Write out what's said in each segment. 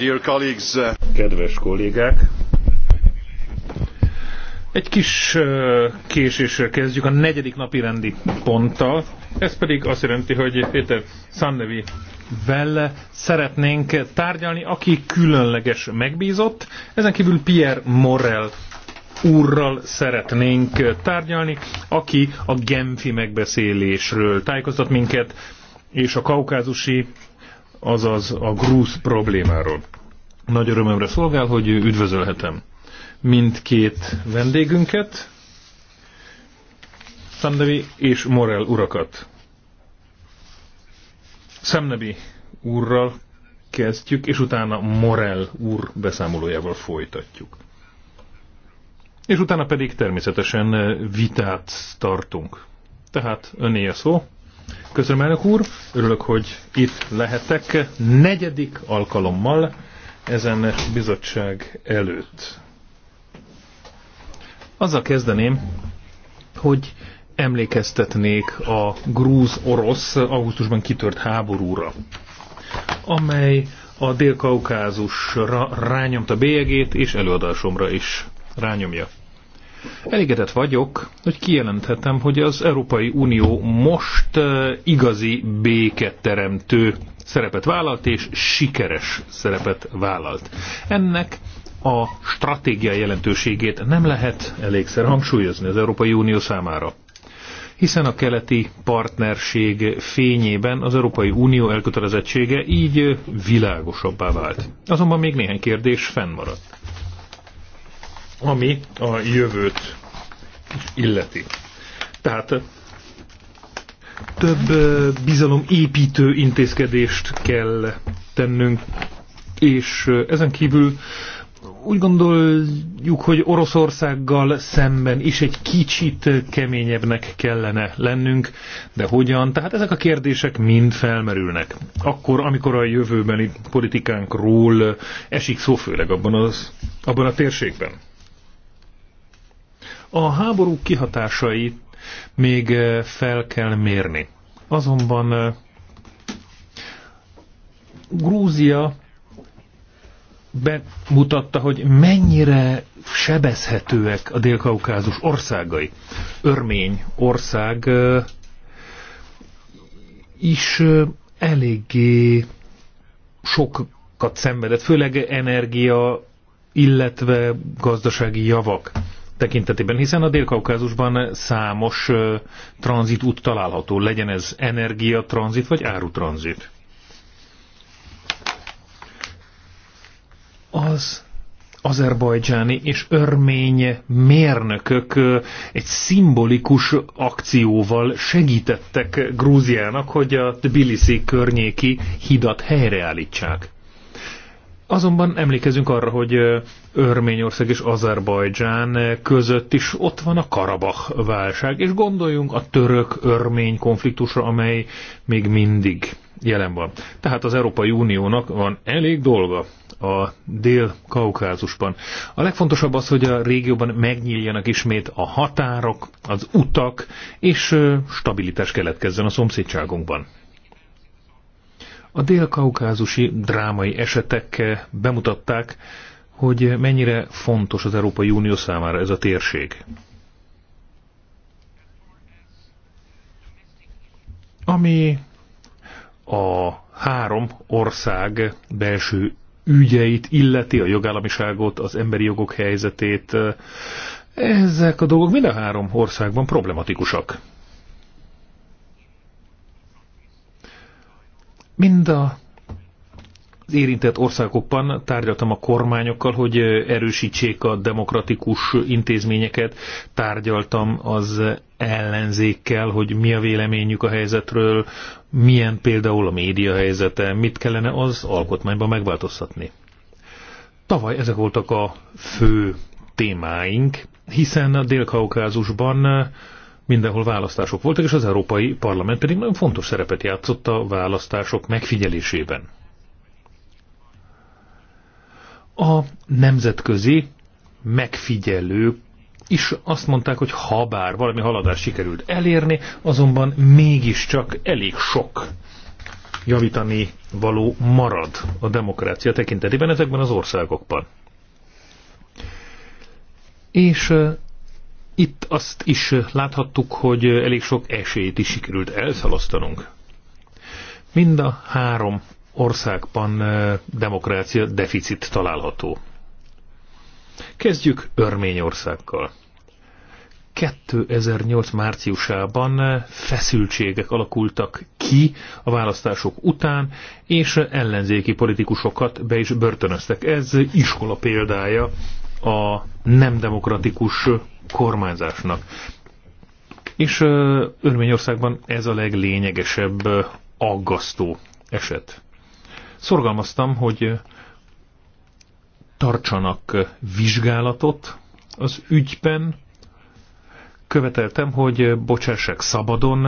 Uh, Kedves kollégák! Egy kis uh, késéssel kezdjük a negyedik napi rendi ponttal. Ez pedig azt jelenti, hogy Péter Szannevi vele szeretnénk tárgyalni, aki különleges megbízott. Ezen kívül Pierre Morel úrral szeretnénk tárgyalni, aki a Genfi megbeszélésről tájékoztat minket, és a kaukázusi azaz a grúz problémáról. Nagy örömömre szolgál, hogy üdvözölhetem mindkét vendégünket, Szemnevi és Morel urakat. Szemnevi úrral kezdjük, és utána Morel úr beszámolójával folytatjuk. És utána pedig természetesen vitát tartunk. Tehát öné a szó. Köszönöm, elnök úr. Örülök, hogy itt lehetek negyedik alkalommal ezen bizottság előtt. Azzal kezdeném, hogy emlékeztetnék a grúz-orosz augusztusban kitört háborúra, amely a Dél-Kaukázusra rányomta bélyegét, és előadásomra is rányomja. Elégedett vagyok, hogy kijelenthetem, hogy az Európai Unió most eh, igazi béketeremtő szerepet vállalt, és sikeres szerepet vállalt. Ennek a stratégia jelentőségét nem lehet elégszer hangsúlyozni az Európai Unió számára hiszen a keleti partnerség fényében az Európai Unió elkötelezettsége így világosabbá vált. Azonban még néhány kérdés fennmaradt ami a jövőt illeti. Tehát több bizalomépítő intézkedést kell tennünk, és ezen kívül úgy gondoljuk, hogy Oroszországgal szemben is egy kicsit keményebbnek kellene lennünk, de hogyan? Tehát ezek a kérdések mind felmerülnek. Akkor, amikor a jövőbeni politikánkról esik szó, főleg abban, az, abban a térségben. A háború kihatásai még eh, fel kell mérni. Azonban eh, Grúzia bemutatta, hogy mennyire sebezhetőek a dél-kaukázus országai. Örmény ország eh, is eléggé sokat szenvedett, főleg energia, illetve gazdasági javak tekintetében, hiszen a Dél-Kaukázusban számos tranzit út található, legyen ez energia tranzit vagy árutranzit. Az azerbajdzsáni és örmény mérnökök egy szimbolikus akcióval segítettek Grúziának, hogy a Tbilisi környéki hidat helyreállítsák. Azonban emlékezünk arra, hogy Örményország és Azerbajdzsán között is ott van a Karabach válság, és gondoljunk a török-örmény konfliktusra, amely még mindig jelen van. Tehát az Európai Uniónak van elég dolga a Dél-Kaukázusban. A legfontosabb az, hogy a régióban megnyíljanak ismét a határok, az utak, és stabilitás keletkezzen a szomszédságunkban. A dél-kaukázusi drámai esetek bemutatták, hogy mennyire fontos az Európai Unió számára ez a térség. Ami a három ország belső ügyeit illeti, a jogállamiságot, az emberi jogok helyzetét, ezek a dolgok mind a három országban problematikusak. Mind a az érintett országokban tárgyaltam a kormányokkal, hogy erősítsék a demokratikus intézményeket, tárgyaltam az ellenzékkel, hogy mi a véleményük a helyzetről, milyen például a média helyzete, mit kellene az alkotmányban megváltoztatni. Tavaly ezek voltak a fő témáink, hiszen a Dél-Kaukázusban mindenhol választások voltak, és az Európai Parlament pedig nagyon fontos szerepet játszott a választások megfigyelésében. A nemzetközi megfigyelők is azt mondták, hogy ha bár valami haladást sikerült elérni, azonban mégiscsak elég sok javítani való marad a demokrácia tekintetében ezekben az országokban. És itt azt is láthattuk, hogy elég sok esélyt is sikerült elszalasztanunk. Mind a három országban eh, demokrácia deficit található. Kezdjük Örményországgal. 2008 márciusában eh, feszültségek alakultak ki a választások után, és ellenzéki politikusokat be is börtönöztek. Ez iskola példája a nem demokratikus kormányzásnak. És Örményországban ez a leglényegesebb aggasztó eset. Szorgalmaztam, hogy tartsanak vizsgálatot az ügyben, követeltem, hogy bocsássák szabadon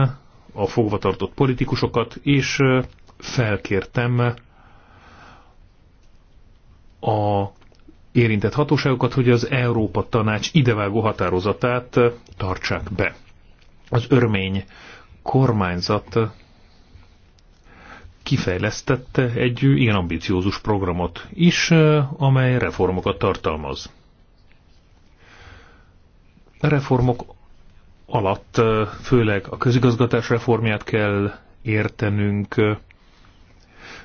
a fogvatartott politikusokat, és felkértem a érintett hatóságokat, hogy az Európa Tanács idevágó határozatát eh, tartsák be. Az örmény kormányzat eh, kifejlesztette egy ilyen ambiciózus programot is, eh, amely reformokat tartalmaz. A reformok alatt főleg a közigazgatás reformját kell értenünk,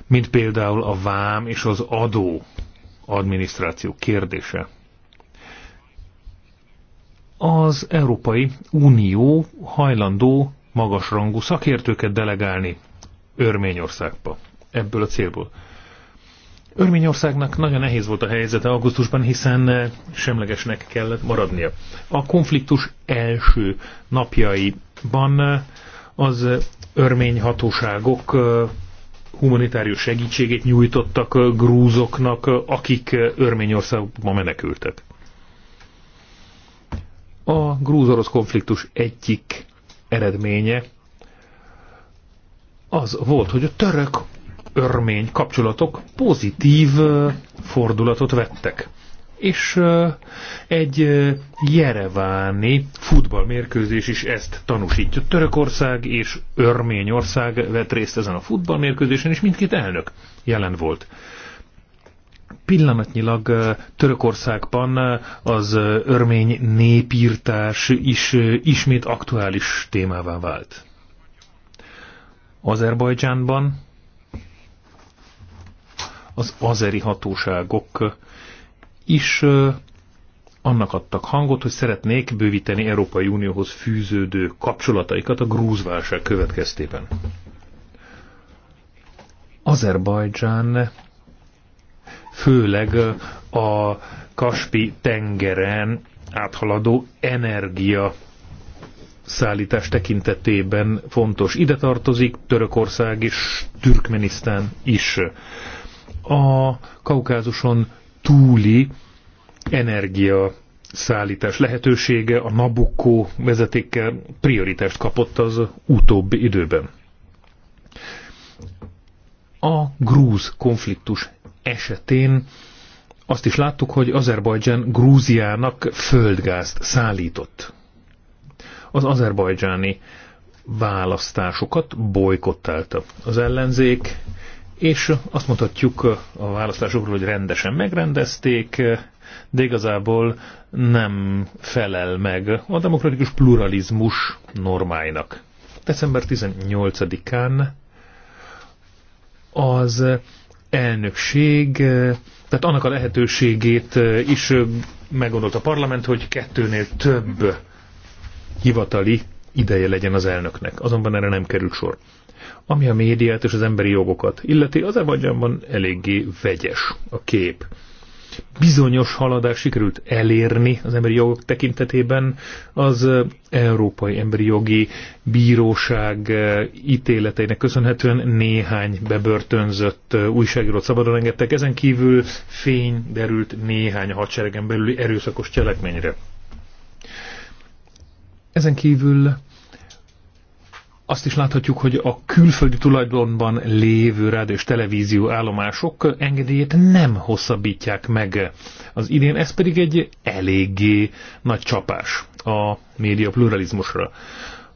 mint például a vám és az adó adminisztráció kérdése. Az Európai Unió hajlandó magasrangú szakértőket delegálni Örményországba ebből a célból. Örményországnak nagyon nehéz volt a helyzete augusztusban, hiszen semlegesnek kellett maradnia. A konfliktus első napjaiban az örmény hatóságok humanitárius segítségét nyújtottak grúzoknak, akik Örményországba menekültek. A grúz-orosz konfliktus egyik eredménye az volt, hogy a török örmény kapcsolatok pozitív fordulatot vettek és egy jereváni futballmérkőzés is ezt tanúsítja. Törökország és Örményország vett részt ezen a futballmérkőzésen, és mindkét elnök jelen volt. Pillanatnyilag Törökországban az örmény népírtás is ismét aktuális témává vált. Azerbajdzsánban az azeri hatóságok is annak adtak hangot, hogy szeretnék bővíteni Európai Unióhoz fűződő kapcsolataikat a grúzválság következtében. Azerbajdzsán főleg a Kaspi tengeren áthaladó energia szállítás tekintetében fontos. Ide tartozik Törökország és Türkmenisztán is. A Kaukázuson túli energia szállítás lehetősége, a Nabucco vezetékkel prioritást kapott az utóbbi időben. A grúz konfliktus esetén azt is láttuk, hogy Azerbajdzsán Grúziának földgázt szállított. Az azerbajdzsáni választásokat bolykottálta. Az ellenzék és azt mondhatjuk a választásokról, hogy rendesen megrendezték, de igazából nem felel meg a demokratikus pluralizmus normáinak. December 18-án az elnökség, tehát annak a lehetőségét is meggondolt a parlament, hogy kettőnél több hivatali ideje legyen az elnöknek. Azonban erre nem került sor. Ami a médiát és az emberi jogokat illeti, az evagyamban eléggé vegyes a kép. Bizonyos haladás sikerült elérni az emberi jogok tekintetében, az Európai Emberi Jogi Bíróság ítéleteinek köszönhetően néhány bebörtönzött újságírót szabadon engedtek, ezen kívül fény derült néhány hadseregen belüli erőszakos cselekményre. Ezen kívül azt is láthatjuk, hogy a külföldi tulajdonban lévő rádió és televízió állomások engedélyét nem hosszabbítják meg az idén, ez pedig egy eléggé nagy csapás a média pluralizmusra.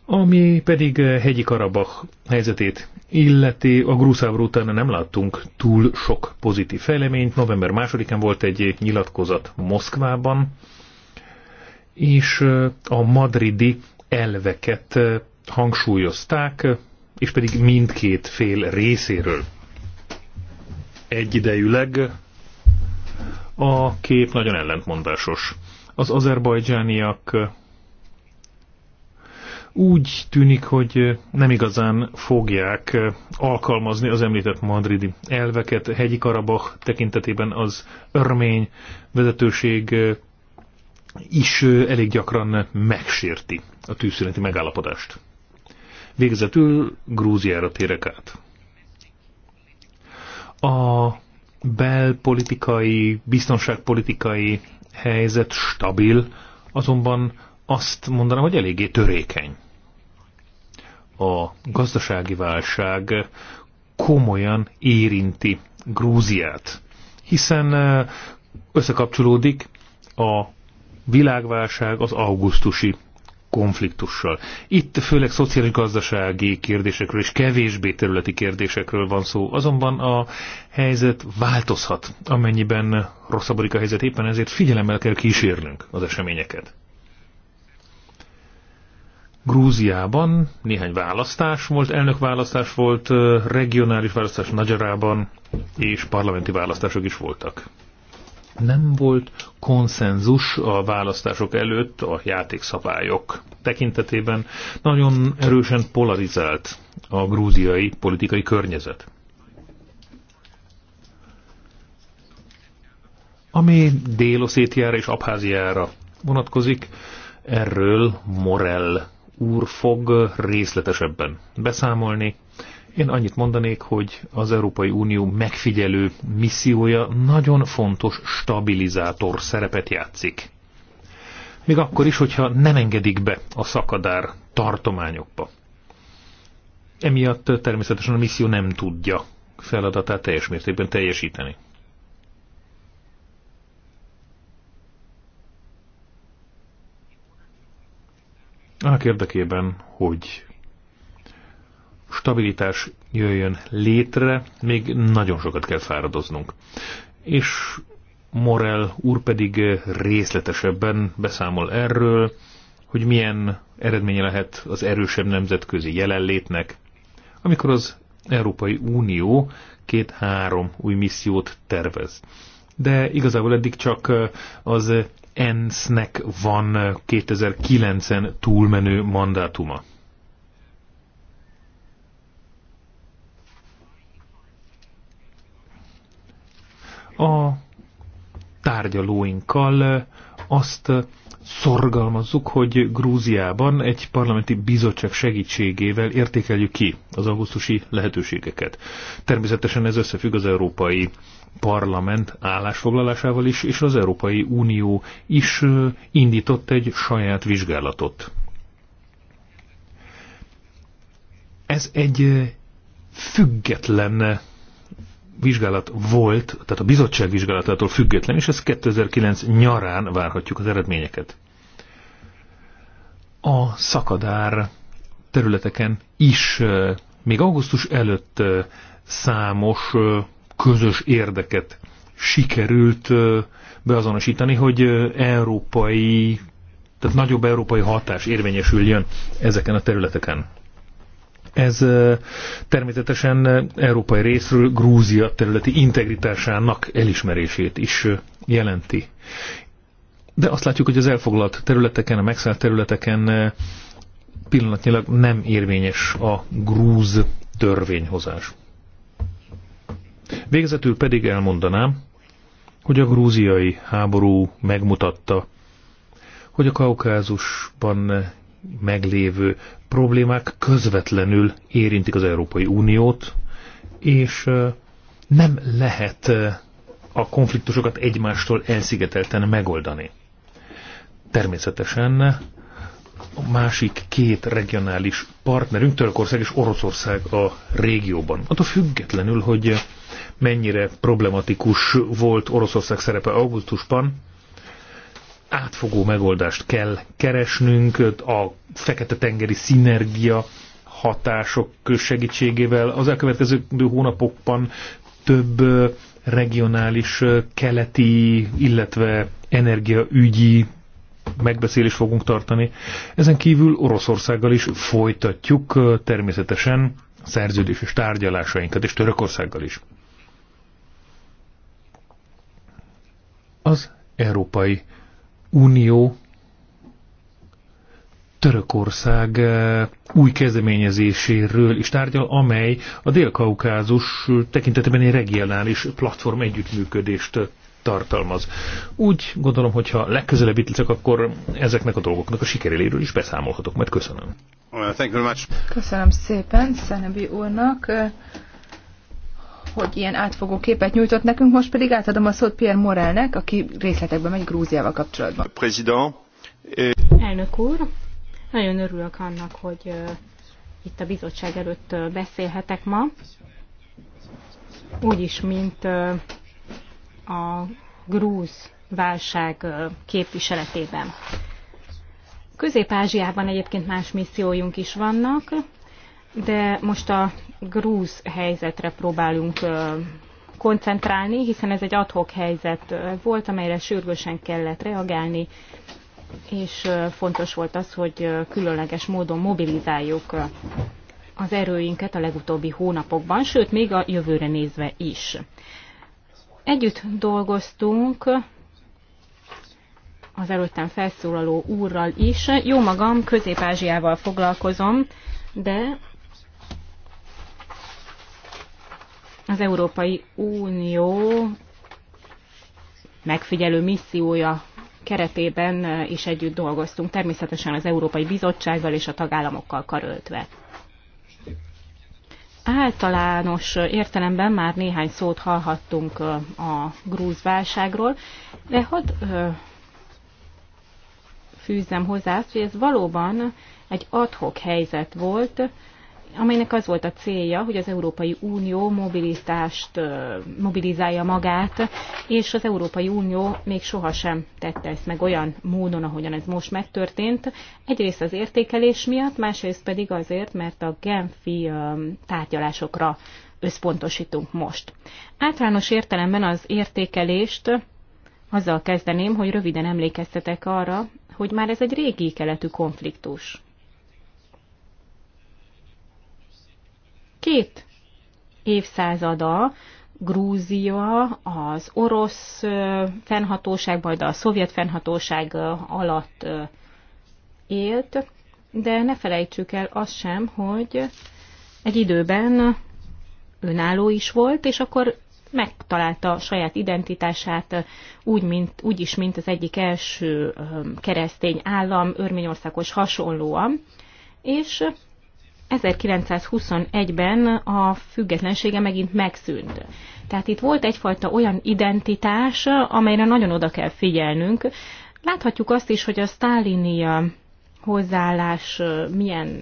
Ami pedig hegyi Karabach helyzetét illeti, a Grúszávró után nem láttunk túl sok pozitív fejleményt. November másodikán volt egy nyilatkozat Moszkvában, és a madridi elveket hangsúlyozták, és pedig mindkét fél részéről. Egyidejűleg a kép nagyon ellentmondásos. Az azerbajdzsániak úgy tűnik, hogy nem igazán fogják alkalmazni az említett madridi elveket. Hegyi Karabach tekintetében az örmény vezetőség is elég gyakran megsérti a tűzszüneti megállapodást. Végezetül Grúziára térek át. A belpolitikai, biztonságpolitikai helyzet stabil, azonban azt mondanám, hogy eléggé törékeny. A gazdasági válság komolyan érinti Grúziát, hiszen összekapcsolódik a világválság az augusztusi konfliktussal. Itt főleg szociális gazdasági kérdésekről és kevésbé területi kérdésekről van szó, azonban a helyzet változhat, amennyiben rosszabbodik a helyzet, éppen ezért figyelemmel kell kísérnünk az eseményeket. Grúziában néhány választás volt, elnökválasztás volt, regionális választás Nagyarában, és parlamenti választások is voltak nem volt konszenzus a választások előtt a játékszabályok tekintetében. Nagyon erősen polarizált a grúziai politikai környezet. Ami Déloszétiára és Abháziára vonatkozik, erről Morell úr fog részletesebben beszámolni, én annyit mondanék, hogy az Európai Unió megfigyelő missziója nagyon fontos stabilizátor szerepet játszik. Még akkor is, hogyha nem engedik be a szakadár tartományokba. Emiatt természetesen a misszió nem tudja feladatát teljes mértékben teljesíteni. Annak érdekében, hogy stabilitás jöjjön létre, még nagyon sokat kell fáradoznunk. És Morel úr pedig részletesebben beszámol erről, hogy milyen eredménye lehet az erősebb nemzetközi jelenlétnek, amikor az Európai Unió két-három új missziót tervez. De igazából eddig csak az ENSZ-nek van 2009-en túlmenő mandátuma. a tárgyalóinkkal azt szorgalmazzuk, hogy Grúziában egy parlamenti bizottság segítségével értékeljük ki az augusztusi lehetőségeket. Természetesen ez összefügg az Európai Parlament állásfoglalásával is, és az Európai Unió is indított egy saját vizsgálatot. Ez egy független vizsgálat volt, tehát a bizottság vizsgálatától független, és ez 2009 nyarán várhatjuk az eredményeket. A szakadár területeken is még augusztus előtt számos közös érdeket sikerült beazonosítani, hogy európai, tehát nagyobb európai hatás érvényesüljön ezeken a területeken. Ez természetesen európai részről Grúzia területi integritásának elismerését is jelenti. De azt látjuk, hogy az elfoglalt területeken, a megszállt területeken pillanatnyilag nem érvényes a grúz törvényhozás. Végezetül pedig elmondanám, hogy a grúziai háború megmutatta, hogy a Kaukázusban meglévő problémák közvetlenül érintik az Európai Uniót, és nem lehet a konfliktusokat egymástól elszigetelten megoldani. Természetesen a másik két regionális partnerünk, Törökország és Oroszország a régióban. Attól függetlenül, hogy mennyire problematikus volt Oroszország szerepe augusztusban, átfogó megoldást kell keresnünk, a fekete-tengeri szinergia hatások segítségével. Az elkövetkező hónapokban több regionális, keleti, illetve energiaügyi megbeszélést fogunk tartani. Ezen kívül Oroszországgal is folytatjuk természetesen szerződéses tárgyalásainkat, és Törökországgal is. Az Európai Unió Törökország eh, új kezdeményezéséről is tárgyal, amely a Dél-Kaukázus tekintetében egy regionális platform együttműködést tartalmaz. Úgy gondolom, hogyha legközelebb itt leszek, akkor ezeknek a dolgoknak a sikeréléről is beszámolhatok. mert köszönöm. Köszönöm szépen Szenebi úrnak hogy ilyen átfogó képet nyújtott nekünk, most pedig átadom a szót Pierre Morelnek, aki részletekbe megy Grúziával kapcsolatban. President. Euh, Elnök úr, nagyon örülök annak, hogy euh, itt a bizottság előtt euh, beszélhetek ma, úgyis, mint a grúz válság képviseletében. Közép-Ázsiában egyébként más missziójunk is vannak, de most a grúz helyzetre próbálunk koncentrálni, hiszen ez egy adhok helyzet volt, amelyre sürgősen kellett reagálni, és fontos volt az, hogy különleges módon mobilizáljuk az erőinket a legutóbbi hónapokban, sőt, még a jövőre nézve is. Együtt dolgoztunk az előttem felszólaló úrral is. Jó magam, Közép-Ázsiával foglalkozom, de az Európai Unió megfigyelő missziója keretében is együtt dolgoztunk, természetesen az Európai Bizottsággal és a tagállamokkal karöltve. Általános értelemben már néhány szót hallhattunk a grúz válságról, de hadd fűzzem hozzá hogy ez valóban egy adhok helyzet volt, amelynek az volt a célja, hogy az Európai Unió mobilitást, mobilizálja magát, és az Európai Unió még sohasem tette ezt meg olyan módon, ahogyan ez most megtörtént. Egyrészt az értékelés miatt, másrészt pedig azért, mert a Genfi tárgyalásokra összpontosítunk most. Általános értelemben az értékelést azzal kezdeném, hogy röviden emlékeztetek arra, hogy már ez egy régi keletű konfliktus két évszázada Grúzia az orosz fennhatóság, majd a szovjet fennhatóság alatt élt, de ne felejtsük el azt sem, hogy egy időben önálló is volt, és akkor megtalálta saját identitását úgy, mint, úgy is, mint az egyik első keresztény állam, Örményországos hasonlóan, és 1921-ben a függetlensége megint megszűnt. Tehát itt volt egyfajta olyan identitás, amelyre nagyon oda kell figyelnünk. Láthatjuk azt is, hogy a sztálini uh, hozzáállás uh, milyen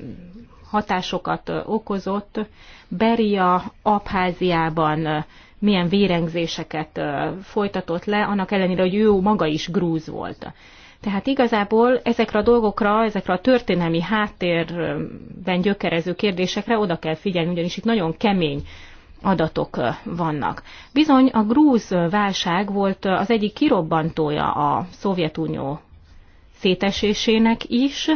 hatásokat uh, okozott. Beria Abháziában milyen vérengzéseket folytatott le, annak ellenére, hogy ő maga is grúz volt. Tehát igazából ezekre a dolgokra, ezekre a történelmi háttérben gyökerező kérdésekre oda kell figyelni, ugyanis itt nagyon kemény adatok vannak. Bizony a grúz válság volt az egyik kirobbantója a Szovjetunió szétesésének is,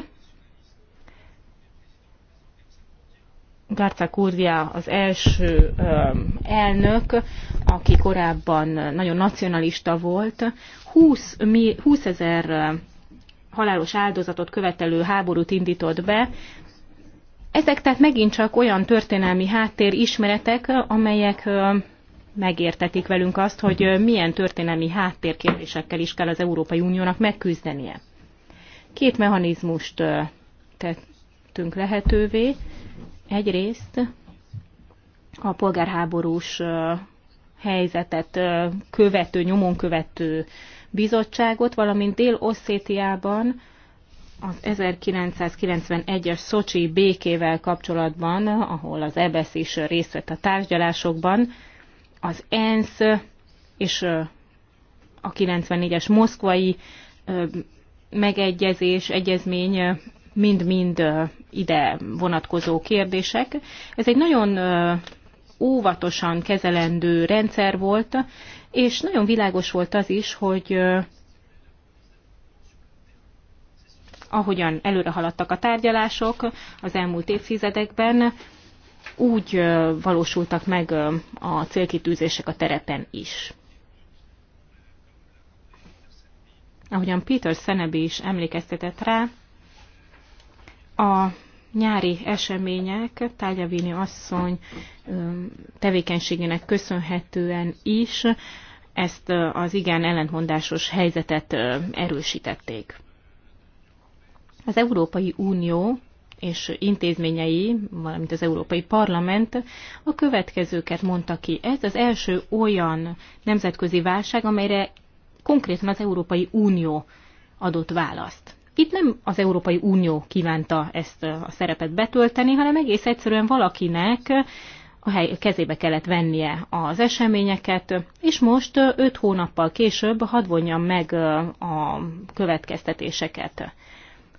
Garca Kurdia az első elnök, aki korábban nagyon nacionalista volt, 20, 20 ezer halálos áldozatot követelő háborút indított be. Ezek tehát megint csak olyan történelmi háttér ismeretek, amelyek megértetik velünk azt, hogy milyen történelmi háttérkérdésekkel is kell az Európai Uniónak megküzdenie. Két mechanizmust tettünk lehetővé Egyrészt a polgárháborús helyzetet követő, nyomon követő bizottságot, valamint Dél-Osszétiában az 1991-es Szocsi békével kapcsolatban, ahol az EBSZ e is részt vett a tárgyalásokban, az ENSZ és a 94-es moszkvai megegyezés, egyezmény mind-mind ide vonatkozó kérdések. Ez egy nagyon óvatosan kezelendő rendszer volt, és nagyon világos volt az is, hogy ahogyan előre haladtak a tárgyalások az elmúlt évtizedekben, úgy valósultak meg a célkitűzések a terepen is. Ahogyan Peter Szenebi is emlékeztetett rá, a nyári események Tárgyavini asszony tevékenységének köszönhetően is ezt az igen ellentmondásos helyzetet erősítették. Az Európai Unió és intézményei, valamint az Európai Parlament a következőket mondta ki. Ez az első olyan nemzetközi válság, amelyre konkrétan az Európai Unió adott választ. Itt nem az Európai Unió kívánta ezt a szerepet betölteni, hanem egész egyszerűen valakinek a hely, kezébe kellett vennie az eseményeket, és most öt hónappal később hadd vonjam meg a következtetéseket.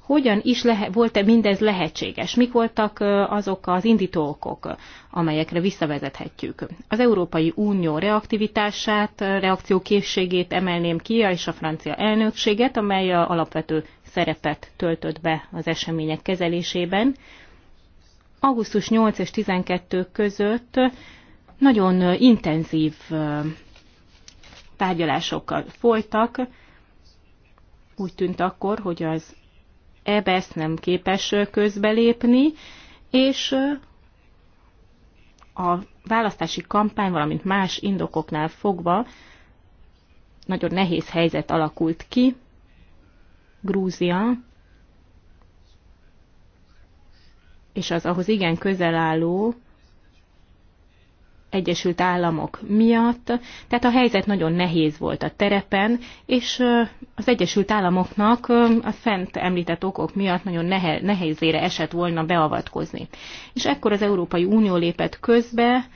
Hogyan is lehe, volt-e mindez lehetséges? Mik voltak azok az indítókok, amelyekre visszavezethetjük? Az Európai Unió reaktivitását, reakciókészségét emelném ki, és a francia elnökséget, amely alapvető szerepet töltött be az események kezelésében. Augusztus 8 és 12 között nagyon intenzív tárgyalásokkal folytak. Úgy tűnt akkor, hogy az EBS e nem képes közbelépni, és a választási kampány, valamint más indokoknál fogva nagyon nehéz helyzet alakult ki, Grúzia és az ahhoz igen közel álló Egyesült Államok miatt, tehát a helyzet nagyon nehéz volt a terepen, és az Egyesült Államoknak a fent említett okok miatt nagyon nehézére esett volna beavatkozni. És ekkor az Európai Unió lépett közbe,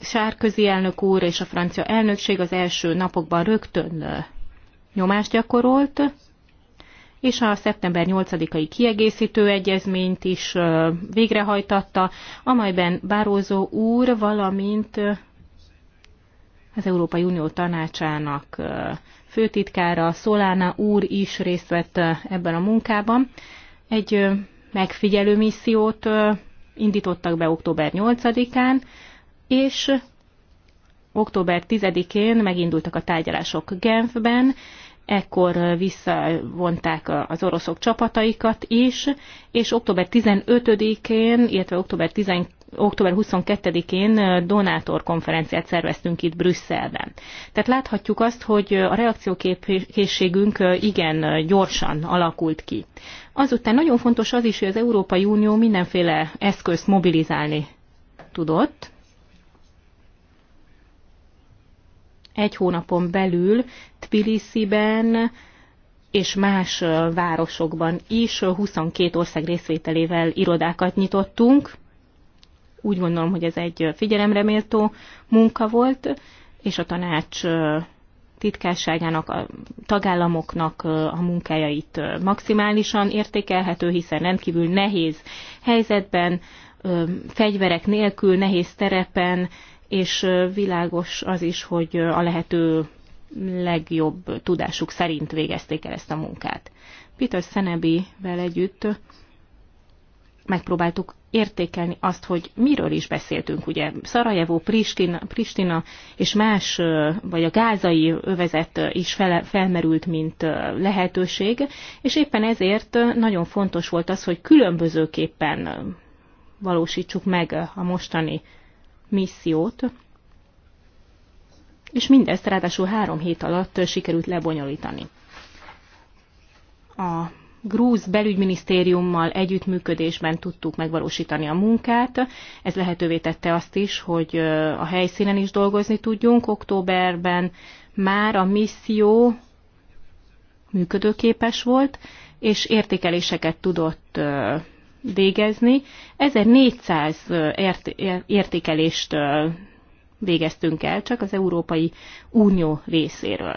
Sárközi elnök úr és a francia elnökség az első napokban rögtön nyomást gyakorolt, és a szeptember 8-ai kiegészítő egyezményt is végrehajtatta, amelyben Bározó úr, valamint az Európai Unió tanácsának főtitkára Szolána úr is részt vett ebben a munkában. Egy megfigyelő missziót indítottak be október 8-án, és október 10-én megindultak a tárgyalások Genfben, ekkor visszavonták az oroszok csapataikat is, és október 15-én, illetve október 10 október 22-én donátor konferenciát szerveztünk itt Brüsszelben. Tehát láthatjuk azt, hogy a reakciókészségünk igen gyorsan alakult ki. Azután nagyon fontos az is, hogy az Európai Unió mindenféle eszközt mobilizálni tudott, egy hónapon belül Tbilisiben és más városokban is 22 ország részvételével irodákat nyitottunk. Úgy gondolom, hogy ez egy figyelemreméltó munka volt, és a tanács titkárságának, a tagállamoknak a munkájait maximálisan értékelhető, hiszen rendkívül nehéz helyzetben, fegyverek nélkül, nehéz terepen, és világos az is, hogy a lehető legjobb tudásuk szerint végezték el ezt a munkát. Peter Szenebivel együtt megpróbáltuk értékelni azt, hogy miről is beszéltünk. Ugye Szarajevó, Pristina, Pristina és más, vagy a gázai övezet is fel, felmerült, mint lehetőség, és éppen ezért nagyon fontos volt az, hogy különbözőképpen valósítsuk meg a mostani missziót, és mindezt ráadásul három hét alatt sikerült lebonyolítani. A grúz belügyminisztériummal együttműködésben tudtuk megvalósítani a munkát. Ez lehetővé tette azt is, hogy a helyszínen is dolgozni tudjunk. Októberben már a misszió működőképes volt, és értékeléseket tudott végezni. 1400 ért- értékelést végeztünk el csak az Európai Unió részéről.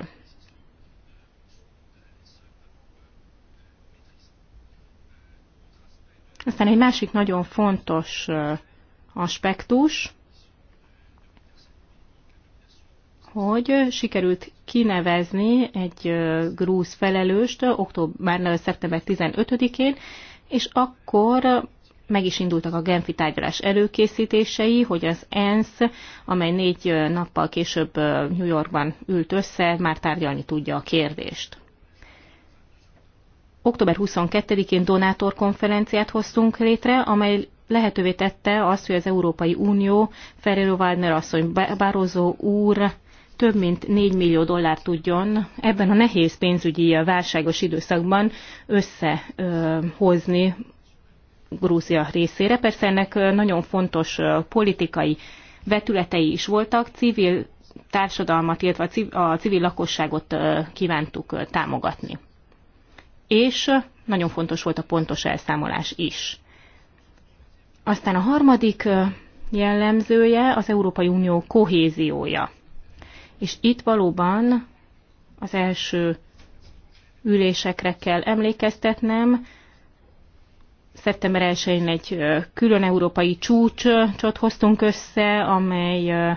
Aztán egy másik nagyon fontos aspektus, hogy sikerült kinevezni egy grúz felelőst október, már szeptember 15-én, és akkor meg is indultak a Genfi tárgyalás előkészítései, hogy az ENSZ, amely négy nappal később New Yorkban ült össze, már tárgyalni tudja a kérdést. Október 22-én Donátorkonferenciát hoztunk létre, amely lehetővé tette azt, hogy az Európai Unió, Ferrero Waldner asszony, Barroso úr több mint 4 millió dollár tudjon ebben a nehéz pénzügyi válságos időszakban összehozni Grúzia részére. Persze ennek nagyon fontos politikai vetületei is voltak, civil társadalmat, illetve a civil lakosságot kívántuk támogatni. És nagyon fontos volt a pontos elszámolás is. Aztán a harmadik jellemzője az Európai Unió kohéziója és itt valóban az első ülésekre kell emlékeztetnem. Szeptember 1-én egy külön európai csúcsot hoztunk össze, amely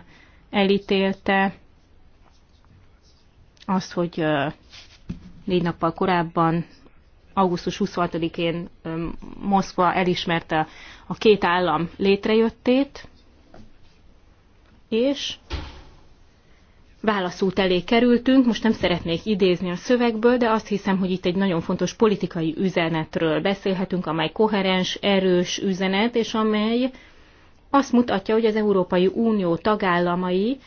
elítélte azt, hogy négy nappal korábban, augusztus 26-én Moszkva elismerte a két állam létrejöttét, és válaszút elé kerültünk. Most nem szeretnék idézni a szövegből, de azt hiszem, hogy itt egy nagyon fontos politikai üzenetről beszélhetünk, amely koherens, erős üzenet, és amely azt mutatja, hogy az Európai Unió tagállamai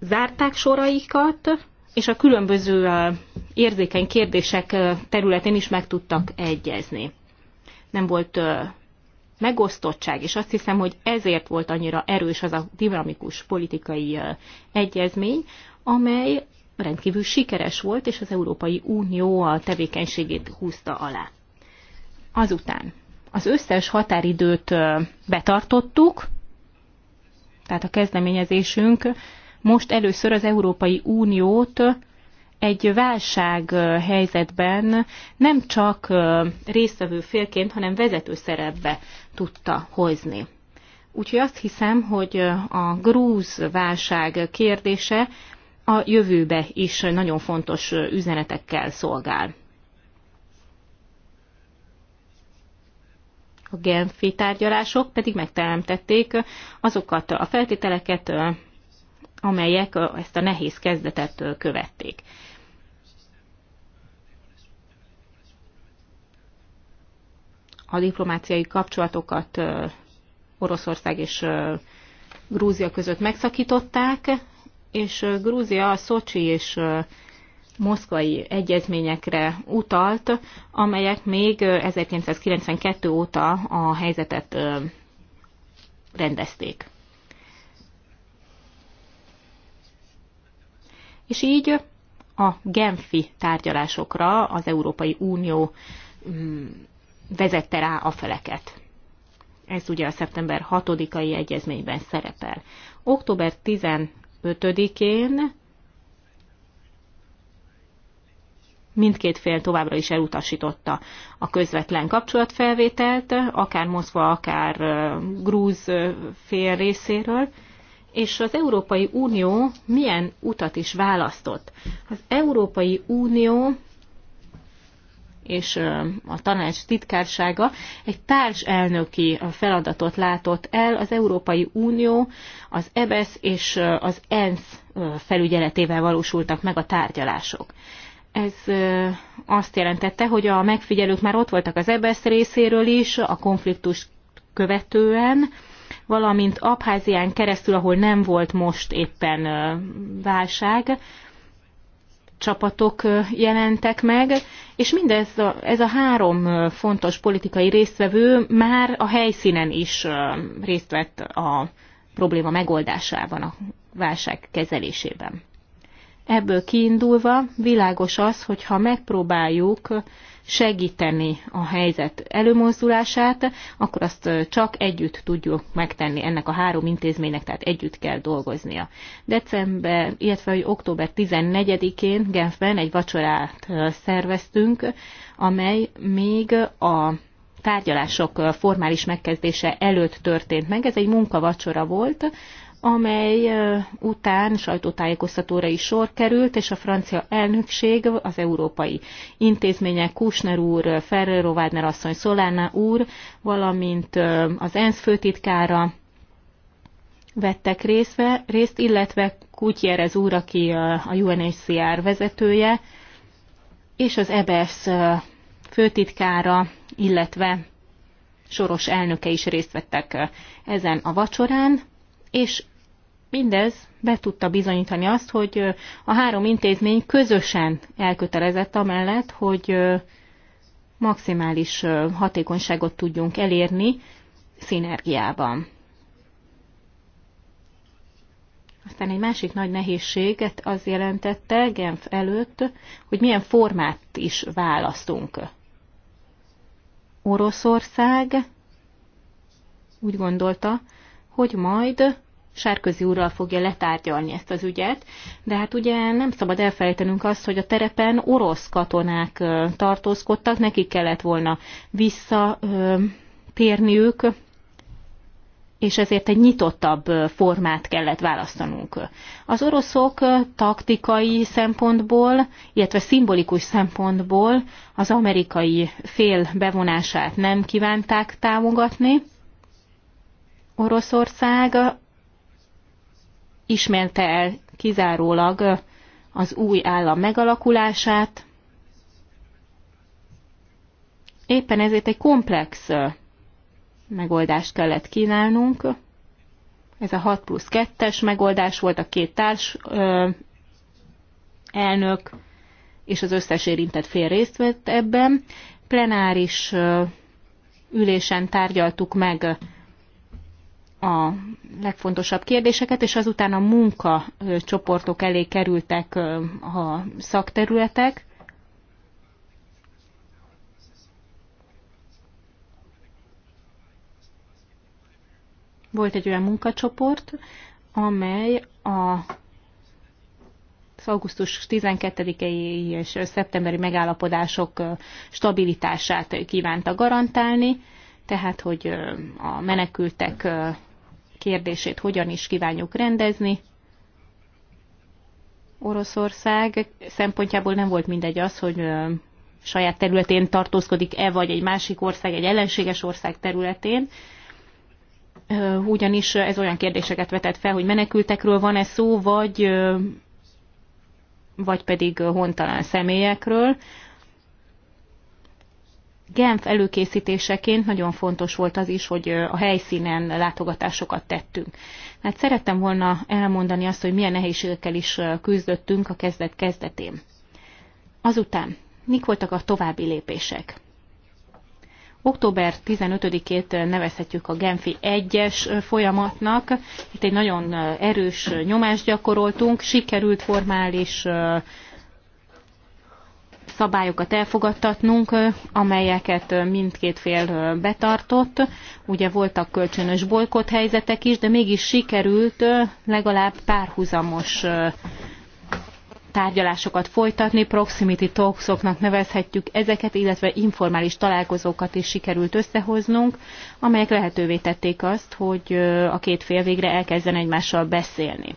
zárták soraikat, és a különböző érzékeny kérdések területén is meg tudtak egyezni. Nem volt megosztottság, és azt hiszem, hogy ezért volt annyira erős az a dinamikus politikai egyezmény, amely rendkívül sikeres volt, és az Európai Unió a tevékenységét húzta alá. Azután az összes határidőt betartottuk, tehát a kezdeményezésünk most először az Európai Uniót egy válság helyzetben nem csak résztvevő félként, hanem vezető szerepbe tudta hozni. Úgyhogy azt hiszem, hogy a grúz válság kérdése a jövőbe is nagyon fontos üzenetekkel szolgál. A genfi tárgyalások pedig megteremtették azokat a feltételeket, amelyek ezt a nehéz kezdetet követték. a diplomáciai kapcsolatokat Oroszország és Grúzia között megszakították, és Grúzia a Szocsi és moszkvai egyezményekre utalt, amelyek még 1992 óta a helyzetet rendezték. És így a Genfi tárgyalásokra az Európai Unió mm, vezette rá a feleket. Ez ugye a szeptember 6-ai egyezményben szerepel. Október 15-én mindkét fél továbbra is elutasította a közvetlen kapcsolatfelvételt, akár Moszkva, akár Grúz fél részéről, és az Európai Unió milyen utat is választott. Az Európai Unió és a tanács titkársága egy társelnöki feladatot látott el az Európai Unió, az EBS e és az ENSZ felügyeletével valósultak meg a tárgyalások. Ez azt jelentette, hogy a megfigyelők már ott voltak az EBS e részéről is, a konfliktus követően, valamint Abházián keresztül, ahol nem volt most éppen válság, csapatok jelentek meg, és mindez a, ez a három fontos politikai résztvevő már a helyszínen is részt vett a probléma megoldásában, a válság kezelésében. Ebből kiindulva világos az, hogy ha megpróbáljuk segíteni a helyzet előmozdulását, akkor azt csak együtt tudjuk megtenni ennek a három intézménynek, tehát együtt kell dolgoznia. December, illetve hogy október 14-én Genfben egy vacsorát szerveztünk, amely még a tárgyalások formális megkezdése előtt történt meg. Ez egy munkavacsora volt, amely után sajtótájékoztatóra is sor került, és a francia elnökség, az európai intézmények, Kusner úr, Ferrero Wagner asszony, Solana úr, valamint az ENSZ főtitkára vettek részve, részt, illetve ez úr, aki a UNHCR vezetője, és az EBS e főtitkára, illetve soros elnöke is részt vettek ezen a vacsorán, és Mindez be tudta bizonyítani azt, hogy a három intézmény közösen elkötelezett amellett, hogy maximális hatékonyságot tudjunk elérni szinergiában. Aztán egy másik nagy nehézséget az jelentette Genf előtt, hogy milyen formát is választunk. Oroszország úgy gondolta, hogy majd Sárközi úrral fogja letárgyalni ezt az ügyet, de hát ugye nem szabad elfelejtenünk azt, hogy a terepen orosz katonák tartózkodtak, nekik kellett volna visszatérniük, és ezért egy nyitottabb formát kellett választanunk. Az oroszok taktikai szempontból, illetve szimbolikus szempontból az amerikai fél bevonását nem kívánták támogatni. Oroszország ismerte el kizárólag az új állam megalakulását. Éppen ezért egy komplex megoldást kellett kínálnunk. Ez a 6 plusz 2-es megoldás volt a két társ ö, elnök, és az összes érintett fél részt vett ebben. Plenáris ö, ülésen tárgyaltuk meg a legfontosabb kérdéseket, és azután a munkacsoportok elé kerültek a szakterületek. Volt egy olyan munkacsoport, amely a augusztus 12-i és szeptemberi megállapodások stabilitását kívánta garantálni, tehát hogy a menekültek kérdését hogyan is kívánjuk rendezni. Oroszország szempontjából nem volt mindegy az, hogy saját területén tartózkodik-e, vagy egy másik ország, egy ellenséges ország területén, ugyanis ez olyan kérdéseket vetett fel, hogy menekültekről van-e szó, vagy, vagy pedig hontalan személyekről. Genf előkészítéseként nagyon fontos volt az is, hogy a helyszínen látogatásokat tettünk. Mert szerettem volna elmondani azt, hogy milyen nehézségekkel is küzdöttünk a kezdet kezdetén. Azután, mik voltak a további lépések? Október 15-ét nevezhetjük a Genfi 1-es folyamatnak. Itt egy nagyon erős nyomást gyakoroltunk, sikerült formális szabályokat elfogadtatnunk, amelyeket mindkét fél betartott. Ugye voltak kölcsönös bolykott helyzetek is, de mégis sikerült legalább párhuzamos tárgyalásokat folytatni, proximity talksoknak nevezhetjük ezeket, illetve informális találkozókat is sikerült összehoznunk, amelyek lehetővé tették azt, hogy a két fél végre elkezdjen egymással beszélni.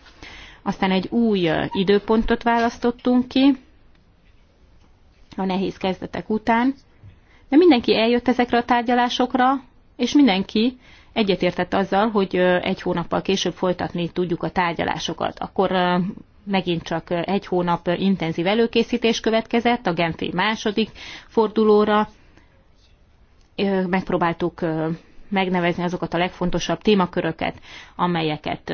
Aztán egy új időpontot választottunk ki, a nehéz kezdetek után, de mindenki eljött ezekre a tárgyalásokra, és mindenki egyetértett azzal, hogy egy hónappal később folytatni tudjuk a tárgyalásokat. Akkor megint csak egy hónap intenzív előkészítés következett a Genfi második fordulóra. Megpróbáltuk megnevezni azokat a legfontosabb témaköröket, amelyeket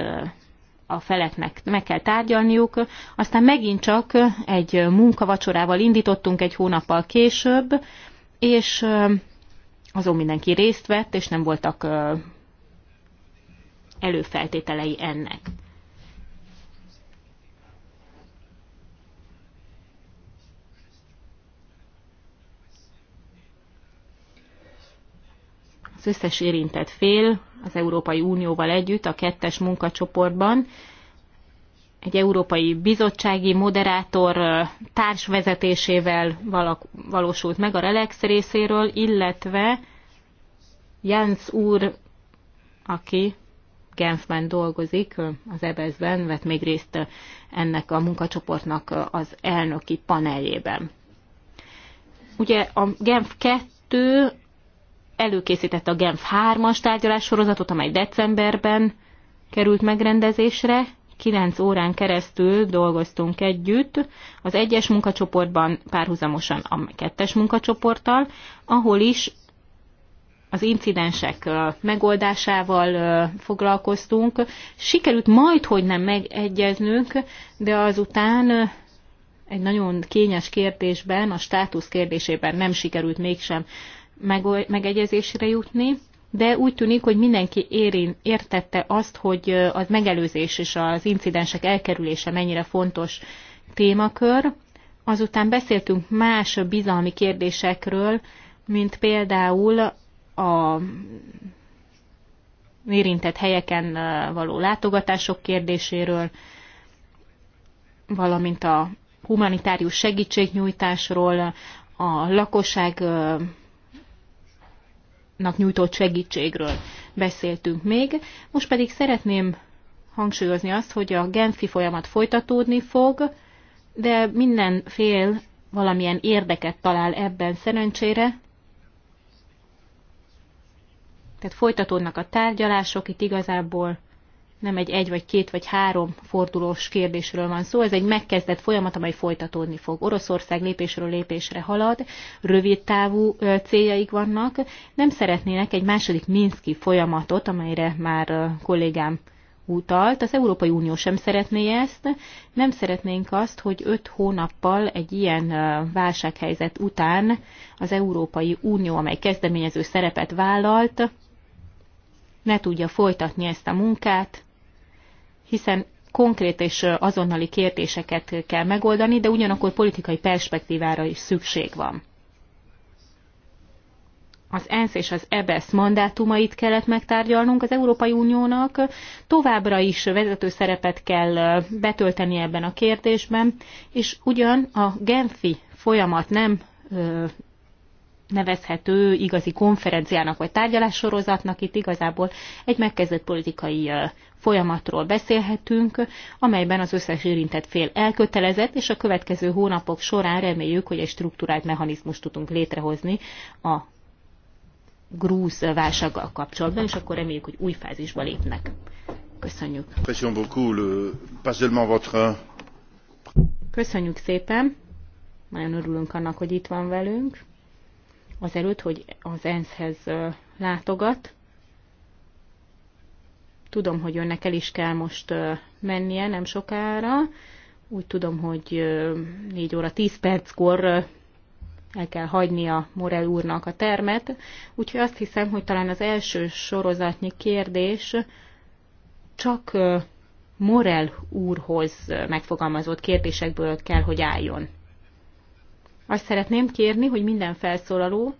a feleknek meg kell tárgyalniuk. Aztán megint csak egy munkavacsorával indítottunk egy hónappal később, és azon mindenki részt vett, és nem voltak előfeltételei ennek. az összes érintett fél az Európai Unióval együtt a kettes munkacsoportban egy európai bizottsági moderátor társvezetésével valósult meg a Relex részéről, illetve Jens úr, aki Genfben dolgozik, az EBS-ben vett még részt ennek a munkacsoportnak az elnöki paneljében. Ugye a Genf 2 előkészítette a Genf 3-as tárgyalássorozatot, amely decemberben került megrendezésre. Kilenc órán keresztül dolgoztunk együtt az egyes munkacsoportban párhuzamosan a kettes munkacsoporttal, ahol is az incidensek megoldásával foglalkoztunk. Sikerült majd, hogy nem megegyeznünk, de azután egy nagyon kényes kérdésben, a státusz kérdésében nem sikerült mégsem megegyezésre jutni, de úgy tűnik, hogy mindenki érin, értette azt, hogy az megelőzés és az incidensek elkerülése mennyire fontos témakör. Azután beszéltünk más bizalmi kérdésekről, mint például a érintett helyeken való látogatások kérdéséről, valamint a humanitárius segítségnyújtásról, a lakosság nyújtott segítségről beszéltünk még. Most pedig szeretném hangsúlyozni azt, hogy a Genfi folyamat folytatódni fog, de minden fél valamilyen érdeket talál ebben szerencsére. Tehát folytatódnak a tárgyalások itt igazából nem egy egy vagy két vagy három fordulós kérdésről van szó, ez egy megkezdett folyamat, amely folytatódni fog. Oroszország lépésről lépésre halad, rövid távú céljaik vannak, nem szeretnének egy második Minszki folyamatot, amelyre már kollégám utalt. Az Európai Unió sem szeretné ezt. Nem szeretnénk azt, hogy öt hónappal egy ilyen válsághelyzet után az Európai Unió, amely kezdeményező szerepet vállalt, ne tudja folytatni ezt a munkát, hiszen konkrét és azonnali kérdéseket kell megoldani, de ugyanakkor politikai perspektívára is szükség van. Az ENSZ és az EBSZ e mandátumait kellett megtárgyalnunk az Európai Uniónak, továbbra is vezető szerepet kell betölteni ebben a kérdésben, és ugyan a Genfi folyamat nem nevezhető igazi konferenciának vagy tárgyalássorozatnak itt igazából egy megkezdett politikai folyamatról beszélhetünk, amelyben az összes érintett fél elkötelezett, és a következő hónapok során reméljük, hogy egy struktúrált mechanizmust tudunk létrehozni a grúz válsággal kapcsolatban, és akkor reméljük, hogy új fázisba lépnek. Köszönjük. Köszönjük szépen. Nagyon örülünk annak, hogy itt van velünk azelőtt, hogy az ENSZ-hez látogat. Tudom, hogy önnek el is kell most mennie nem sokára. Úgy tudom, hogy 4 óra 10 perckor el kell hagyni a Morel úrnak a termet. Úgyhogy azt hiszem, hogy talán az első sorozatnyi kérdés csak Morel úrhoz megfogalmazott kérdésekből kell, hogy álljon. Azt szeretném kérni, hogy minden felszólaló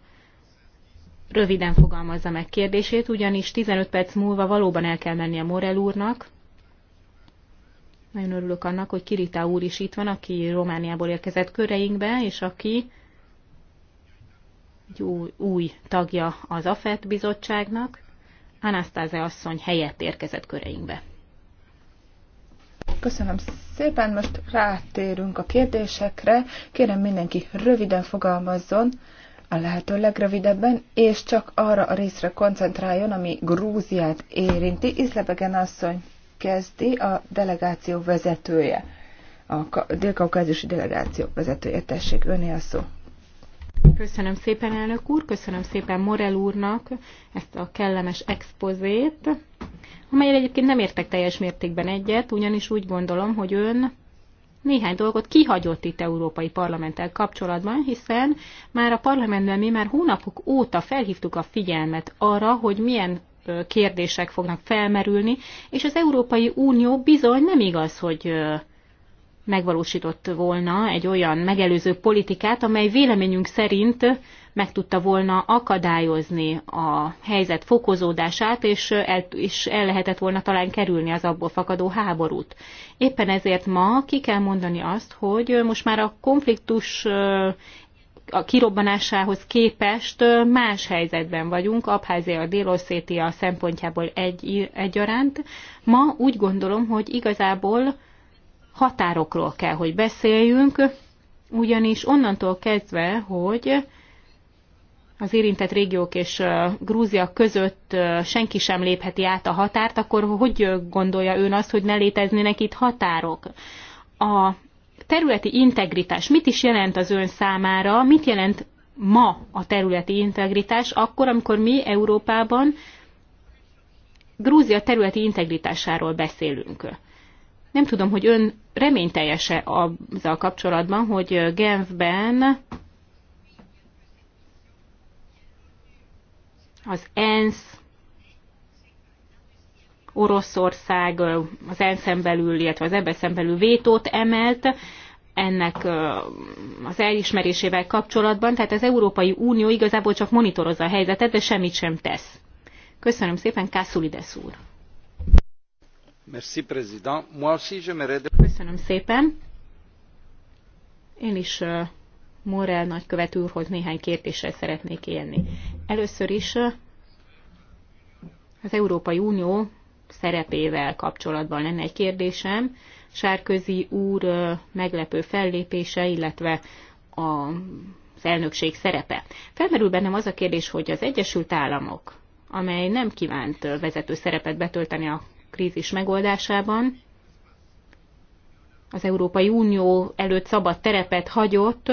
röviden fogalmazza meg kérdését, ugyanis 15 perc múlva valóban el kell mennie Morel úrnak. Nagyon örülök annak, hogy Kirita úr is itt van, aki Romániából érkezett köreinkbe, és aki egy új, új tagja az AFET bizottságnak. Anasztáze asszony helyett érkezett köreinkbe. Köszönöm szépen, most rátérünk a kérdésekre. Kérem mindenki röviden fogalmazzon, a lehető legrövidebben, és csak arra a részre koncentráljon, ami Grúziát érinti. Izlebegen asszony kezdi a delegáció vezetője, a délkaukázusi delegáció vezetője. Tessék, öné a szó. Köszönöm szépen, elnök úr, köszönöm szépen Morel úrnak ezt a kellemes expozét amelyel egyébként nem értek teljes mértékben egyet, ugyanis úgy gondolom, hogy ön néhány dolgot kihagyott itt Európai Parlamenttel kapcsolatban, hiszen már a parlamentben mi már hónapok óta felhívtuk a figyelmet arra, hogy milyen kérdések fognak felmerülni, és az Európai Unió bizony nem igaz, hogy megvalósított volna egy olyan megelőző politikát, amely véleményünk szerint meg tudta volna akadályozni a helyzet fokozódását, és el, és el lehetett volna talán kerülni az abból fakadó háborút. Éppen ezért ma ki kell mondani azt, hogy most már a konfliktus a kirobbanásához képest más helyzetben vagyunk, Abházia, Délosszétia szempontjából egy, egyaránt. Ma úgy gondolom, hogy igazából határokról kell, hogy beszéljünk, ugyanis onnantól kezdve, hogy az érintett régiók és Grúzia között senki sem lépheti át a határt, akkor hogy gondolja ön azt, hogy ne léteznének itt határok? A területi integritás mit is jelent az ön számára, mit jelent ma a területi integritás, akkor, amikor mi Európában Grúzia területi integritásáról beszélünk. Nem tudom, hogy ön reményteljese azzal kapcsolatban, hogy Genfben az ENSZ, Oroszország az ENSZ-en belül, illetve az EBSZ-en belül vétót emelt, ennek az elismerésével kapcsolatban, tehát az Európai Unió igazából csak monitorozza a helyzetet, de semmit sem tesz. Köszönöm szépen, Kászulides úr! Köszönöm szépen. Én is Morel nagykövet úrhoz néhány kérdéssel szeretnék élni. Először is az Európai Unió szerepével kapcsolatban lenne egy kérdésem. Sárközi úr meglepő fellépése, illetve a elnökség szerepe. Felmerül bennem az a kérdés, hogy az Egyesült Államok, amely nem kívánt vezető szerepet betölteni a krízis megoldásában. Az Európai Unió előtt szabad terepet hagyott,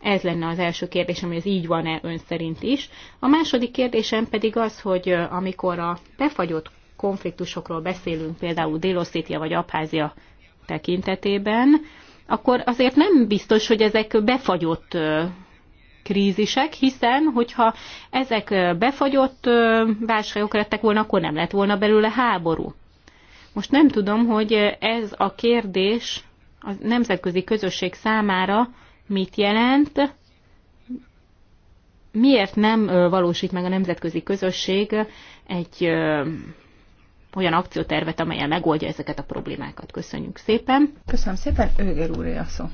ez lenne az első kérdésem, hogy ez így van-e ön szerint is. A második kérdésem pedig az, hogy amikor a befagyott konfliktusokról beszélünk, például Délosszítia vagy Abházia tekintetében, akkor azért nem biztos, hogy ezek befagyott krízisek, hiszen hogyha ezek befagyott válságok lettek volna, akkor nem lett volna belőle háború. Most nem tudom, hogy ez a kérdés a nemzetközi közösség számára mit jelent, miért nem valósít meg a nemzetközi közösség egy olyan akciótervet, amelyen megoldja ezeket a problémákat. Köszönjük szépen. Köszönöm szépen, Őger úr, a szó.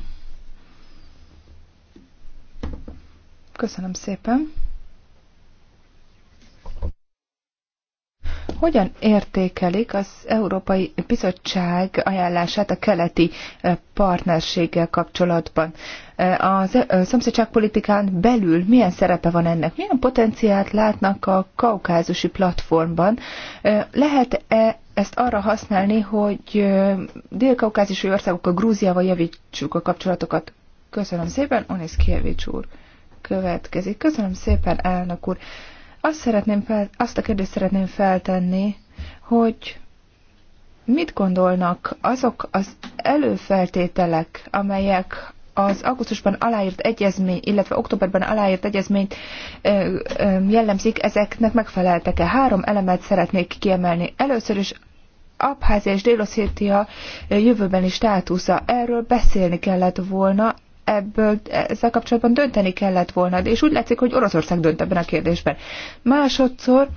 Köszönöm szépen. Hogyan értékelik az Európai Bizottság ajánlását a keleti eh, partnerséggel kapcsolatban? Eh, a eh, szomszédságpolitikán belül milyen szerepe van ennek? Milyen potenciált látnak a kaukázusi platformban? Lehet-e ezt arra használni, hogy dél-kaukázusi országokkal, Grúziával javítsuk a kapcsolatokat? Köszönöm szépen, Kievics úr következik. Köszönöm szépen, elnök úr. Azt, szeretném fel, azt a kérdést szeretném feltenni, hogy mit gondolnak azok az előfeltételek, amelyek az augusztusban aláírt egyezmény, illetve októberben aláírt egyezményt jellemzik, ezeknek megfeleltek-e? Három elemet szeretnék kiemelni. Először is Abházia és Délosszétia jövőbeni státusza. Erről beszélni kellett volna, ebből ezzel kapcsolatban dönteni kellett volna, és úgy látszik, hogy Oroszország dönt ebben a kérdésben. Másodszor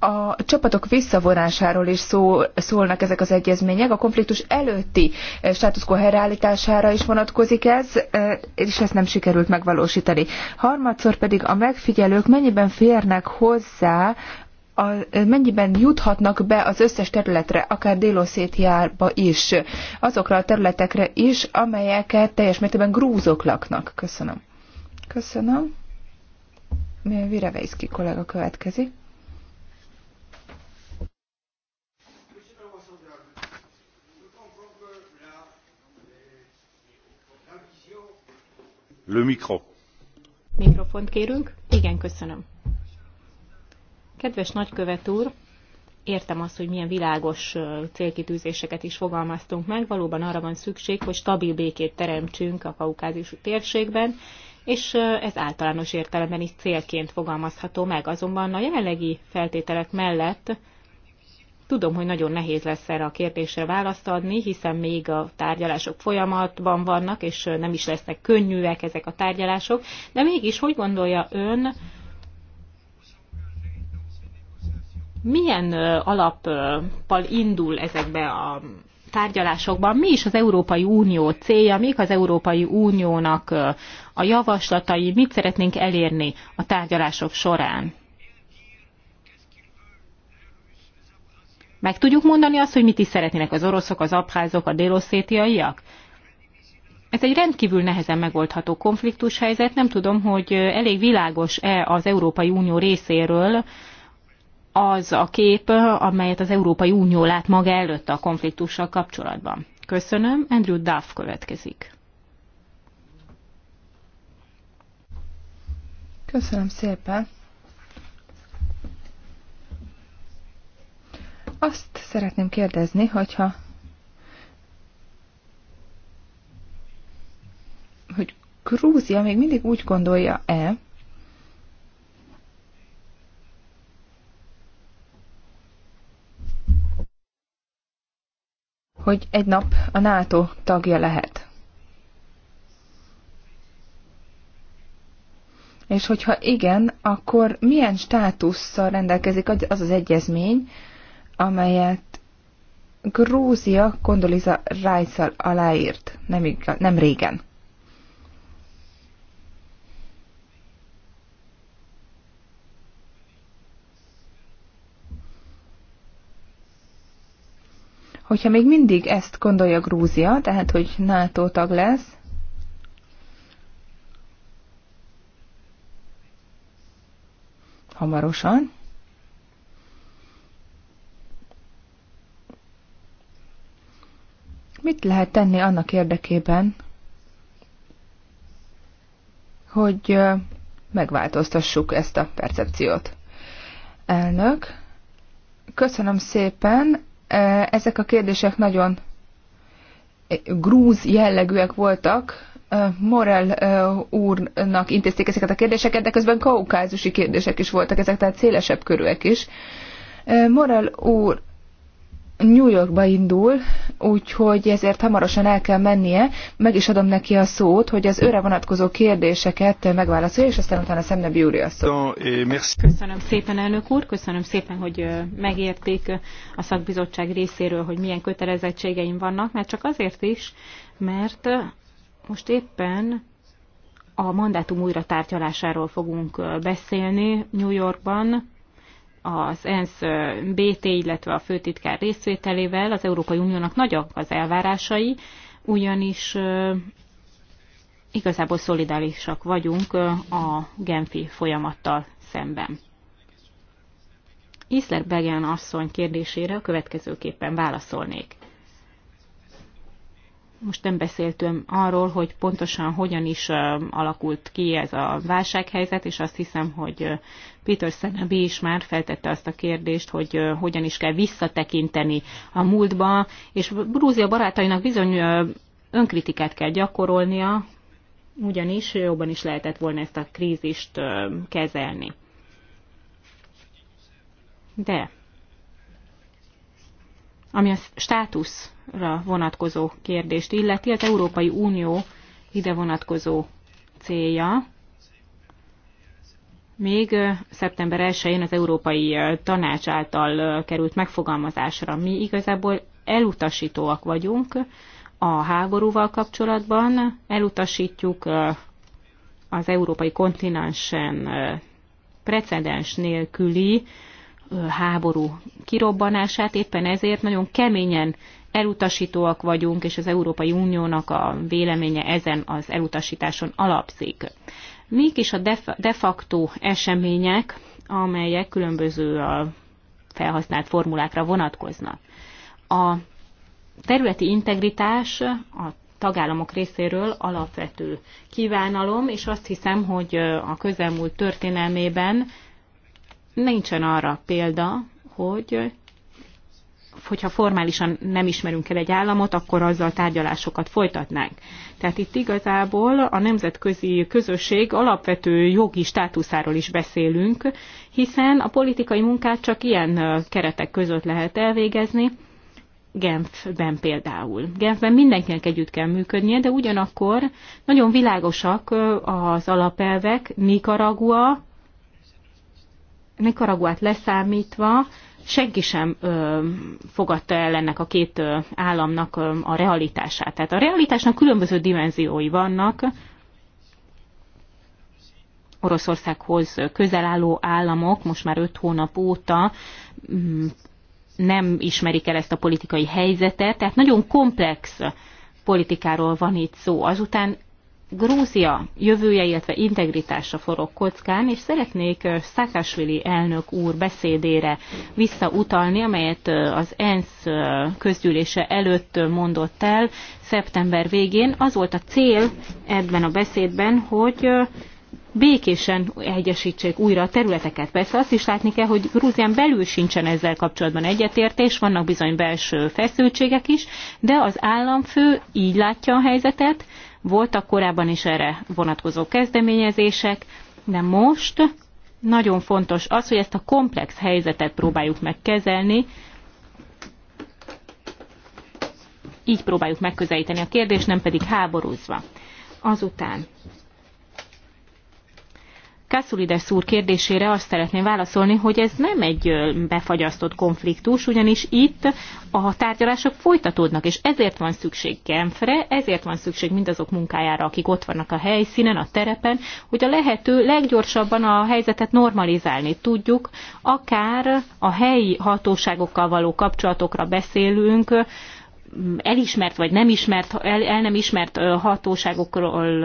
a csapatok visszavonásáról is szó, szólnak ezek az egyezmények. A konfliktus előtti eh, státuszkó helyreállítására is vonatkozik ez, eh, és ezt nem sikerült megvalósítani. Harmadszor pedig a megfigyelők mennyiben férnek hozzá a, mennyiben juthatnak be az összes területre, akár Délosszétiába is, azokra a területekre is, amelyeket teljes mértékben grúzok laknak. Köszönöm. Köszönöm. Vireveiszki kollega következik. Le micro. Mikrofont kérünk. Igen, köszönöm. Kedves nagykövet úr, értem azt, hogy milyen világos célkitűzéseket is fogalmaztunk meg. Valóban arra van szükség, hogy stabil békét teremtsünk a kaukázis térségben, és ez általános értelemben is célként fogalmazható meg. Azonban a jelenlegi feltételek mellett tudom, hogy nagyon nehéz lesz erre a kérdésre választ adni, hiszen még a tárgyalások folyamatban vannak, és nem is lesznek könnyűek ezek a tárgyalások, de mégis hogy gondolja ön, milyen alappal indul ezekbe a tárgyalásokban, mi is az Európai Unió célja, mik az Európai Uniónak a javaslatai, mit szeretnénk elérni a tárgyalások során. Meg tudjuk mondani azt, hogy mit is szeretnének az oroszok, az abházok, a déloszétiaiak? Ez egy rendkívül nehezen megoldható konfliktus helyzet. Nem tudom, hogy elég világos-e az Európai Unió részéről az a kép, amelyet az Európai Unió lát maga előtt a konfliktussal kapcsolatban. Köszönöm, Andrew Duff következik. Köszönöm szépen. Azt szeretném kérdezni, hogyha hogy Grúzia még mindig úgy gondolja-e, hogy egy nap a NATO tagja lehet. És hogyha igen, akkor milyen státusszal rendelkezik az az egyezmény, amelyet Grúzia Kondoliza rice aláírt nem, nem régen? Hogyha még mindig ezt gondolja Grúzia, tehát hogy NATO tag lesz, hamarosan, mit lehet tenni annak érdekében, hogy megváltoztassuk ezt a percepciót? Elnök, köszönöm szépen ezek a kérdések nagyon grúz jellegűek voltak. Morel úrnak intézték ezeket a kérdéseket, de közben kaukázusi kérdések is voltak, ezek tehát szélesebb körűek is. Morel úr New Yorkba indul, úgyhogy ezért hamarosan el kell mennie. Meg is adom neki a szót, hogy az őre vonatkozó kérdéseket megválaszolja, és aztán utána szemne Biúri a szó. Köszönöm szépen, elnök úr, köszönöm szépen, hogy megérték a szakbizottság részéről, hogy milyen kötelezettségeim vannak, mert csak azért is, mert most éppen a mandátum újra tárgyalásáról fogunk beszélni New Yorkban, az ENSZ BT, illetve a főtitkár részvételével az Európai Uniónak nagyok az elvárásai, ugyanis igazából szolidálisak vagyunk a Genfi folyamattal szemben. Isler Begen asszony kérdésére a következőképpen válaszolnék. Most nem beszéltem arról, hogy pontosan hogyan is alakult ki ez a válsághelyzet, és azt hiszem, hogy Peter Szenebi is már feltette azt a kérdést, hogy hogyan is kell visszatekinteni a múltba, és Brúzia barátainak bizony önkritikát kell gyakorolnia, ugyanis jobban is lehetett volna ezt a krízist kezelni. De ami a státuszra vonatkozó kérdést illeti, az Európai Unió ide vonatkozó célja még szeptember 1-én az Európai Tanács által került megfogalmazásra. Mi igazából elutasítóak vagyunk a háborúval kapcsolatban, elutasítjuk az európai kontinensen precedens nélküli háború kirobbanását, éppen ezért nagyon keményen elutasítóak vagyunk, és az Európai Uniónak a véleménye ezen az elutasításon alapszik mik is a de facto események, amelyek különböző a felhasznált formulákra vonatkoznak. A területi integritás a tagállamok részéről alapvető kívánalom, és azt hiszem, hogy a közelmúlt történelmében nincsen arra példa, hogy hogyha formálisan nem ismerünk el egy államot, akkor azzal tárgyalásokat folytatnánk. Tehát itt igazából a nemzetközi közösség alapvető jogi státuszáról is beszélünk, hiszen a politikai munkát csak ilyen keretek között lehet elvégezni, Genfben például. Genfben mindenkinek együtt kell működnie, de ugyanakkor nagyon világosak az alapelvek, Nicaragua, Nicaraguát leszámítva, senki sem ö, fogadta el ennek a két ö, államnak ö, a realitását. Tehát a realitásnak különböző dimenziói vannak. Oroszországhoz közel álló államok most már öt hónap óta mm, nem ismerik el ezt a politikai helyzetet, tehát nagyon komplex politikáról van itt szó. Azután Grúzia jövője, illetve integritása forog kockán, és szeretnék Szákásvili elnök úr beszédére visszautalni, amelyet az ENSZ közgyűlése előtt mondott el szeptember végén. Az volt a cél ebben a beszédben, hogy békésen egyesítsék újra a területeket. Persze azt is látni kell, hogy Grúzián belül sincsen ezzel kapcsolatban egyetértés, vannak bizony belső feszültségek is, de az államfő így látja a helyzetet, voltak korábban is erre vonatkozó kezdeményezések, de most nagyon fontos az, hogy ezt a komplex helyzetet próbáljuk megkezelni, így próbáljuk megközelíteni a kérdést, nem pedig háborúzva. Azután Kasszulides úr kérdésére azt szeretném válaszolni, hogy ez nem egy befagyasztott konfliktus, ugyanis itt a tárgyalások folytatódnak, és ezért van szükség Genfre, ezért van szükség mindazok munkájára, akik ott vannak a helyszínen, a terepen, hogy a lehető leggyorsabban a helyzetet normalizálni tudjuk, akár a helyi hatóságokkal való kapcsolatokra beszélünk, elismert vagy nem ismert, el, el nem ismert hatóságokról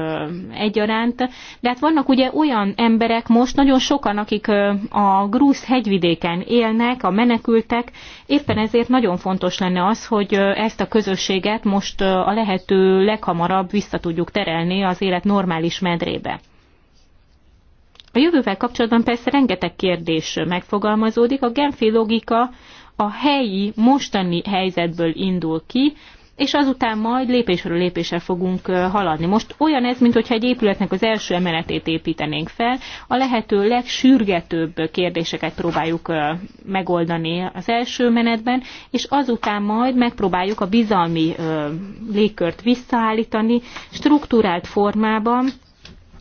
egyaránt. De hát vannak ugye olyan emberek most, nagyon sokan, akik a Grúz hegyvidéken élnek, a menekültek, éppen ezért nagyon fontos lenne az, hogy ezt a közösséget most a lehető leghamarabb vissza tudjuk terelni az élet normális medrébe. A jövővel kapcsolatban persze rengeteg kérdés megfogalmazódik. A genfi logika a helyi, mostani helyzetből indul ki, és azután majd lépésről lépésre fogunk haladni. Most olyan ez, mintha egy épületnek az első emeletét építenénk fel, a lehető legsürgetőbb kérdéseket próbáljuk megoldani az első menetben, és azután majd megpróbáljuk a bizalmi légkört visszaállítani, struktúrált formában,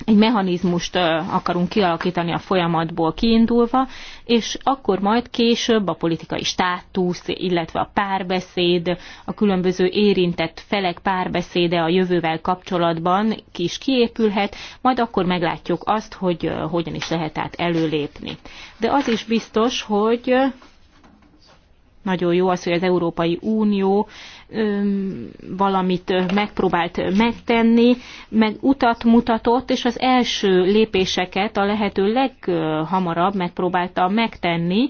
egy mechanizmust akarunk kialakítani a folyamatból kiindulva, és akkor majd később a politikai státusz, illetve a párbeszéd, a különböző érintett felek párbeszéde a jövővel kapcsolatban ki is kiépülhet, majd akkor meglátjuk azt, hogy hogyan is lehet át előlépni. De az is biztos, hogy nagyon jó az, hogy az Európai Unió valamit megpróbált megtenni, meg utat mutatott, és az első lépéseket a lehető leghamarabb megpróbálta megtenni,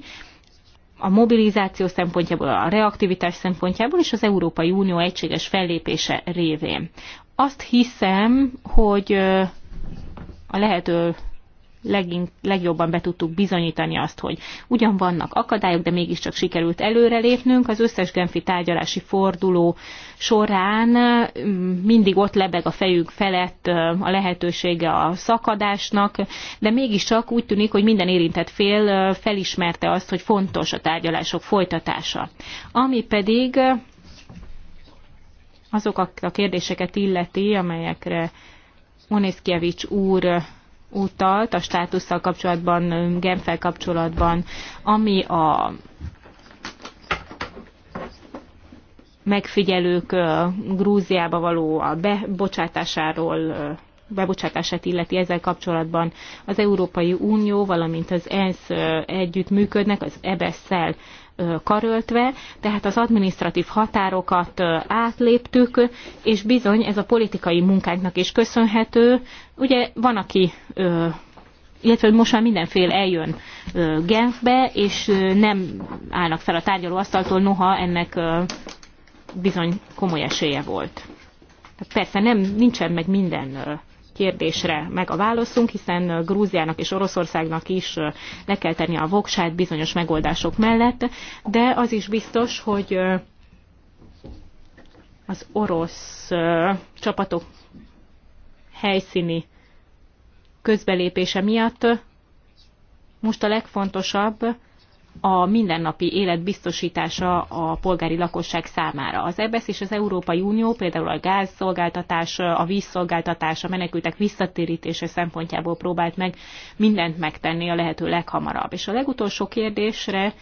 a mobilizáció szempontjából, a reaktivitás szempontjából és az Európai Unió egységes fellépése révén. Azt hiszem, hogy a lehető legink, legjobban be tudtuk bizonyítani azt, hogy ugyan vannak akadályok, de mégiscsak sikerült előrelépnünk. Az összes Genfi tárgyalási forduló során mm, mindig ott lebeg a fejünk felett a lehetősége a szakadásnak, de mégiscsak úgy tűnik, hogy minden érintett fél felismerte azt, hogy fontos a tárgyalások folytatása. Ami pedig azok a kérdéseket illeti, amelyekre Oniszkiewicz úr utalt a státusszal kapcsolatban, Genfel kapcsolatban, ami a megfigyelők Grúziába való a bebocsátásáról bebocsátását illeti ezzel kapcsolatban az Európai Unió, valamint az ENSZ működnek az ebs e karöltve, tehát az administratív határokat átléptük, és bizony ez a politikai munkánknak is köszönhető. Ugye van, aki illetve hogy most már mindenféle eljön Genfbe, és nem állnak fel a tárgyalóasztaltól, noha ennek bizony komoly esélye volt. Tehát persze nem, nincsen meg minden kérdésre meg a válaszunk, hiszen Grúziának és Oroszországnak is le kell tenni a voksát bizonyos megoldások mellett, de az is biztos, hogy az orosz csapatok helyszíni közbelépése miatt most a legfontosabb a mindennapi élet biztosítása a polgári lakosság számára. Az EBS e és az Európai Unió például a gázszolgáltatás, a vízszolgáltatás, a menekültek visszatérítése szempontjából próbált meg mindent megtenni a lehető leghamarabb. És a legutolsó kérdésre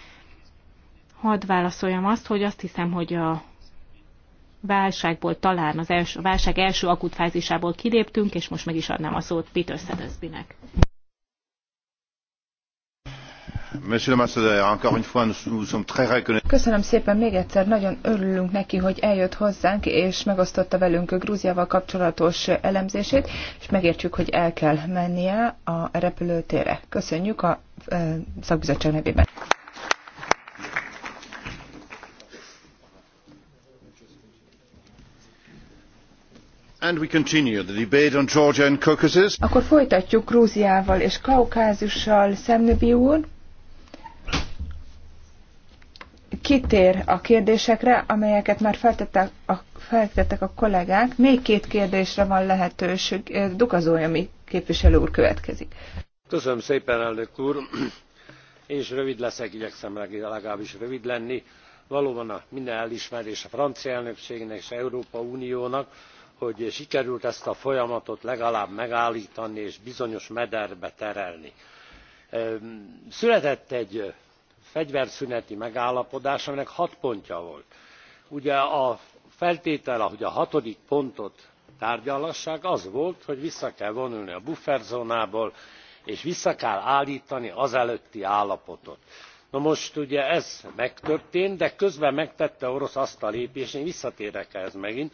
hadd válaszoljam azt, hogy azt hiszem, hogy a válságból talán az első, a válság első akut fázisából kiléptünk, és most meg is adnám a szót Peter Szedezbinek. Köszönöm szépen még egyszer, nagyon örülünk neki, hogy eljött hozzánk, és megosztotta velünk a Grúziával kapcsolatos elemzését, és megértjük, hogy el kell mennie a repülőtérre. Köszönjük a szakbizottság nevében. And we continue the debate on Georgia and Caucasus. Akkor folytatjuk Grúziával és Kaukázussal, Szemnöbi úr kitér a kérdésekre, amelyeket már feltettek a, feltettek a kollégák. Még két kérdésre van lehetőség. mi képviselő úr következik. Köszönöm szépen, elnök úr. Én is rövid leszek, igyekszem legalábbis rövid lenni. Valóban a minden elismerés a francia elnökségnek és Európa Uniónak, hogy sikerült ezt a folyamatot legalább megállítani és bizonyos mederbe terelni. Született egy fegyverszüneti megállapodás aminek hat pontja volt. ugye a feltétele hogy a hatodik pontot tárgyalhassák az volt hogy vissza kell vonulni a bufferzónából és vissza kell álltani az előtti állapotot. na most ugye ez megtörtént de közben megtette orosz azt a lépést én visszatérek ehhez megint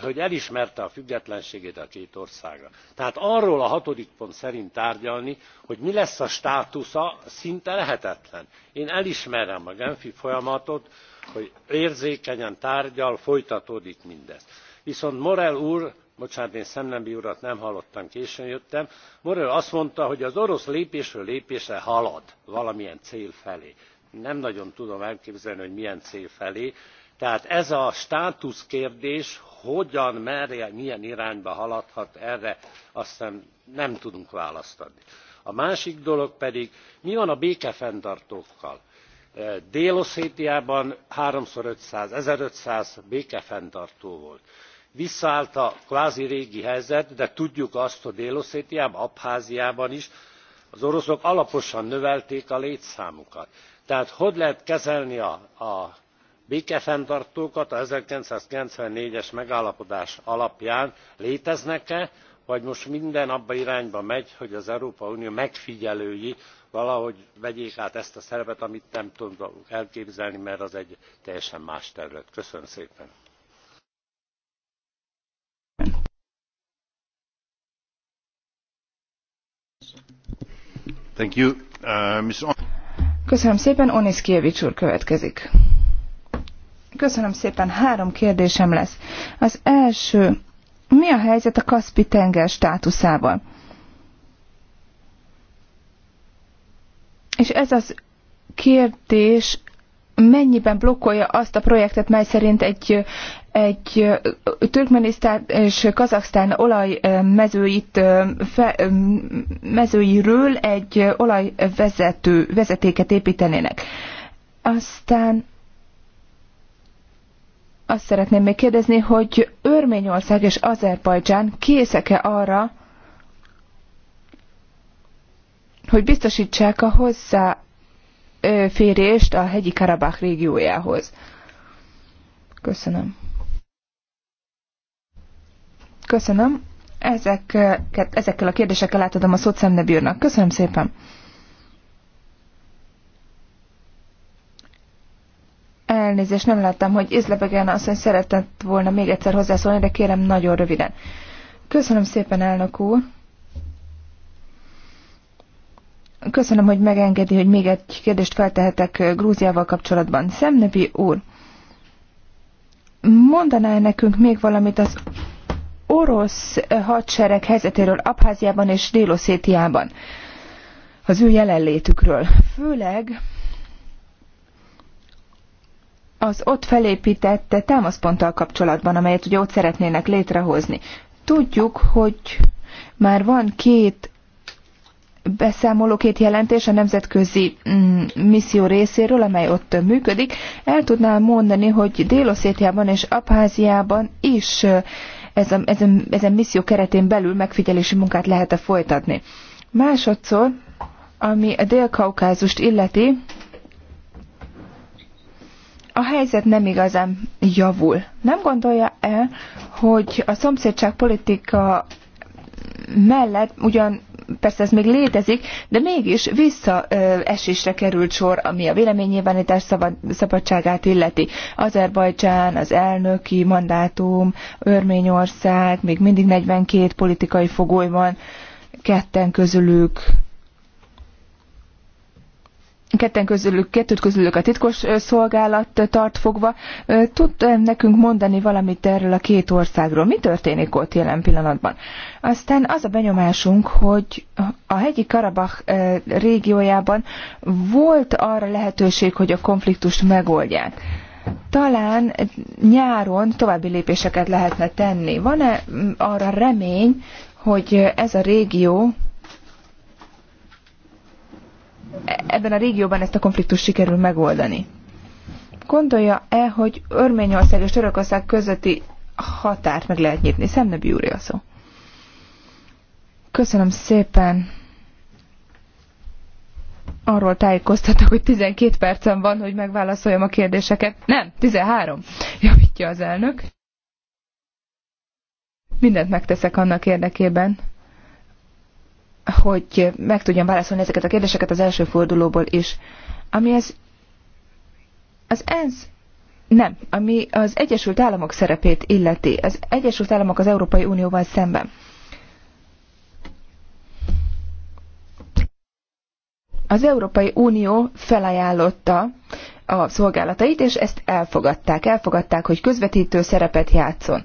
hogy, elismerte a függetlenségét a két országnak. tehát arról a hatodik pont szerint tárgyalni hogy mi lesz a státusza szinte lehetetlen. én elismerem a genfi folyamatot hogy érzékenyen tárgyal folytatódik mindez. viszont morel úr bocsánat én szemnembi urat nem hallottam későn jöttem morel azt mondta hogy az orosz lépésről lépésre halad valamilyen cél felé. nem nagyon tudom elképzelni hogy milyen cél felé tehát ez a státuszkérdés hogyan merre milyen irányba haladhat erre azt hiszem nem tudunk választ adni. a másik dolog pedig mi van a békefenntartókkal? E, dél oszétiában háromszor one five békefenntartó volt. visszaállt a kvázi régi helyzet de tudjuk azt hogy dél oszétiában abháziában is az oroszok alaposan növelték a létszámukat. tehát hogy lehet kezelni a békefenntartókat a one thousand nine hundred and ninety four es megállapodás alapján léteznek e vagy most minden abba az irányba megy hogy az európai unió megfigyelői valahogy vegyék át ezt a szerepet amit nem tudok elképzelni mert az egy teljesen más terület. köszönöm szépen! Uh, köszönöm szépen, következik. Köszönöm szépen, három kérdésem lesz. Az első, mi a helyzet a Kaspi tenger státuszával? És ez az kérdés mennyiben blokkolja azt a projektet, mely szerint egy, egy Türkmenisztán és Kazaksztán olajmezőit, fe, mezőiről egy olajvezető, vezetéket építenének. Aztán azt szeretném még kérdezni, hogy Örményország és Azerbajdzsán készek-e arra, hogy biztosítsák a hozzáférést a hegyi Karabach régiójához. Köszönöm. Köszönöm. Ezek ezekkel a kérdésekkel átadom a szót Szemnebírnak. Köszönöm szépen. Elnézést, nem láttam, hogy Izlebegen asszony szeretett volna még egyszer hozzászólni, de kérem nagyon röviden. Köszönöm szépen, elnök úr. Köszönöm, hogy megengedi, hogy még egy kérdést feltehetek eh, Grúziával kapcsolatban. Szemnevi úr, mondaná nekünk még valamit az orosz eh, hadsereg helyzetéről Abháziában és Délosétiában, az ő jelenlétükről. Főleg az ott felépített támaszponttal kapcsolatban, amelyet ugye ott szeretnének létrehozni. Tudjuk, hogy már van két beszámoló, két jelentés a nemzetközi mm, misszió részéről, amely ott működik. El tudnám mondani, hogy Délosszétiában és Abháziában is ez a, ez a, ezen misszió keretén belül megfigyelési munkát lehet-e folytatni. Másodszor, ami a Dél-Kaukázust illeti, a helyzet nem igazán javul. Nem gondolja-e, hogy a szomszédság politika mellett ugyan persze ez még létezik, de mégis visszaesésre került sor, ami a véleménynyilvánítás szabad, szabadságát illeti. Azerbajcsán, az elnöki mandátum, Örményország, még mindig 42 politikai fogoly van, ketten közülük ketten közülük, kettőt közülük a titkos szolgálat tart fogva. Tud nekünk mondani valamit erről a két országról? Mi történik ott jelen pillanatban? Aztán az a benyomásunk, hogy a hegyi Karabach régiójában volt arra lehetőség, hogy a konfliktust megoldják. Talán nyáron további lépéseket lehetne tenni. Van-e arra remény, hogy ez a régió ebben a régióban ezt a konfliktust sikerül megoldani. Gondolja-e, hogy Örményország és Törökország közötti határt meg lehet nyitni? Szemnebi úr a szó. Köszönöm szépen. Arról tájékoztatok, hogy 12 percem van, hogy megválaszoljam a kérdéseket. Nem, 13. Javítja az elnök. Mindent megteszek annak érdekében, hogy meg tudjam válaszolni ezeket a kérdéseket az első fordulóból is. Ami az, az ENSZ nem, ami az Egyesült Államok szerepét illeti. Az Egyesült Államok az Európai Unióval szemben. Az Európai Unió felajánlotta a szolgálatait, és ezt elfogadták. Elfogadták, hogy közvetítő szerepet játszon.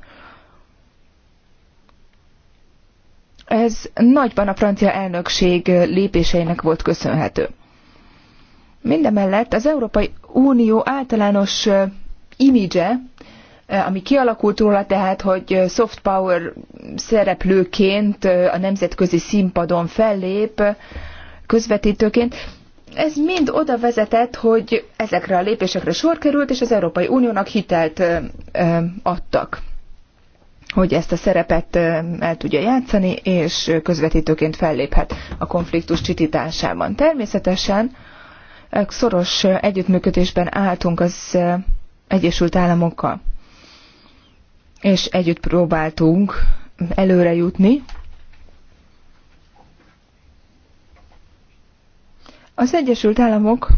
Ez nagyban a francia elnökség lépéseinek volt köszönhető. Mindemellett az Európai Unió általános imidzse, ami kialakult róla, tehát, hogy soft power szereplőként a nemzetközi színpadon fellép, közvetítőként, ez mind oda vezetett, hogy ezekre a lépésekre sor került, és az Európai Uniónak hitelt adtak hogy ezt a szerepet el tudja játszani, és közvetítőként felléphet a konfliktus csitításában. Természetesen szoros együttműködésben álltunk az Egyesült Államokkal, és együtt próbáltunk előre jutni. Az Egyesült Államok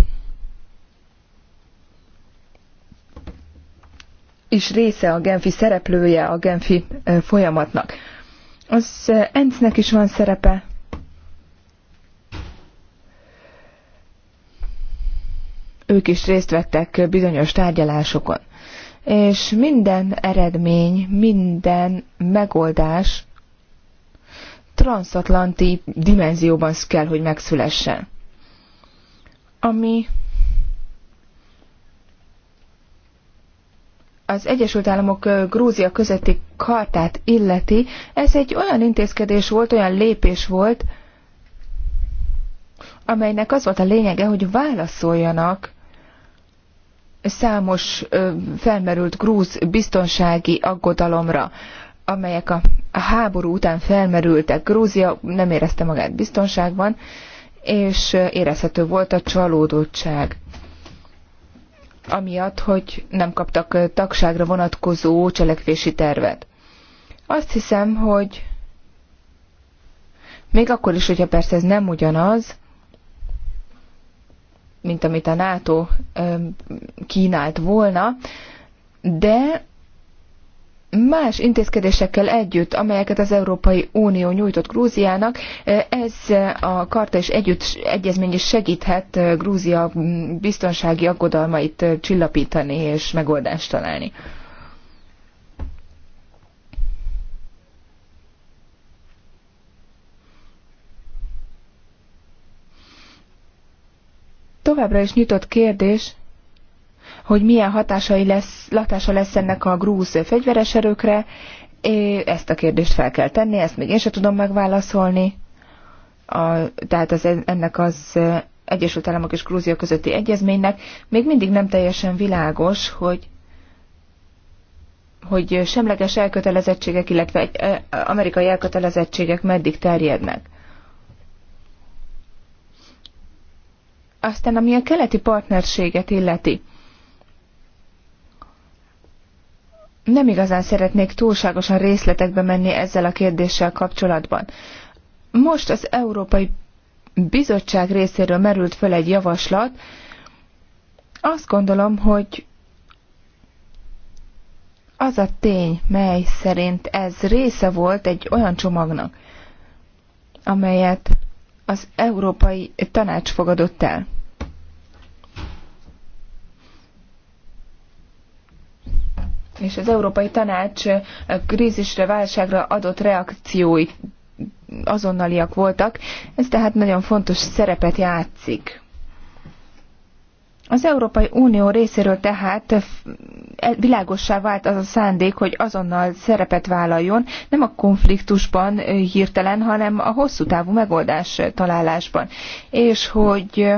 is része a Genfi szereplője a Genfi folyamatnak. Az ensz is van szerepe. Ők is részt vettek bizonyos tárgyalásokon. És minden eredmény, minden megoldás transatlanti dimenzióban kell, hogy megszülessen. Ami az Egyesült Államok Grúzia közötti kartát illeti, ez egy olyan intézkedés volt, olyan lépés volt, amelynek az volt a lényege, hogy válaszoljanak számos felmerült grúz biztonsági aggodalomra, amelyek a háború után felmerültek. Grúzia nem érezte magát biztonságban, és érezhető volt a csalódottság amiatt, hogy nem kaptak tagságra vonatkozó cselekvési tervet. Azt hiszem, hogy még akkor is, hogyha persze ez nem ugyanaz, mint amit a NATO kínált volna, de más intézkedésekkel együtt, amelyeket az Európai Unió nyújtott Grúziának, ez a karta és együtt egyezmény is segíthet eh, Grúzia biztonsági aggodalmait eh, csillapítani és megoldást találni. Továbbra is nyitott kérdés, hogy milyen hatásai lesz, hatása lesz ennek a grúz fegyveres erőkre. Ezt a kérdést fel kell tenni, ezt még én sem tudom megválaszolni. A, tehát az, ennek az Egyesült Államok és Grúzia közötti egyezménynek még mindig nem teljesen világos, hogy hogy semleges elkötelezettségek, illetve egy, amerikai elkötelezettségek meddig terjednek. Aztán ami a keleti partnerséget illeti, nem igazán szeretnék túlságosan részletekbe menni ezzel a kérdéssel kapcsolatban. Most az Európai Bizottság részéről merült föl egy javaslat. Azt gondolom, hogy az a tény, mely szerint ez része volt egy olyan csomagnak, amelyet az Európai Tanács fogadott el. és az Európai Tanács krízisre, válságra adott reakciói azonnaliak voltak, ez tehát nagyon fontos szerepet játszik. Az Európai Unió részéről tehát e- világossá vált az a szándék, hogy azonnal szerepet vállaljon, nem a konfliktusban hirtelen, hanem a hosszú távú megoldás találásban. És hogy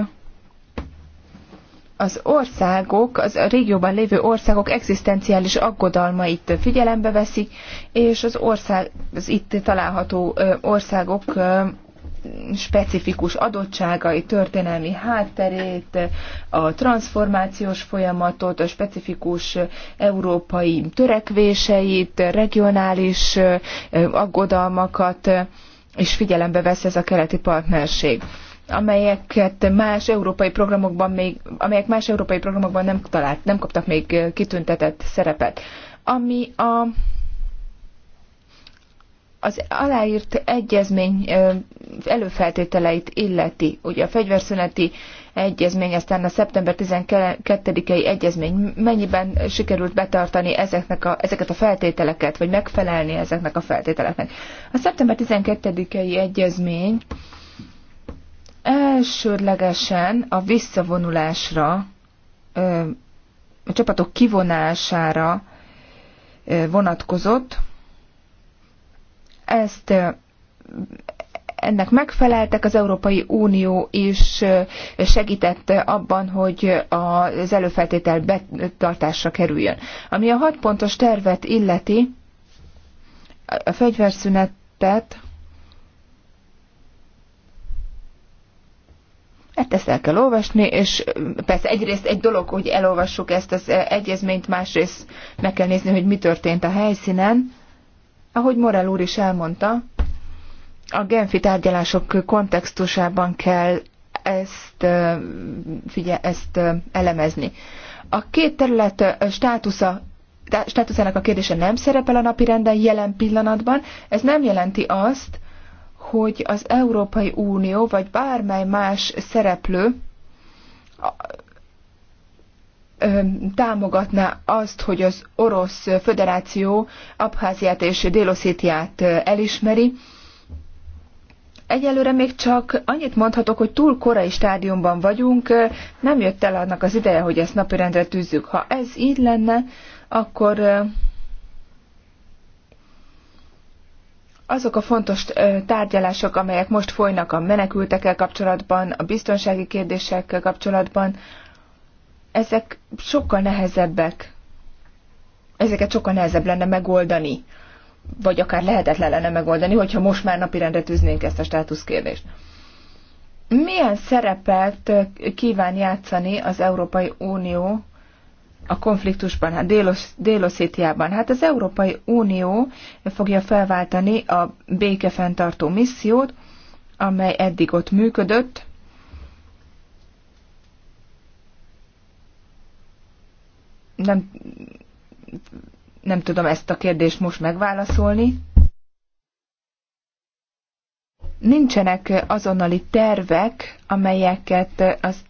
az országok, az a régióban lévő országok egzisztenciális aggodalmait figyelembe veszik, és az ország, az itt található országok specifikus adottságai, történelmi hátterét, a transformációs folyamatot, a specifikus európai törekvéseit, regionális aggodalmakat, és figyelembe vesz ez a keleti partnerség amelyeket más európai programokban még, amelyek más európai programokban nem talált, nem kaptak még kitüntetett szerepet. Ami a az aláírt egyezmény előfeltételeit illeti, ugye a fegyverszüneti egyezmény, aztán a szeptember 12-i egyezmény, mennyiben sikerült betartani ezeknek a, ezeket a feltételeket, vagy megfelelni ezeknek a feltételeknek. A szeptember 12-i egyezmény elsődlegesen a visszavonulásra, a csapatok kivonására vonatkozott. Ezt ennek megfeleltek, az Európai Unió is segítette abban, hogy az előfeltétel betartásra kerüljön. Ami a hat pontos tervet illeti, a fegyverszünetet Hát ezt el kell olvasni, és persze egyrészt egy dolog, hogy elolvassuk ezt az egyezményt, másrészt meg kell nézni, hogy mi történt a helyszínen. Ahogy Morel úr is elmondta, a Genfi tárgyalások kontextusában kell ezt, figye, ezt elemezni. A két terület státusza státuszának a kérdése nem szerepel a napirenden jelen pillanatban. Ez nem jelenti azt, hogy az Európai Unió, vagy bármely más szereplő támogatná azt, hogy az Orosz Föderáció Abháziát és Déloszétiát elismeri. Egyelőre még csak annyit mondhatok, hogy túl korai stádiumban vagyunk, nem jött el annak az ideje, hogy ezt napirendre tűzzük. Ha ez így lenne, akkor azok a fontos tárgyalások, amelyek most folynak a menekültekkel kapcsolatban, a biztonsági kérdésekkel kapcsolatban, ezek sokkal nehezebbek. Ezeket sokkal nehezebb lenne megoldani, vagy akár lehetetlen lenne megoldani, hogyha most már napirendre tűznénk ezt a státuszkérdést. Milyen szerepet kíván játszani az Európai Unió a konfliktusban, hát Délosszétiában. Hát az Európai Unió fogja felváltani a békefenntartó missziót, amely eddig ott működött, nem, nem tudom ezt a kérdést most megválaszolni. Nincsenek azonnali tervek, amelyeket az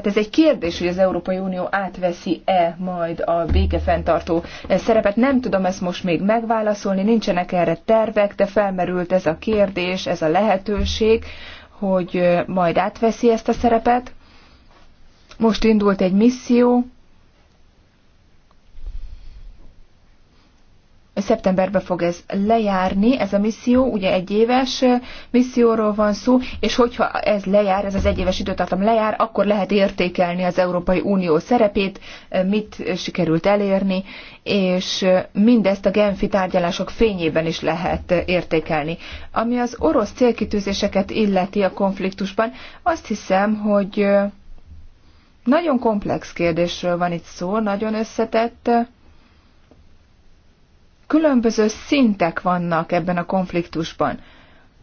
tehát ez egy kérdés, hogy az Európai Unió átveszi-e majd a békefenntartó szerepet. Nem tudom ezt most még megválaszolni, nincsenek erre tervek, de felmerült ez a kérdés, ez a lehetőség, hogy majd átveszi ezt a szerepet. Most indult egy misszió, Szeptemberben fog ez lejárni, ez a misszió, ugye egy éves misszióról van szó, és hogyha ez lejár, ez az egyéves időtartam lejár, akkor lehet értékelni az Európai Unió szerepét, mit sikerült elérni, és mindezt a Genfi tárgyalások fényében is lehet értékelni. Ami az orosz célkitűzéseket illeti a konfliktusban, azt hiszem, hogy nagyon komplex kérdésről van itt szó, nagyon összetett, Különböző szintek vannak ebben a konfliktusban.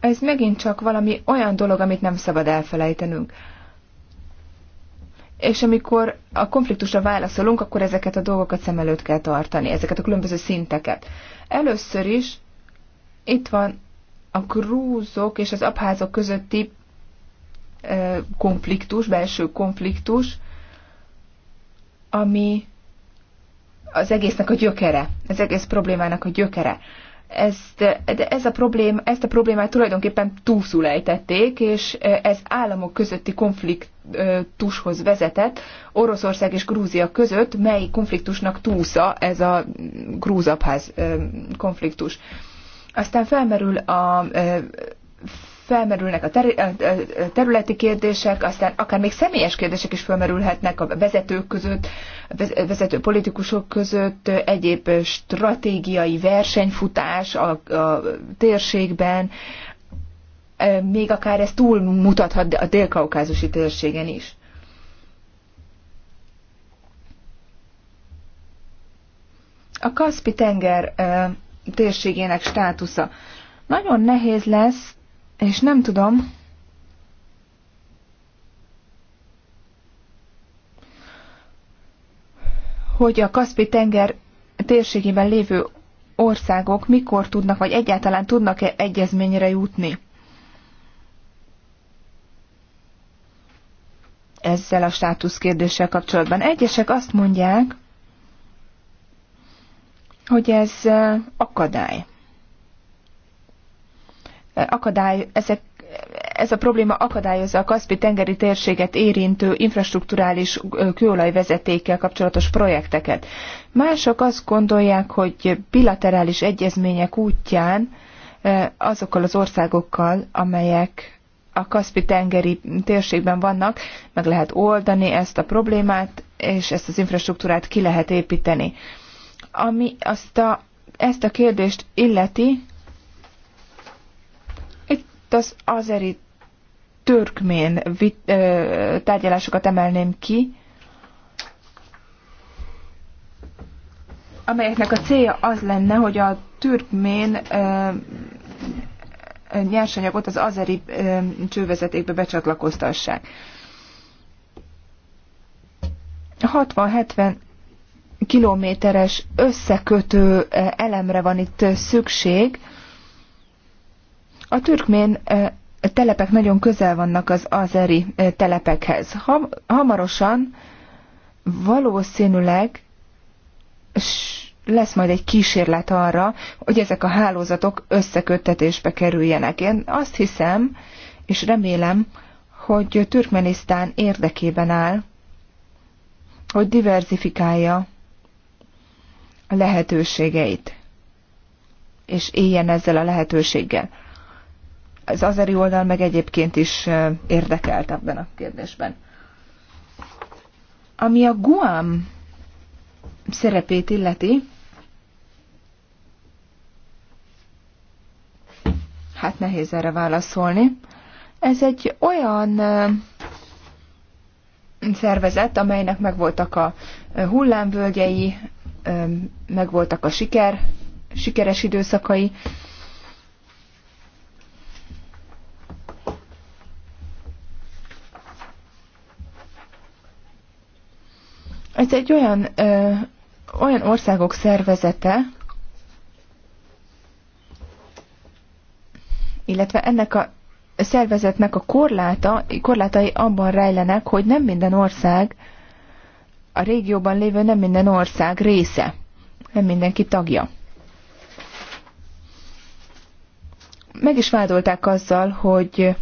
Ez megint csak valami olyan dolog, amit nem szabad elfelejtenünk. És amikor a konfliktusra válaszolunk, akkor ezeket a dolgokat szem előtt kell tartani, ezeket a különböző szinteket. Először is itt van a grúzok és az abházok közötti eh, konfliktus, belső konfliktus, ami az egésznek a gyökere, az egész problémának a gyökere. Ezt, de ez a problém, ezt a problémát tulajdonképpen túlszul ejtették, és ez államok közötti konfliktushoz vezetett, Oroszország és Grúzia között, mely konfliktusnak túlsza ez a grúzabház konfliktus. Aztán felmerül a felmerülnek a területi kérdések, aztán akár még személyes kérdések is felmerülhetnek a vezetők között, a vezető politikusok között, egyéb stratégiai versenyfutás a, a térségben, még akár ez túlmutathat a dél-kaukázusi térségen is. A kaspi tenger térségének státusza. Nagyon nehéz lesz és nem tudom, hogy a Kaszpi-tenger térségében lévő országok mikor tudnak, vagy egyáltalán tudnak-e egyezményre jutni. Ezzel a státusz kérdéssel kapcsolatban. Egyesek azt mondják, hogy ez eh, akadály akadály, ezek, ez a probléma akadályozza a Kaspi tengeri térséget érintő infrastruktúrális kőolajvezetékkel kapcsolatos projekteket. Mások azt gondolják, hogy bilaterális egyezmények útján azokkal az országokkal, amelyek a Kaspi tengeri térségben vannak, meg lehet oldani ezt a problémát, és ezt az infrastruktúrát ki lehet építeni. Ami azt a, ezt a kérdést illeti, az azeri türkmén vit, ö, tárgyalásokat emelném ki, amelyeknek a célja az lenne, hogy a türkmén ö, nyersanyagot az azeri ö, csővezetékbe becsatlakoztassák. 60-70 kilométeres összekötő elemre van itt szükség, a türkmén telepek nagyon közel vannak az azeri telepekhez. hamarosan valószínűleg lesz majd egy kísérlet arra, hogy ezek a hálózatok összeköttetésbe kerüljenek. Én azt hiszem, és remélem, hogy Türkmenisztán érdekében áll, hogy diverzifikálja a lehetőségeit, és éljen ezzel a lehetőséggel az azeri oldal meg egyébként is érdekelt ebben a kérdésben. Ami a Guam szerepét illeti, hát nehéz erre válaszolni. Ez egy olyan szervezet, amelynek megvoltak a hullámvölgyei, megvoltak a siker, sikeres időszakai, Ez egy olyan, ö, olyan országok szervezete, illetve ennek a szervezetnek a korláta, korlátai abban rejlenek, hogy nem minden ország, a régióban lévő nem minden ország része, nem mindenki tagja. Meg is vádolták azzal, hogy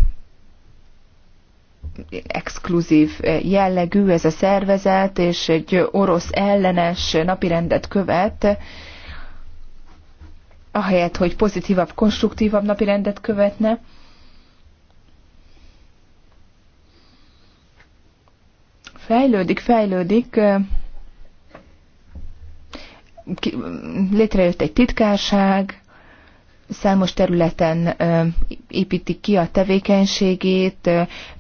exkluzív jellegű ez a szervezet, és egy orosz ellenes napirendet követ, ahelyett, hogy pozitívabb, konstruktívabb napirendet követne. Fejlődik, fejlődik. Létrejött egy titkárság, számos területen építik ki a tevékenységét,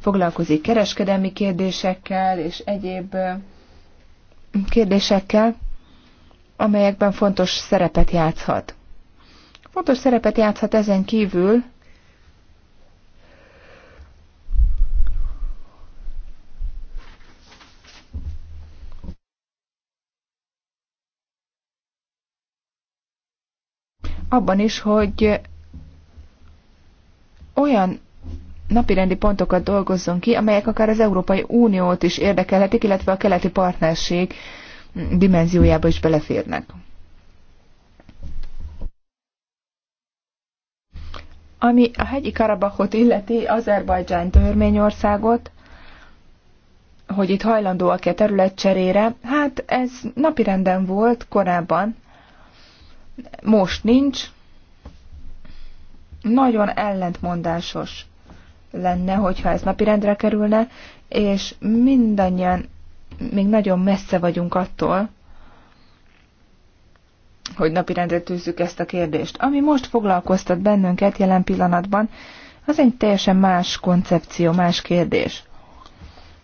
foglalkozik kereskedelmi kérdésekkel és egyéb kérdésekkel, amelyekben fontos szerepet játszhat. Fontos szerepet játszhat ezen kívül abban is, hogy olyan napirendi pontokat dolgozzon ki, amelyek akár az Európai Uniót is érdekelhetik, illetve a keleti partnerség dimenziójába is beleférnek. Ami a hegyi Karabachot illeti, Azerbajdzsán törményországot, hogy itt hajlandóak-e területcserére, hát ez napirenden volt korábban, most nincs. Nagyon ellentmondásos lenne, hogyha ez napirendre kerülne, és mindannyian még nagyon messze vagyunk attól, hogy napirendre tűzzük ezt a kérdést. Ami most foglalkoztat bennünket jelen pillanatban, az egy teljesen más koncepció, más kérdés.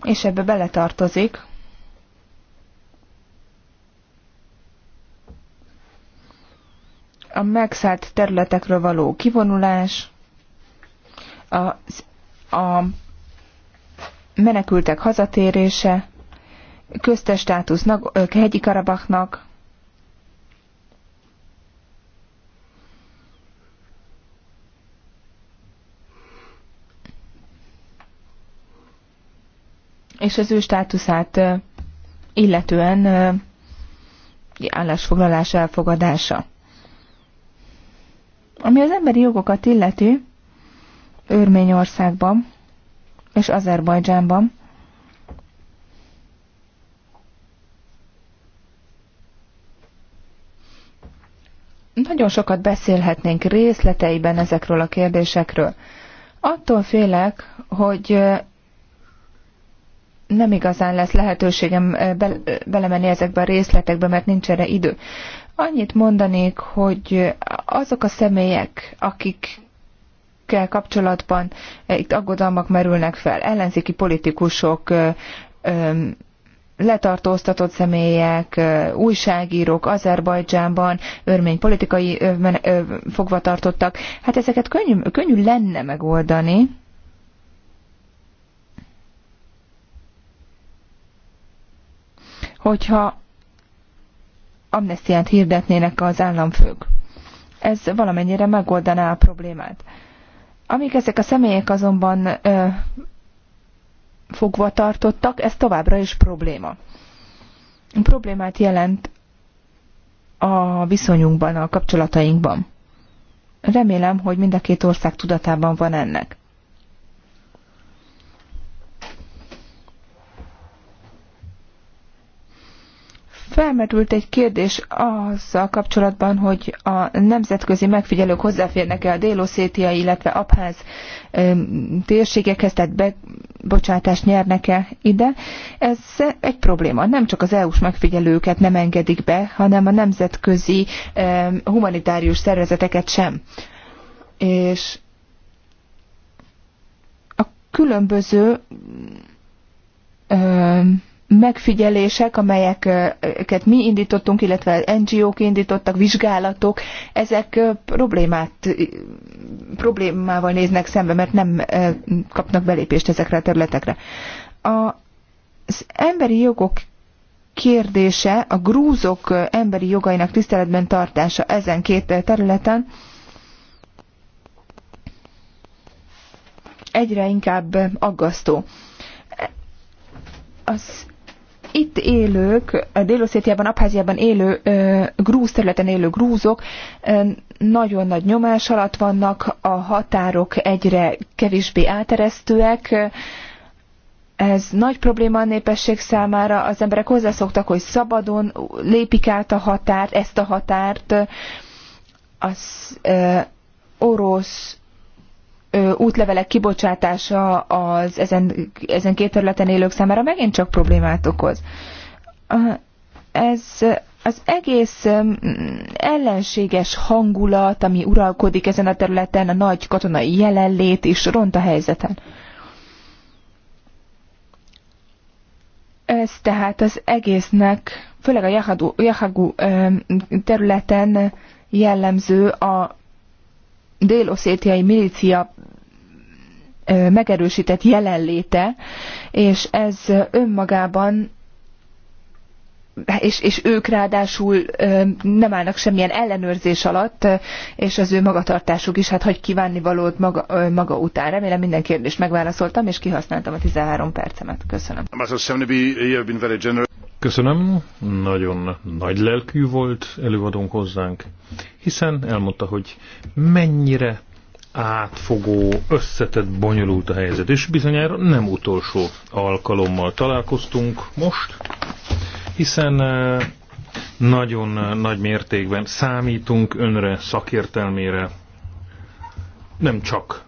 És ebbe beletartozik a megszállt területekről való kivonulás, a, a menekültek hazatérése, köztes státusz hegyi Karabaknak, és az ő státuszát illetően állásfoglalás elfogadása. Ami az emberi jogokat illeti, Örményországban és Azerbajdzsánban, Nagyon sokat beszélhetnénk részleteiben ezekről a kérdésekről. Attól félek, hogy nem igazán lesz lehetőségem be, belemenni ezekbe a részletekbe, mert nincs erre idő. Annyit mondanék, hogy azok a személyek, akik kapcsolatban e, itt aggodalmak merülnek fel, ellenzéki politikusok, letartóztatott személyek, újságírók Azerbajdzsánban, örmény politikai fogvatartottak, hát ezeket könnyű, könnyű lenne megoldani, hogyha amnestiát hirdetnének az államfők. Ez valamennyire megoldaná a problémát. Amíg ezek a személyek azonban ö, fogva tartottak, ez továbbra is probléma. Problémát jelent a viszonyunkban, a kapcsolatainkban. Remélem, hogy mind a két ország tudatában van ennek. Felmerült egy kérdés azzal kapcsolatban, hogy a nemzetközi megfigyelők hozzáférnek-e a délószétiai illetve abház térségekhez, tehát bebocsátást nyernek-e ide. Ez egy probléma. Nem csak az EU-s megfigyelőket nem engedik be, hanem a nemzetközi humanitárius szervezeteket sem. És a különböző megfigyelések, amelyeket mi indítottunk, illetve NGO-k indítottak, vizsgálatok, ezek problémát, problémával néznek szembe, mert nem kapnak belépést ezekre a területekre. Az emberi jogok kérdése, a grúzok emberi jogainak tiszteletben tartása ezen két területen egyre inkább aggasztó az itt élők, Dél-Oszétiában, Abháziában élő grúz területen élő grúzok nagyon nagy nyomás alatt vannak, a határok egyre kevésbé áteresztőek, ez nagy probléma a népesség számára, az emberek hozzászoktak, hogy szabadon lépik át a határt, ezt a határt, az orosz útlevelek kibocsátása az ezen, ezen két területen élők számára megint csak problémát okoz. Ez az egész ellenséges hangulat, ami uralkodik ezen a területen, a nagy katonai jelenlét is ront a helyzeten. Ez tehát az egésznek, főleg a Jahagú területen jellemző a dél-oszétiai milícia megerősített jelenléte, és ez önmagában és, és ők ráadásul nem állnak semmilyen ellenőrzés alatt, és az ő magatartásuk is, hát hagy kívánni valót maga, maga után. Remélem minden kérdést megválaszoltam, és kihasználtam a 13 percemet. Köszönöm. Köszönöm, nagyon nagy lelkű volt előadónk hozzánk, hiszen elmondta, hogy mennyire átfogó, összetett, bonyolult a helyzet, és bizonyára nem utolsó alkalommal találkoztunk most hiszen nagyon nagy mértékben számítunk önre, szakértelmére, nem csak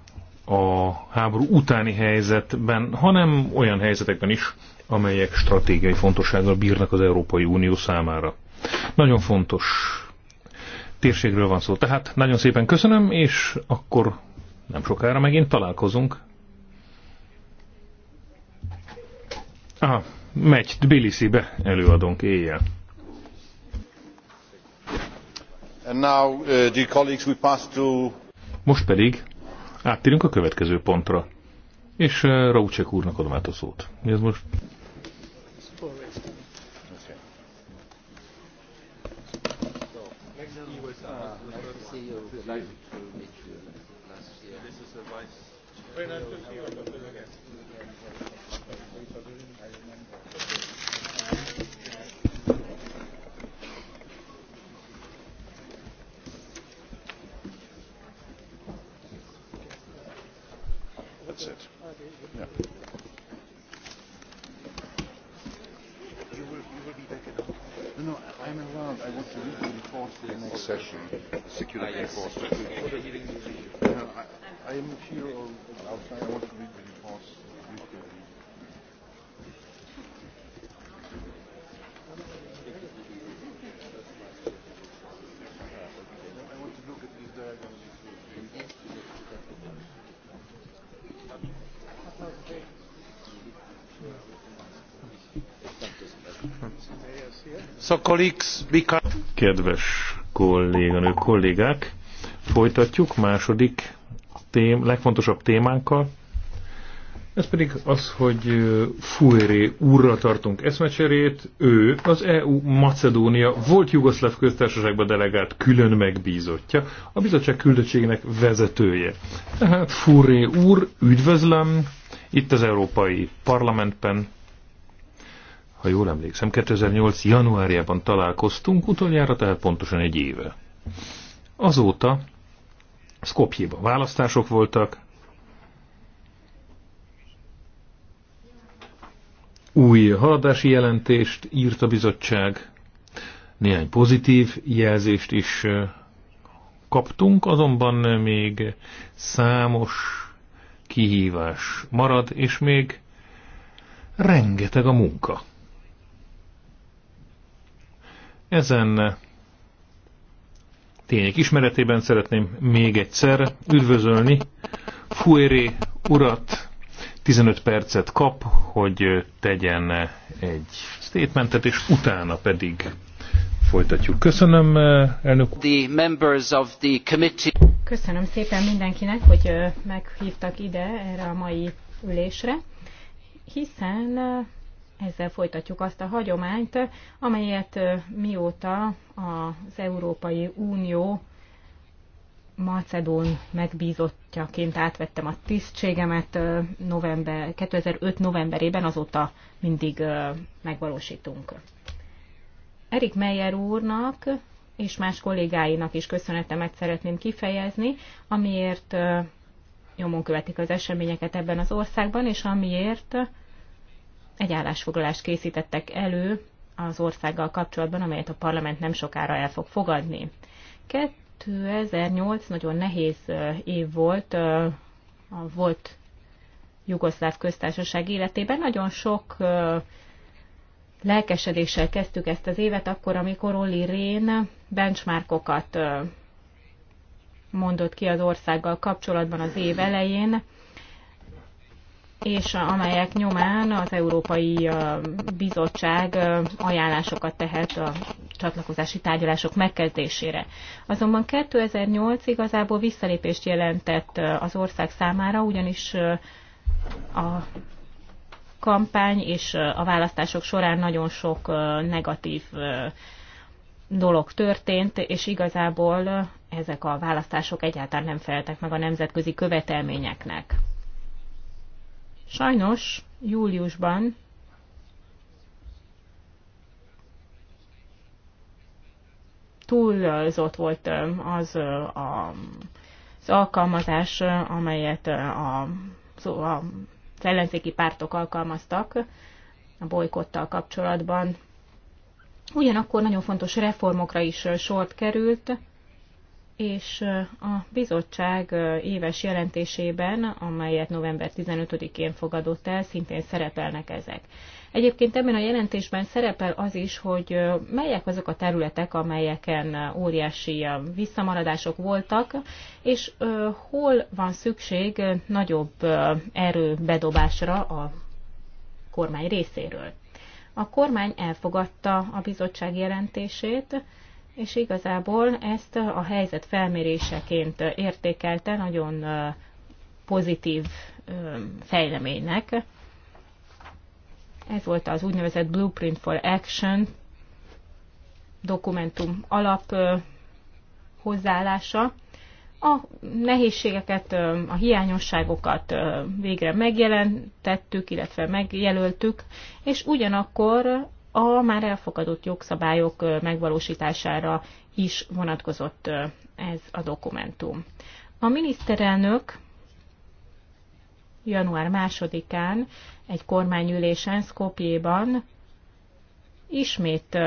a háború utáni helyzetben, hanem olyan helyzetekben is, amelyek stratégiai fontossággal bírnak az Európai Unió számára. Nagyon fontos térségről van szó. Tehát nagyon szépen köszönöm, és akkor nem sokára megint találkozunk. Aha megy Tbilisibe előadónk éjjel. Now, uh, to... Most pedig áttérünk a következő pontra. És uh, úrnak adom át a szót. Mi ez most? Okay. session, security ah, yes. forces. I, am here on, outside. I want to read the reports. Kedves kolléganők, kollégák. Folytatjuk második tém, legfontosabb témánkkal. Ez pedig az, hogy Fuere úrra tartunk eszmecserét. Ő az EU Macedónia volt Jugoszláv köztársaságba delegált külön megbízottja, a bizottság küldöttségének vezetője. Tehát Fuere úr, üdvözlöm itt az Európai Parlamentben, ha jól emlékszem, 2008. januárjában találkoztunk, utoljára tehát pontosan egy éve. Azóta Skopjéban választások voltak, új haladási jelentést írt a bizottság, néhány pozitív jelzést is kaptunk, azonban még számos kihívás marad, és még rengeteg a munka. Ezen tények ismeretében szeretném még egyszer üdvözölni Fuéré urat, 15 percet kap, hogy tegyen egy statementet, és utána pedig folytatjuk. Köszönöm, elnök the members of the committee. Köszönöm szépen mindenkinek, hogy meghívtak ide erre a mai ülésre, hiszen ezzel folytatjuk azt a hagyományt, amelyet mióta az Európai Unió Macedón megbízottjaként átvettem a tisztségemet november, 2005. novemberében, azóta mindig megvalósítunk. Erik Meyer úrnak és más kollégáinak is köszönetemet szeretném kifejezni, amiért nyomon követik az eseményeket ebben az országban, és amiért egy állásfoglalást készítettek elő az országgal kapcsolatban, amelyet a parlament nem sokára el fog fogadni. 2008 nagyon nehéz év volt a volt Jugoszláv köztársaság életében. Nagyon sok lelkesedéssel kezdtük ezt az évet, akkor, amikor Oli Rén benchmarkokat mondott ki az országgal kapcsolatban az év elején, és amelyek nyomán az Európai Bizottság ajánlásokat tehet a csatlakozási tárgyalások megkezdésére. Azonban 2008 igazából visszalépést jelentett az ország számára, ugyanis a kampány és a választások során nagyon sok negatív dolog történt, és igazából ezek a választások egyáltalán nem feltek meg a nemzetközi követelményeknek. Sajnos júliusban túlzott volt az az alkalmazás, amelyet a, a ellenzéki pártok alkalmaztak a bolykottal kapcsolatban. Ugyanakkor nagyon fontos reformokra is sort került, és a bizottság éves jelentésében, amelyet november 15-én fogadott el, szintén szerepelnek ezek. Egyébként ebben a jelentésben szerepel az is, hogy melyek azok a területek, amelyeken óriási visszamaradások voltak, és hol van szükség nagyobb erőbedobásra a kormány részéről. A kormány elfogadta a bizottság jelentését, és igazából ezt a helyzet felméréseként értékelte nagyon pozitív fejleménynek. Ez volt az úgynevezett Blueprint for Action dokumentum alap hozzáállása. A nehézségeket, a hiányosságokat végre megjelentettük, illetve megjelöltük, és ugyanakkor a már elfogadott jogszabályok megvalósítására is vonatkozott ez a dokumentum. A miniszterelnök január 2-án egy kormányülésen Skopjéban ismét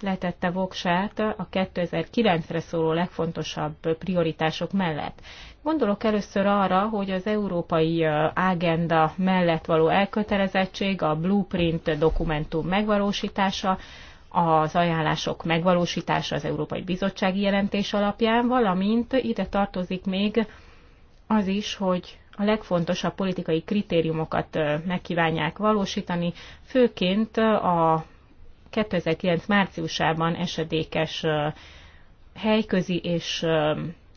letette voksát a 2009-re szóló legfontosabb prioritások mellett. Gondolok először arra, hogy az európai ágenda mellett való elkötelezettség, a blueprint dokumentum megvalósítása, az ajánlások megvalósítása az Európai Bizottsági Jelentés alapján, valamint ide tartozik még az is, hogy a legfontosabb politikai kritériumokat megkívánják valósítani, főként a 2009 márciusában esedékes helyközi és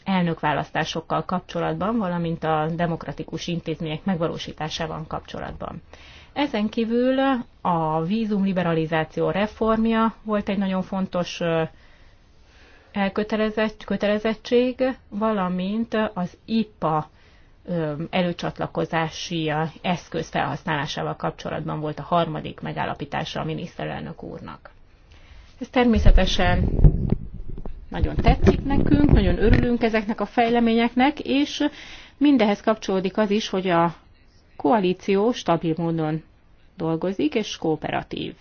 elnökválasztásokkal kapcsolatban, valamint a demokratikus intézmények megvalósításában kapcsolatban. Ezen kívül a vízumliberalizáció reformja volt egy nagyon fontos elkötelezett, kötelezettség, valamint az IPA előcsatlakozási eszköz felhasználásával kapcsolatban volt a harmadik megállapítása a miniszterelnök úrnak. Ez természetesen nagyon tetszik nekünk, nagyon örülünk ezeknek a fejleményeknek, és mindehez kapcsolódik az is, hogy a koalíció stabil módon dolgozik, és kooperatív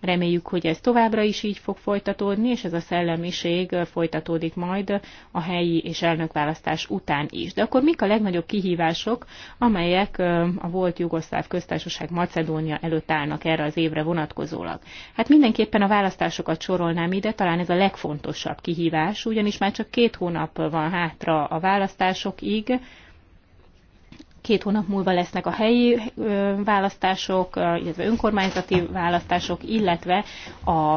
Reméljük, hogy ez továbbra is így fog folytatódni, és ez a szellemiség folytatódik majd a helyi és elnökválasztás után is. De akkor mik a legnagyobb kihívások, amelyek a volt Jugoszláv köztársaság Macedónia előtt állnak erre az évre vonatkozólag? Hát mindenképpen a választásokat sorolnám ide, talán ez a legfontosabb kihívás, ugyanis már csak két hónap van hátra a választásokig, Két hónap múlva lesznek a helyi választások, illetve önkormányzati választások, illetve a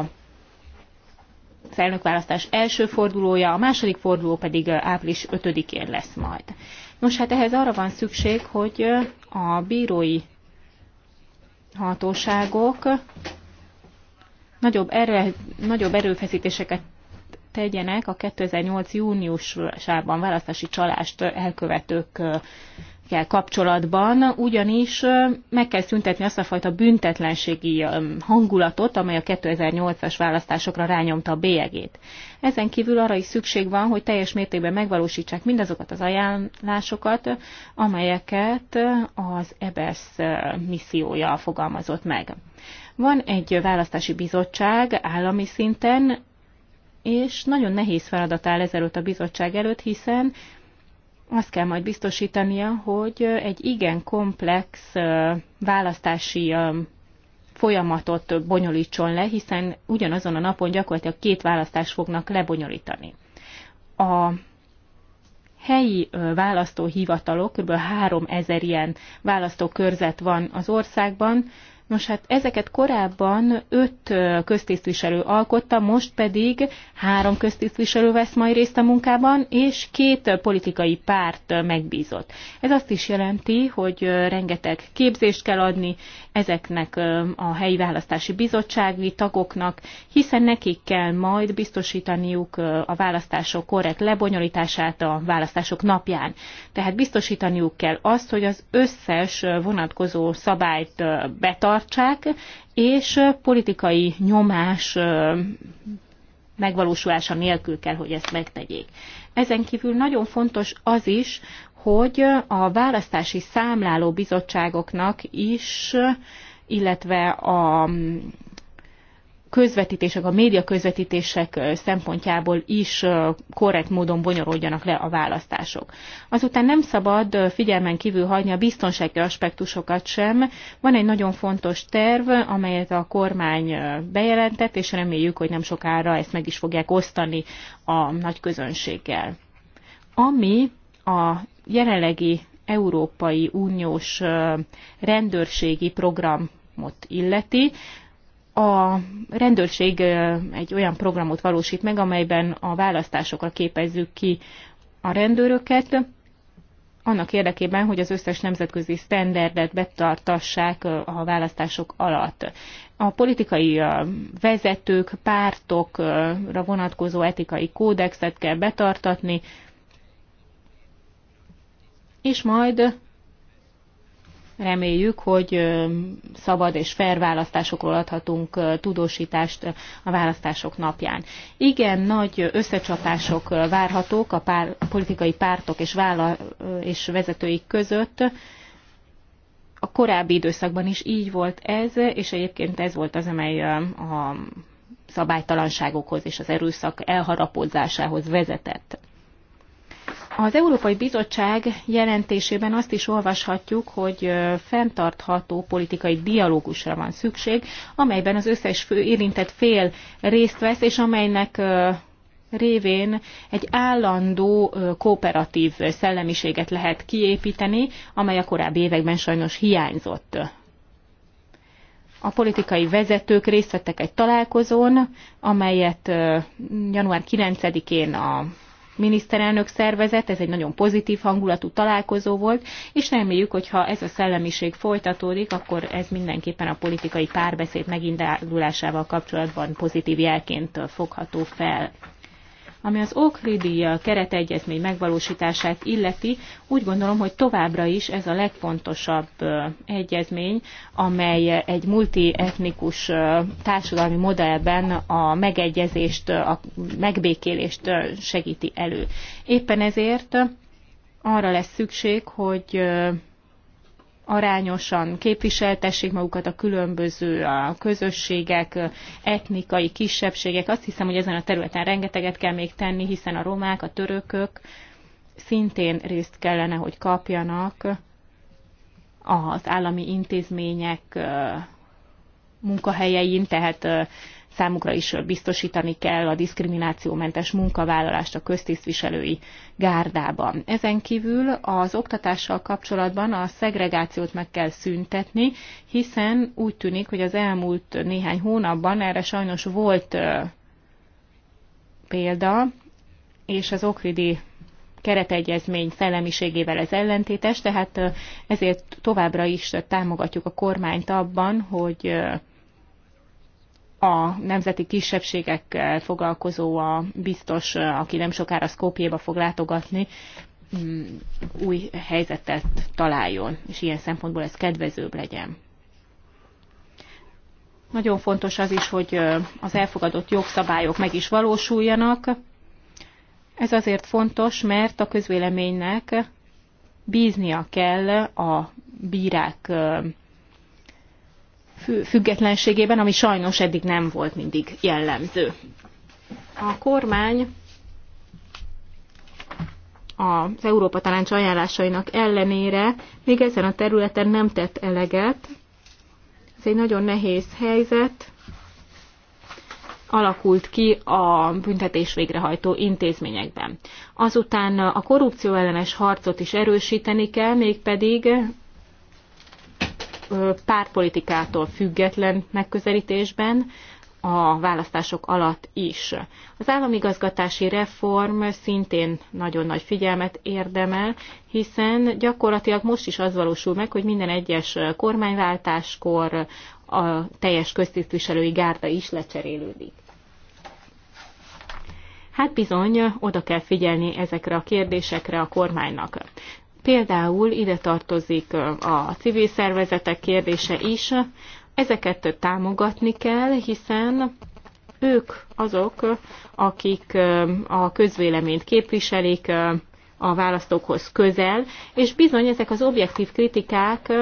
az elnökválasztás első fordulója, a második forduló pedig április 5-én lesz majd. Nos, hát ehhez arra van szükség, hogy a bírói hatóságok nagyobb, erő, nagyobb erőfeszítéseket tegyenek a 2008. júniusában választási csalást elkövetők kapcsolatban, ugyanis meg kell szüntetni azt a fajta büntetlenségi hangulatot, amely a 2008-as választásokra rányomta a bélyegét. Ezen kívül arra is szükség van, hogy teljes mértékben megvalósítsák mindazokat az ajánlásokat, amelyeket az EBSZ e missziója fogalmazott meg. Van egy választási bizottság állami szinten, és nagyon nehéz feladat áll ezelőtt a bizottság előtt, hiszen azt kell majd biztosítania, hogy egy igen komplex választási folyamatot bonyolítson le, hiszen ugyanazon a napon gyakorlatilag két választást fognak lebonyolítani. A helyi választóhivatalok, kb. 3000 ilyen választókörzet van az országban, Nos hát ezeket korábban öt köztisztviselő alkotta, most pedig három köztisztviselő vesz majd részt a munkában, és két politikai párt megbízott. Ez azt is jelenti, hogy rengeteg képzést kell adni ezeknek a helyi választási bizottsági tagoknak, hiszen nekik kell majd biztosítaniuk a választások korrekt lebonyolítását a választások napján. Tehát biztosítaniuk kell azt, hogy az összes vonatkozó szabályt betart, tartsák, és politikai nyomás megvalósulása nélkül kell, hogy ezt megtegyék. Ezen kívül nagyon fontos az is, hogy a választási számláló bizottságoknak is, illetve a közvetítések, a média közvetítések szempontjából is korrekt módon bonyolódjanak le a választások. Azután nem szabad figyelmen kívül hagyni a biztonsági aspektusokat sem. Van egy nagyon fontos terv, amelyet a kormány bejelentett, és reméljük, hogy nem sokára ezt meg is fogják osztani a nagy közönséggel. Ami a jelenlegi Európai Uniós rendőrségi programot illeti a rendőrség egy olyan programot valósít meg, amelyben a választásokra képezzük ki a rendőröket, annak érdekében, hogy az összes nemzetközi sztenderdet betartassák a választások alatt. A politikai vezetők, pártokra vonatkozó etikai kódexet kell betartatni, és majd Reméljük, hogy szabad és fair választásokról adhatunk tudósítást a választások napján. Igen, nagy összecsapások várhatók a pár, politikai pártok és, vála, és vezetőik között. A korábbi időszakban is így volt ez, és egyébként ez volt az, amely a szabálytalanságokhoz és az erőszak elharapódzásához vezetett. Az Európai Bizottság jelentésében azt is olvashatjuk, hogy fenntartható politikai dialógusra van szükség, amelyben az összes fő érintett fél részt vesz, és amelynek révén egy állandó kooperatív szellemiséget lehet kiépíteni, amely a korábbi években sajnos hiányzott. A politikai vezetők részt vettek egy találkozón, amelyet január 9-én a miniszterelnök szervezet, ez egy nagyon pozitív hangulatú találkozó volt, és reméljük, hogy ha ez a szellemiség folytatódik, akkor ez mindenképpen a politikai párbeszéd megindulásával kapcsolatban pozitív jelként fogható fel. Ami az Oakley keretegyezmény megvalósítását illeti, úgy gondolom, hogy továbbra is ez a legfontosabb egyezmény, amely egy multietnikus társadalmi modellben a megegyezést, a megbékélést segíti elő. Éppen ezért arra lesz szükség, hogy arányosan képviseltessék magukat a különböző a közösségek, etnikai kisebbségek. Azt hiszem, hogy ezen a területen rengeteget kell még tenni, hiszen a romák, a törökök szintén részt kellene, hogy kapjanak az állami intézmények munkahelyein, tehát számukra is biztosítani kell a diszkriminációmentes munkavállalást a köztisztviselői gárdában. Ezen kívül az oktatással kapcsolatban a szegregációt meg kell szüntetni, hiszen úgy tűnik, hogy az elmúlt néhány hónapban erre sajnos volt példa, és az okridi keretegyezmény szellemiségével ez ellentétes, tehát ezért továbbra is támogatjuk a kormányt abban, hogy a nemzeti kisebbségekkel foglalkozó a biztos, aki nem sokára Szkópjéba fog látogatni, mm, új helyzetet találjon, és ilyen szempontból ez kedvezőbb legyen. Nagyon fontos az is, hogy az elfogadott jogszabályok meg is valósuljanak. Ez azért fontos, mert a közvéleménynek bíznia kell a bírák függetlenségében, ami sajnos eddig nem volt mindig jellemző. A kormány az Európa Tanács ajánlásainak ellenére még ezen a területen nem tett eleget. Ez egy nagyon nehéz helyzet. Alakult ki a büntetés végrehajtó intézményekben. Azután a korrupció ellenes harcot is erősíteni kell, mégpedig pártpolitikától független megközelítésben, a választások alatt is. Az államigazgatási reform szintén nagyon nagy figyelmet érdemel, hiszen gyakorlatilag most is az valósul meg, hogy minden egyes kormányváltáskor a teljes köztisztviselői gárda is lecserélődik. Hát bizony, oda kell figyelni ezekre a kérdésekre a kormánynak. Például ide tartozik a civil szervezetek kérdése is. Ezeket támogatni kell, hiszen ők azok, akik a közvéleményt képviselik, a választókhoz közel, és bizony ezek az objektív kritikák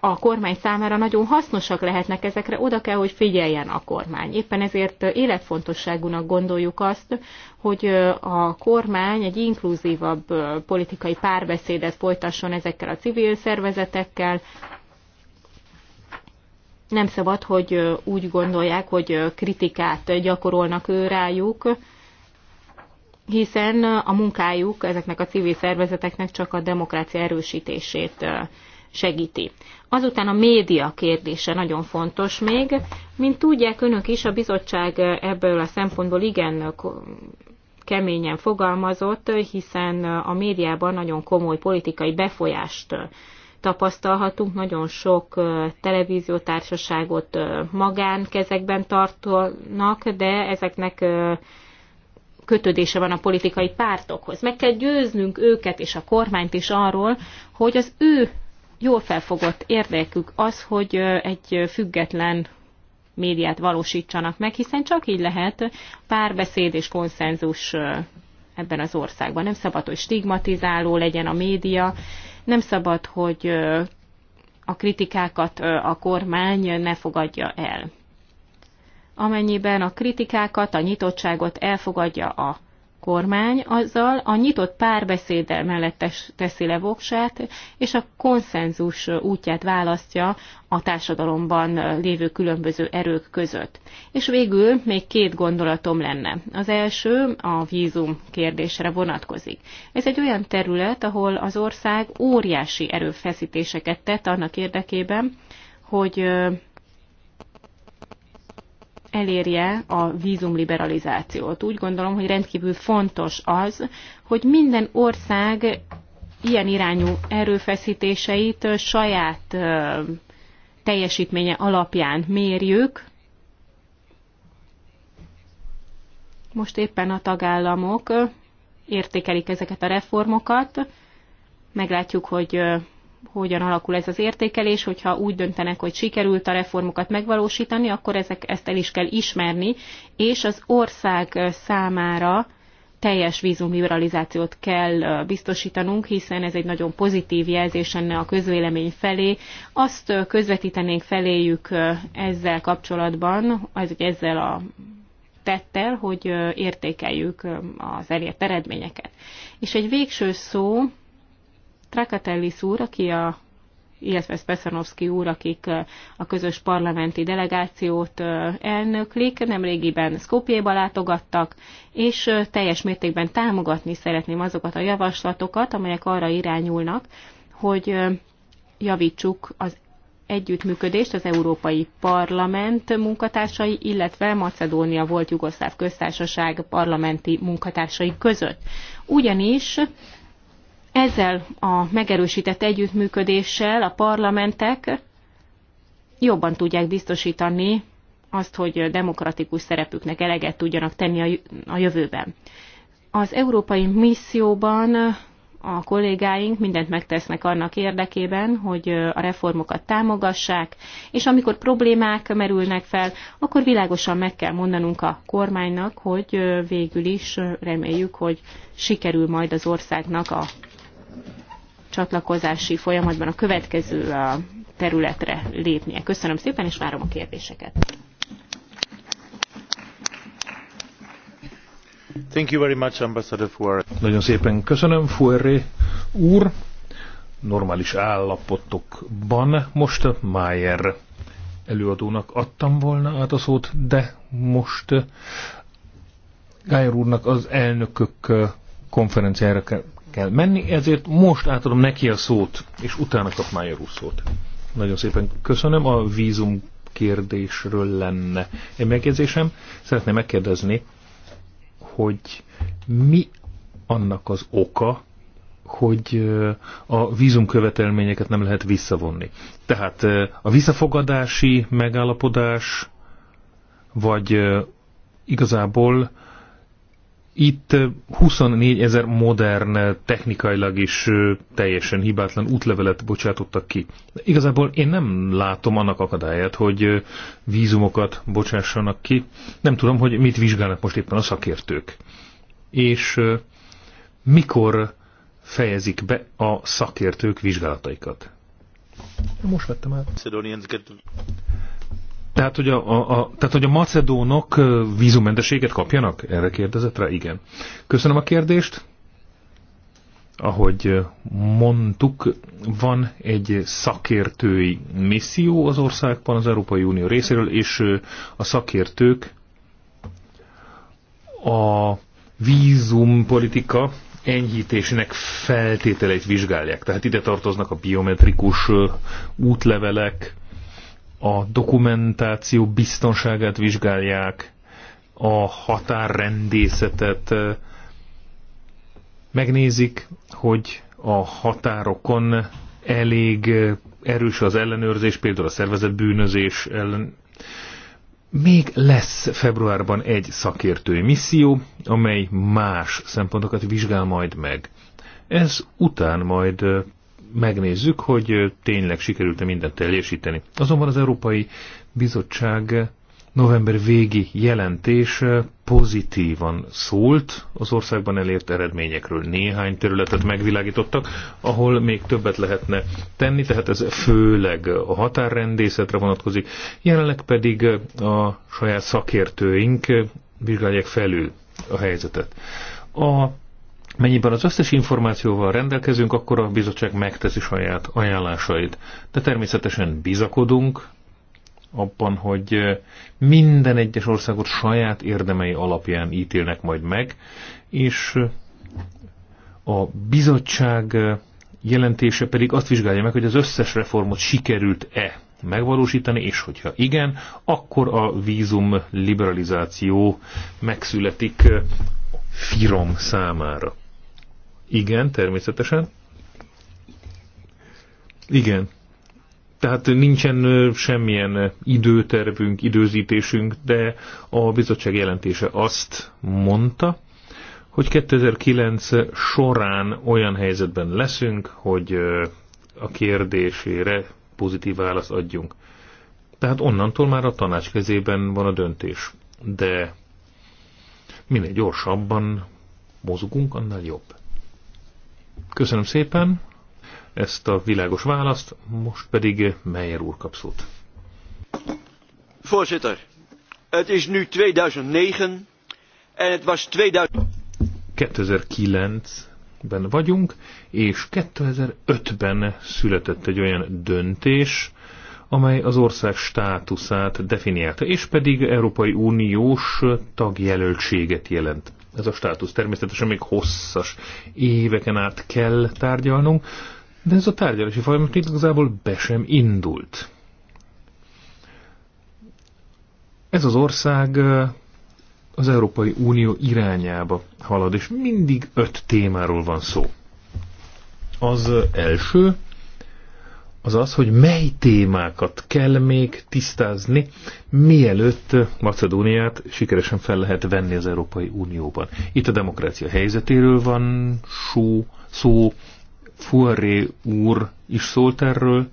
a kormány számára nagyon hasznosak lehetnek ezekre, oda kell, hogy figyeljen a kormány. Éppen ezért életfontosságúnak gondoljuk azt, hogy a kormány egy inkluzívabb politikai párbeszédet folytasson ezekkel a civil szervezetekkel. Nem szabad, hogy úgy gondolják, hogy kritikát gyakorolnak ő rájuk, hiszen a munkájuk ezeknek a civil szervezeteknek csak a demokrácia erősítését segíti. Azután a média kérdése nagyon fontos még. Mint tudják önök is, a bizottság ebből a szempontból igen keményen fogalmazott, hiszen a médiában nagyon komoly politikai befolyást tapasztalhatunk, nagyon sok televíziótársaságot magánkezekben tartanak, de ezeknek kötődése van a politikai pártokhoz. Meg kell győznünk őket és a kormányt is arról, hogy az ő jól felfogott érdekük az, hogy egy független médiát valósítsanak meg, hiszen csak így lehet párbeszéd és konszenzus ebben az országban. Nem szabad, hogy stigmatizáló legyen a média, nem szabad, hogy a kritikákat a kormány ne fogadja el. Amennyiben a kritikákat, a nyitottságot elfogadja a kormány azzal a nyitott párbeszéddel mellett teszi le voksát, és a konszenzus útját választja a társadalomban lévő különböző erők között. És végül még két gondolatom lenne. Az első a vízum kérdésre vonatkozik. Ez egy olyan terület, ahol az ország óriási erőfeszítéseket tett annak érdekében, hogy elérje a vízumliberalizációt. Úgy gondolom, hogy rendkívül fontos az, hogy minden ország ilyen irányú erőfeszítéseit saját teljesítménye alapján mérjük. Most éppen a tagállamok értékelik ezeket a reformokat. Meglátjuk, hogy hogyan alakul ez az értékelés, hogyha úgy döntenek, hogy sikerült a reformokat megvalósítani, akkor ezek, ezt el is kell ismerni, és az ország számára teljes vízumliberalizációt kell biztosítanunk, hiszen ez egy nagyon pozitív jelzés enne a közvélemény felé. Azt közvetítenénk feléjük ezzel kapcsolatban, az, hogy ezzel a tettel, hogy értékeljük az elért eredményeket. És egy végső szó Trakatellis úr, aki a illetve Speszanovszki úr, akik a közös parlamenti delegációt elnöklik, nemrégiben Szkópjéba látogattak, és teljes mértékben támogatni szeretném azokat a javaslatokat, amelyek arra irányulnak, hogy javítsuk az együttműködést az Európai Parlament munkatársai, illetve Macedónia volt Jugoszláv köztársaság parlamenti munkatársai között. Ugyanis ezzel a megerősített együttműködéssel a parlamentek jobban tudják biztosítani azt, hogy demokratikus szerepüknek eleget tudjanak tenni a jövőben. Az európai misszióban a kollégáink mindent megtesznek annak érdekében, hogy a reformokat támogassák, és amikor problémák merülnek fel, akkor világosan meg kell mondanunk a kormánynak, hogy végül is reméljük, hogy sikerül majd az országnak a csatlakozási folyamatban a következő területre lépnie. Köszönöm szépen, és várom a kérdéseket. Thank you very much, Ambassador Fuere. Nagyon szépen köszönöm, Fuere úr. Normális állapotokban most Mayer előadónak adtam volna át a szót, de most Gájer úrnak az elnökök konferenciájára kell menni, ezért most átadom neki a szót, és utána kap Májer szót. Nagyon szépen köszönöm. A vízum kérdésről lenne egy megjegyzésem. Szeretném megkérdezni, hogy mi annak az oka, hogy a vízumkövetelményeket nem lehet visszavonni. Tehát a visszafogadási megállapodás, vagy igazából itt 24 ezer modern, technikailag is teljesen hibátlan útlevelet bocsátottak ki. Igazából én nem látom annak akadályát, hogy vízumokat bocsássanak ki. Nem tudom, hogy mit vizsgálnak most éppen a szakértők. És mikor fejezik be a szakértők vizsgálataikat. Most vettem el. Tehát, hogy a, a, a, tehát, hogy a macedónok vízumenteséget kapjanak? Erre kérdezett rá? Igen. Köszönöm a kérdést. Ahogy mondtuk, van egy szakértői misszió az országban, az Európai Unió részéről, és a szakértők a vízumpolitika enyhítésének feltételeit vizsgálják. Tehát ide tartoznak a biometrikus útlevelek, a dokumentáció biztonságát vizsgálják, a határrendészetet megnézik, hogy a határokon elég erős az ellenőrzés, például a szervezetbűnözés ellen. Még lesz februárban egy szakértői misszió, amely más szempontokat vizsgál majd meg. Ez után majd megnézzük, hogy tényleg sikerült-e mindent teljesíteni. Azonban az Európai Bizottság november végi jelentés pozitívan szólt az országban elért eredményekről. Néhány területet megvilágítottak, ahol még többet lehetne tenni, tehát ez főleg a határrendészetre vonatkozik, jelenleg pedig a saját szakértőink vizsgálják felül a helyzetet. A Mennyiben az összes információval rendelkezünk, akkor a bizottság megteszi saját ajánlásait. De természetesen bizakodunk abban, hogy eh, minden egyes országot saját érdemei alapján ítélnek majd meg, és eh, a bizottság eh, jelentése pedig azt vizsgálja meg, hogy az összes reformot sikerült-e megvalósítani, és hogyha igen, akkor a vízum liberalizáció megszületik Firom számára. Igen, természetesen. Igen. Tehát nincsen semmilyen időtervünk, időzítésünk, de a bizottság jelentése azt mondta, hogy 2009 során olyan helyzetben leszünk, hogy a kérdésére pozitív választ adjunk. Tehát onnantól már a tanács kezében van a döntés. De minél gyorsabban mozgunk, annál jobb. Köszönöm szépen ezt a világos választ, most pedig Meyer úr kap szót. Voorzitter, het is nu 2009 en het was 2009-ben vagyunk, és 2005-ben született egy olyan döntés, amely az ország státuszát definiálta, és pedig Európai Uniós tagjelöltséget jelent ez a státusz. Természetesen még hosszas éveken át kell tárgyalnunk, de ez a tárgyalási folyamat igazából be sem indult. Ez az ország az Európai Unió irányába halad, és mindig öt témáról van szó. Az első az az, hogy mely témákat kell még tisztázni, mielőtt Macedóniát sikeresen fel lehet venni az Európai Unióban. Itt a demokrácia helyzetéről van szó, szó Fuaré úr is szólt erről.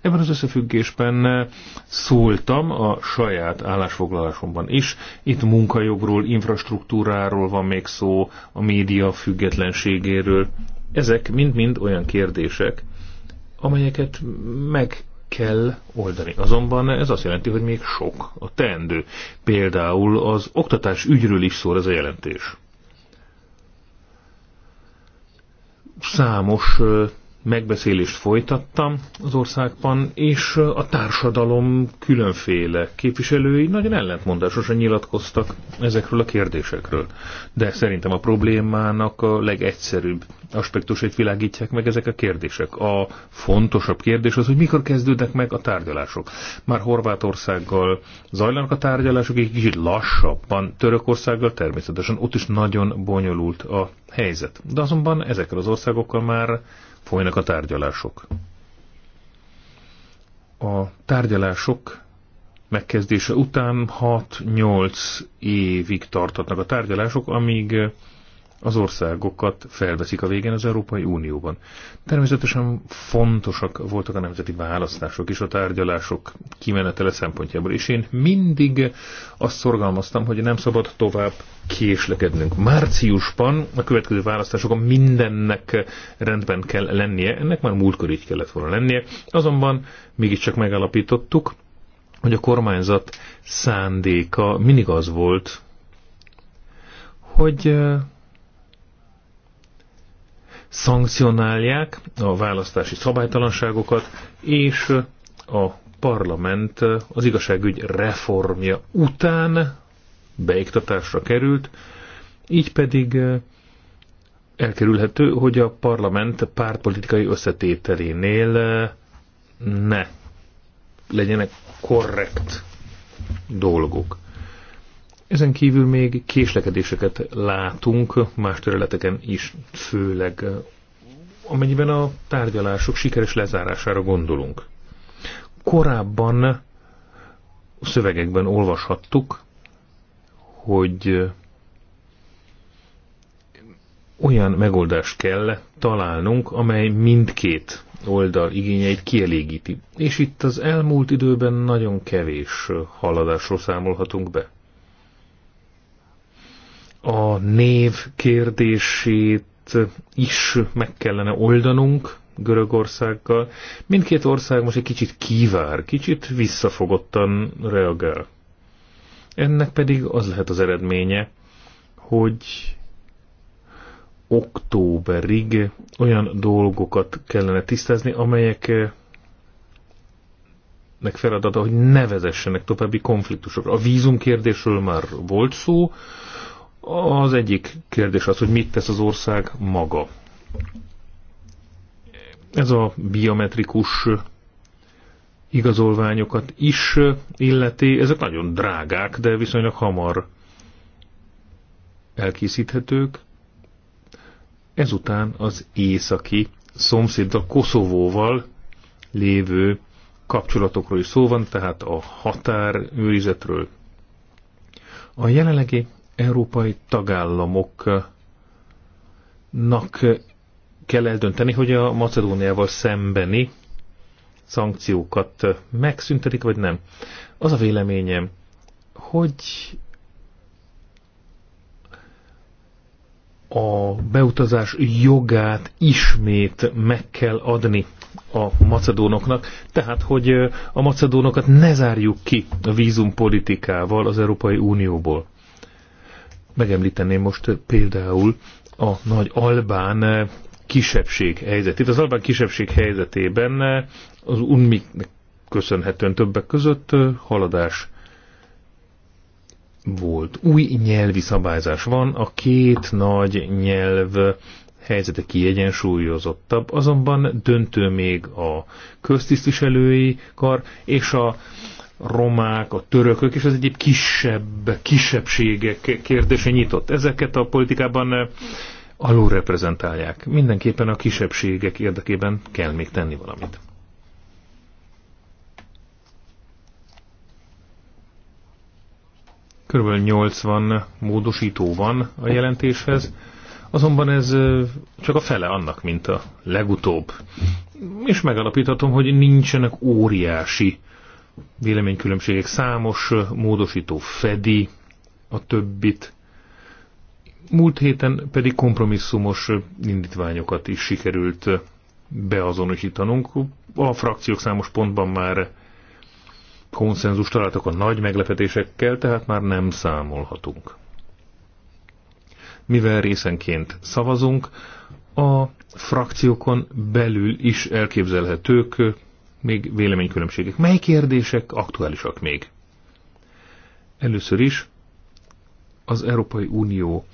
Ebben az összefüggésben szóltam a saját állásfoglalásomban is. Itt munkajogról, infrastruktúráról van még szó, a média függetlenségéről. Ezek mind-mind olyan kérdések, amelyeket meg kell oldani. Azonban ez azt jelenti, hogy még sok a teendő. Például az oktatás ügyről is szól ez a jelentés. Számos megbeszélést folytattam az országban, és a társadalom különféle képviselői nagyon ellentmondásosan nyilatkoztak ezekről a kérdésekről. De szerintem a problémának a legegyszerűbb aspektusait világítják meg ezek a kérdések. A fontosabb kérdés az, hogy mikor kezdődnek meg a tárgyalások. Már Horvátországgal zajlanak a tárgyalások, egy kicsit lassabban, Törökországgal természetesen ott is nagyon bonyolult a helyzet. De azonban ezekkel az országokkal már folynak a tárgyalások. A tárgyalások megkezdése után 6-8 évig tartatnak a tárgyalások, amíg az országokat felveszik a végén az Európai Unióban. Természetesen fontosak voltak a nemzeti választások és a tárgyalások kimenetele szempontjából, és én mindig azt szorgalmaztam, hogy nem szabad tovább késlekednünk. Márciusban a következő választásokon mindennek rendben kell lennie, ennek már múltkor így kellett volna lennie, azonban mégiscsak megállapítottuk, hogy a kormányzat szándéka mindig az volt, hogy szankcionálják a választási szabálytalanságokat, és a parlament az igazságügy reformja után beiktatásra került, így pedig elkerülhető, hogy a parlament pártpolitikai összetételénél ne legyenek korrekt dolgok. Ezen kívül még késlekedéseket látunk más területeken is, főleg eh, amennyiben a tárgyalások sikeres lezárására gondolunk. Korábban a szövegekben olvashattuk, hogy eh, olyan megoldást kell találnunk, amely mindkét oldal igényeit kielégíti. És itt az elmúlt időben nagyon kevés haladásról számolhatunk be a név kérdését is meg kellene oldanunk Görögországgal. Mindkét ország most egy kicsit kivár, kicsit visszafogottan reagál. Ennek pedig az lehet az eredménye, hogy októberig olyan dolgokat kellene tisztázni, amelyeknek feladata, hogy ne vezessenek további konfliktusokra. A vízum kérdésről már volt szó, az egyik kérdés az, hogy mit tesz az ország maga. Ez a biometrikus igazolványokat is illeti. Ezek nagyon drágák, de viszonylag hamar elkészíthetők. Ezután az északi szomszéd a Koszovóval lévő kapcsolatokról is szó van, tehát a határőrizetről. A jelenlegi európai tagállamoknak kell eldönteni, hogy a Macedóniával szembeni szankciókat megszüntetik, vagy nem. Az a véleményem, hogy a beutazás jogát ismét meg kell adni a macedónoknak, tehát hogy a macedónokat ne zárjuk ki a vízumpolitikával az Európai Unióból. Megemlíteném most például a nagy albán eh, kisebbség helyzetét. Az albán kisebbség helyzetében eh, az unmik köszönhetően többek között eh, haladás volt. Új nyelvi szabályzás van, a két nagy nyelv helyzete kiegyensúlyozottabb, azonban döntő még a köztisztviselői kar és a romák, a törökök és az egyéb kisebb kisebbségek kérdése nyitott. Ezeket a politikában eh, alulreprezentálják. Mindenképpen a kisebbségek érdekében kell még tenni valamit. Körülbelül 80 módosító van a jelentéshez, azonban ez eh, csak a fele annak, mint a legutóbb. És megalapíthatom, hogy nincsenek óriási véleménykülönbségek. Számos módosító fedi a többit. Múlt héten pedig kompromisszumos indítványokat is sikerült beazonosítanunk. A frakciók számos pontban már konszenzus találtak a nagy meglepetésekkel, tehát már nem számolhatunk. Mivel részenként szavazunk, a frakciókon belül is elképzelhetők még véleménykülönbségek. Mely kérdések aktuálisak még? Először is az Európai Unió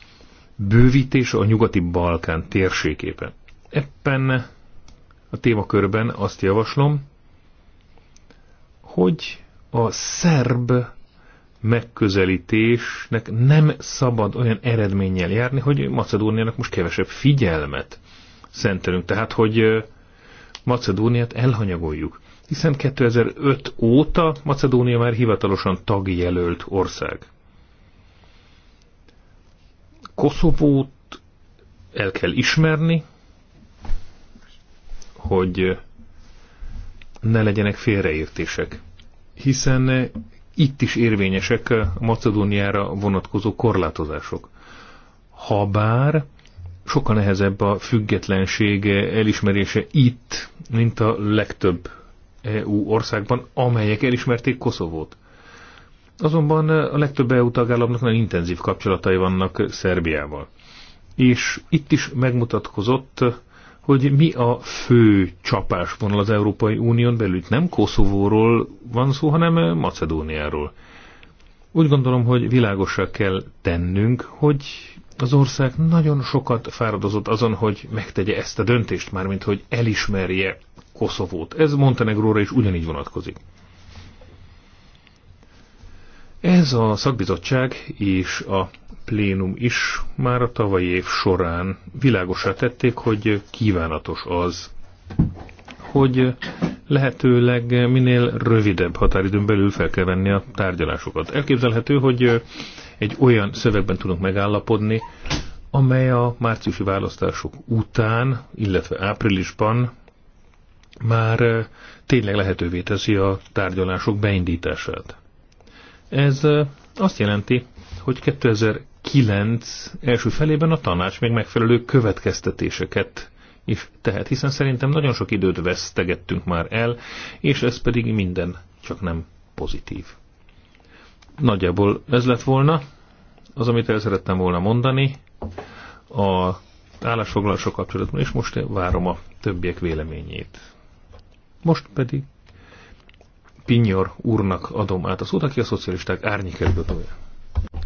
bővítése a nyugati Balkán térségében. Ebben a témakörben azt javaslom, hogy a szerb megközelítésnek nem szabad olyan eredménnyel járni, hogy Macedóniának most kevesebb figyelmet szentelünk. Tehát, hogy Macedóniát elhanyagoljuk, hiszen 2005 óta Macedónia már hivatalosan tagjelölt ország. Koszovót el kell ismerni, hogy ne legyenek félreértések, hiszen itt is érvényesek a Macedóniára vonatkozó korlátozások. Habár sokkal nehezebb a függetlenség elismerése itt, mint a legtöbb EU országban, amelyek elismerték Koszovót. Azonban a legtöbb EU tagállamnak nagyon intenzív kapcsolatai vannak Szerbiával. És itt is megmutatkozott, hogy mi a fő csapásvonal az Európai Unión belül. Itt nem Koszovóról van szó, hanem Macedóniáról. Úgy gondolom, hogy világosra kell tennünk, hogy az ország nagyon sokat fáradozott azon, hogy megtegye ezt a döntést, mármint hogy elismerje Koszovót. Ez Montenegróra is ugyanígy vonatkozik. Ez a szakbizottság és a plénum is már a tavalyi év során világosá tették, hogy kívánatos az, hogy lehetőleg minél rövidebb határidőn belül fel kell venni a tárgyalásokat. Elképzelhető, hogy egy olyan szövegben tudunk megállapodni, amely a márciusi választások után, illetve áprilisban már tényleg lehetővé teszi a tárgyalások beindítását. Ez azt jelenti, hogy 2009 első felében a tanács még megfelelő következtetéseket is tehet, hiszen szerintem nagyon sok időt vesztegettünk már el, és ez pedig minden, csak nem pozitív. Nagyjából ez lett volna az, amit el szerettem volna mondani a állásfoglalások kapcsolatban, és most várom a többiek véleményét. Most pedig Pinyor úrnak adom át a szót, aki a szocialisták árnyékelődője.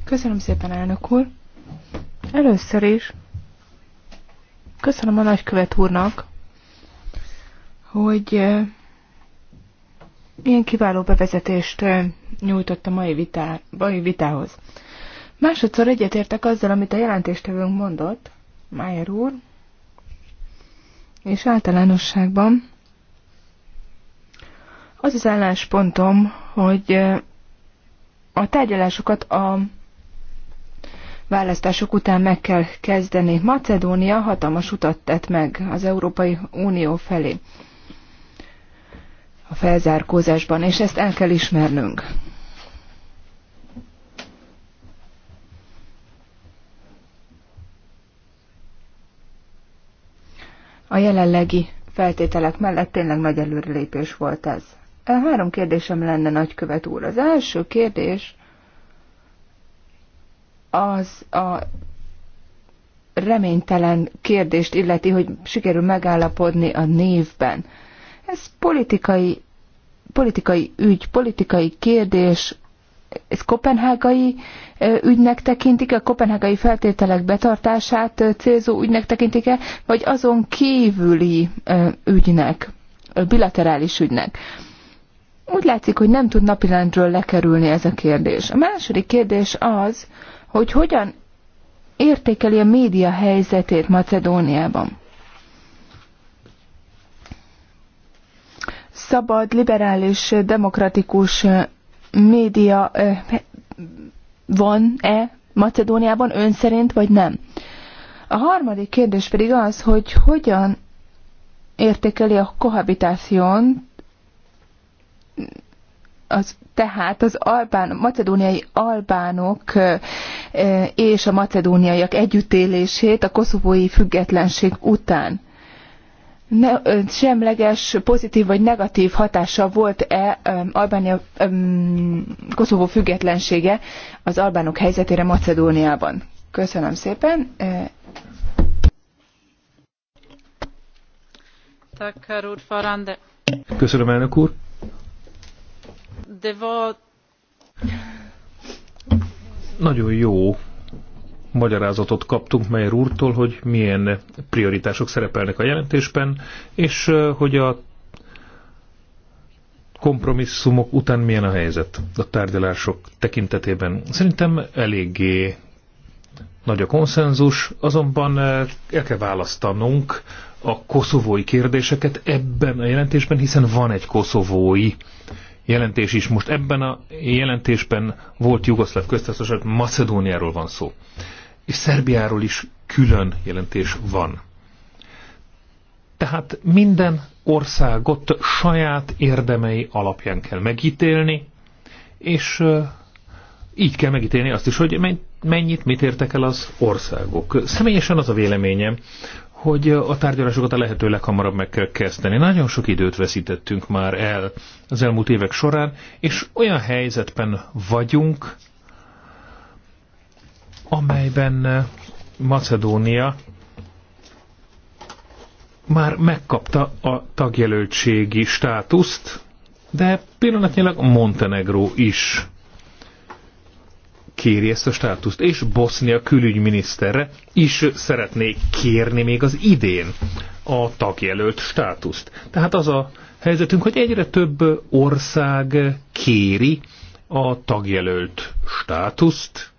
Köszönöm szépen, elnök úr! Először is köszönöm a nagykövet úrnak, hogy eh, ilyen kiváló bevezetést eh, nyújtott a mai, vitá, mai vitához. Másodszor egyetértek azzal, amit a jelentéstevőnk mondott, Májer úr, és általánosságban az az álláspontom, hogy eh, a tárgyalásokat a választások után meg kell kezdeni. Macedónia hatalmas utat tett meg az Európai Unió felé a felzárkózásban, és ezt el kell ismernünk. A jelenlegi feltételek mellett tényleg nagy előrelépés volt ez. Három kérdésem lenne, nagykövet úr. Az első kérdés az a reménytelen kérdést illeti, hogy sikerül megállapodni a névben. Ez politikai, politikai ügy, politikai kérdés, ez kopenhágai ügynek tekintik, a kopenhágai feltételek betartását célzó ügynek tekintik-e, vagy azon kívüli ügynek, bilaterális ügynek. Úgy látszik, hogy nem tud napirendről lekerülni ez a kérdés. A második kérdés az, hogy hogyan értékeli a média helyzetét Macedóniában. Szabad, liberális, demokratikus média eh, van-e Macedóniában ön szerint, vagy nem? A harmadik kérdés pedig az, hogy hogyan értékeli a kohabitáción az tehát az albán, macedóniai albánok és a macedóniaiak együttélését a koszovói függetlenség után. Ne, semleges, pozitív vagy negatív hatása volt-e Albánia Koszovó függetlensége az albánok helyzetére Macedóniában? Köszönöm szépen. Köszönöm, elnök úr. Deva... Nagyon jó magyarázatot kaptunk Meyer úrtól, hogy milyen prioritások szerepelnek a jelentésben, és hogy a kompromisszumok után milyen a helyzet a tárgyalások tekintetében. Szerintem eléggé nagy a konszenzus, azonban el kell választanunk a koszovói kérdéseket ebben a jelentésben, hiszen van egy koszovói jelentés is. Most ebben a jelentésben volt Jugoszláv köztársaság, Macedóniáról van szó. És Szerbiáról is külön jelentés van. Tehát minden országot saját érdemei alapján kell megítélni, és így kell megítélni azt is, hogy mennyit, mit értek el az országok. Személyesen az a véleményem, hogy a tárgyalásokat a lehető leghamarabb meg kell kezdeni. Nagyon sok időt veszítettünk már el az elmúlt évek során, és olyan helyzetben vagyunk, amelyben Macedónia már megkapta a tagjelöltségi státuszt, de pillanatnyilag Montenegró is kéri ezt a státuszt, és Bosznia külügyminiszterre is szeretnék kérni még az idén a tagjelölt státuszt. Tehát az a helyzetünk, hogy egyre több ország kéri a tagjelölt státuszt,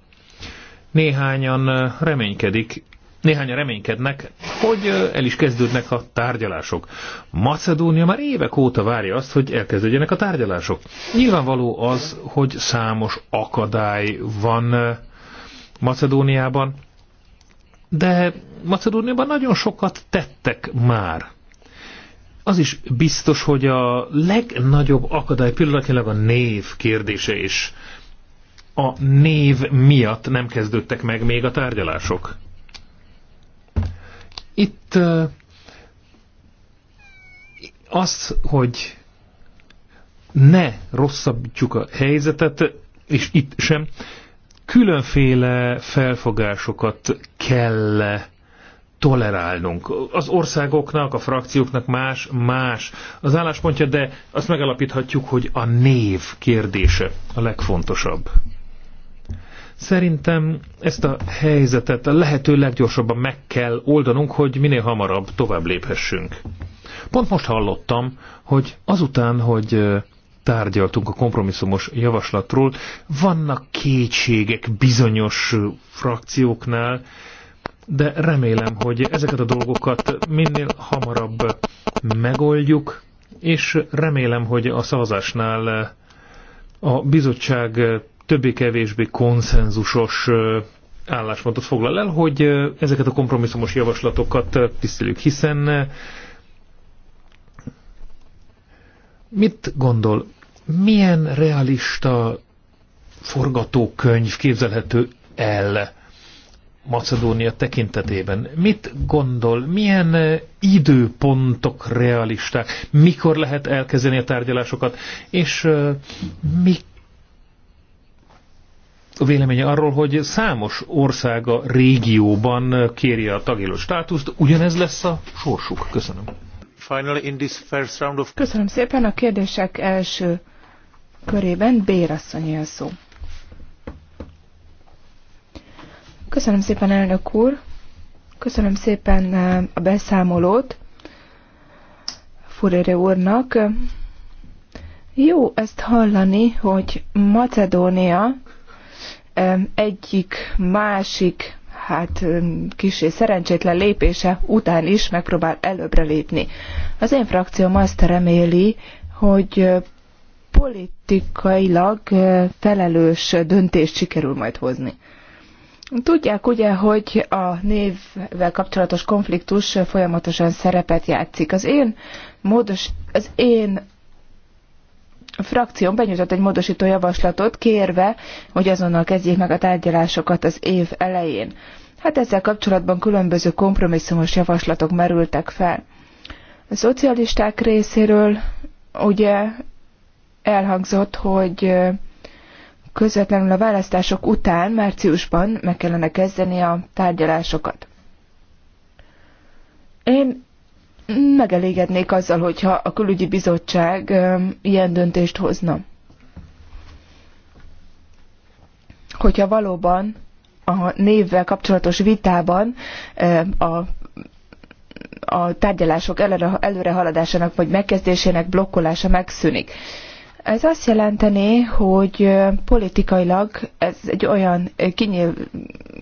néhányan reménykedik Néhányan reménykednek, hogy el is kezdődnek a tárgyalások. Macedónia már évek óta várja azt, hogy elkezdődjenek a tárgyalások. Nyilvánvaló az, hogy számos akadály van Macedóniában, de Macedóniában nagyon sokat tettek már. Az is biztos, hogy a legnagyobb akadály pillanatnyilag a név kérdése is. A név miatt nem kezdődtek meg még a tárgyalások. Itt az, hogy ne rosszabbítjuk a helyzetet, és itt sem, különféle felfogásokat kell tolerálnunk. Az országoknak, a frakcióknak más, más az álláspontja, de azt megalapíthatjuk, hogy a név kérdése a legfontosabb. Szerintem ezt a helyzetet a lehető leggyorsabban meg kell oldanunk, hogy minél hamarabb tovább léphessünk. Pont most hallottam, hogy azután, hogy tárgyaltunk a kompromisszumos javaslatról, vannak kétségek bizonyos frakcióknál, de remélem, hogy ezeket a dolgokat minél hamarabb megoldjuk, és remélem, hogy a szavazásnál a bizottság többé-kevésbé konszenzusos álláspontot foglal el, hogy ezeket a kompromisszumos javaslatokat tiszteljük, hiszen mit gondol, milyen realista forgatókönyv képzelhető el Macedónia tekintetében? Mit gondol, milyen időpontok realisták, mikor lehet elkezdeni a tárgyalásokat, és mik a véleménye arról, hogy számos országa régióban kéri a tagjelő státuszt, ugyanez lesz a sorsuk. Köszönöm. Köszönöm szépen a kérdések első körében Bérasszonyi a szó. Köszönöm szépen, elnök úr. Köszönöm szépen a beszámolót Furere úrnak. Jó ezt hallani, hogy Macedónia egyik másik hát kisé szerencsétlen lépése után is megpróbál előbbre lépni. Az én frakcióm azt reméli, hogy politikailag felelős döntést sikerül majd hozni. Tudják ugye, hogy a névvel kapcsolatos konfliktus folyamatosan szerepet játszik. Az én módos, az én a frakción benyújtott egy módosító javaslatot, kérve, hogy azonnal kezdjék meg a tárgyalásokat az év elején. Hát ezzel kapcsolatban különböző kompromisszumos javaslatok merültek fel. A szocialisták részéről ugye elhangzott, hogy közvetlenül a választások után, márciusban meg kellene kezdeni a tárgyalásokat. Én megelégednék azzal, hogyha a külügyi bizottság ilyen döntést hozna. Hogyha valóban a névvel kapcsolatos vitában a a tárgyalások előrehaladásának vagy megkezdésének blokkolása megszűnik. Ez azt jelenteni, hogy politikailag ez egy olyan kinyilv,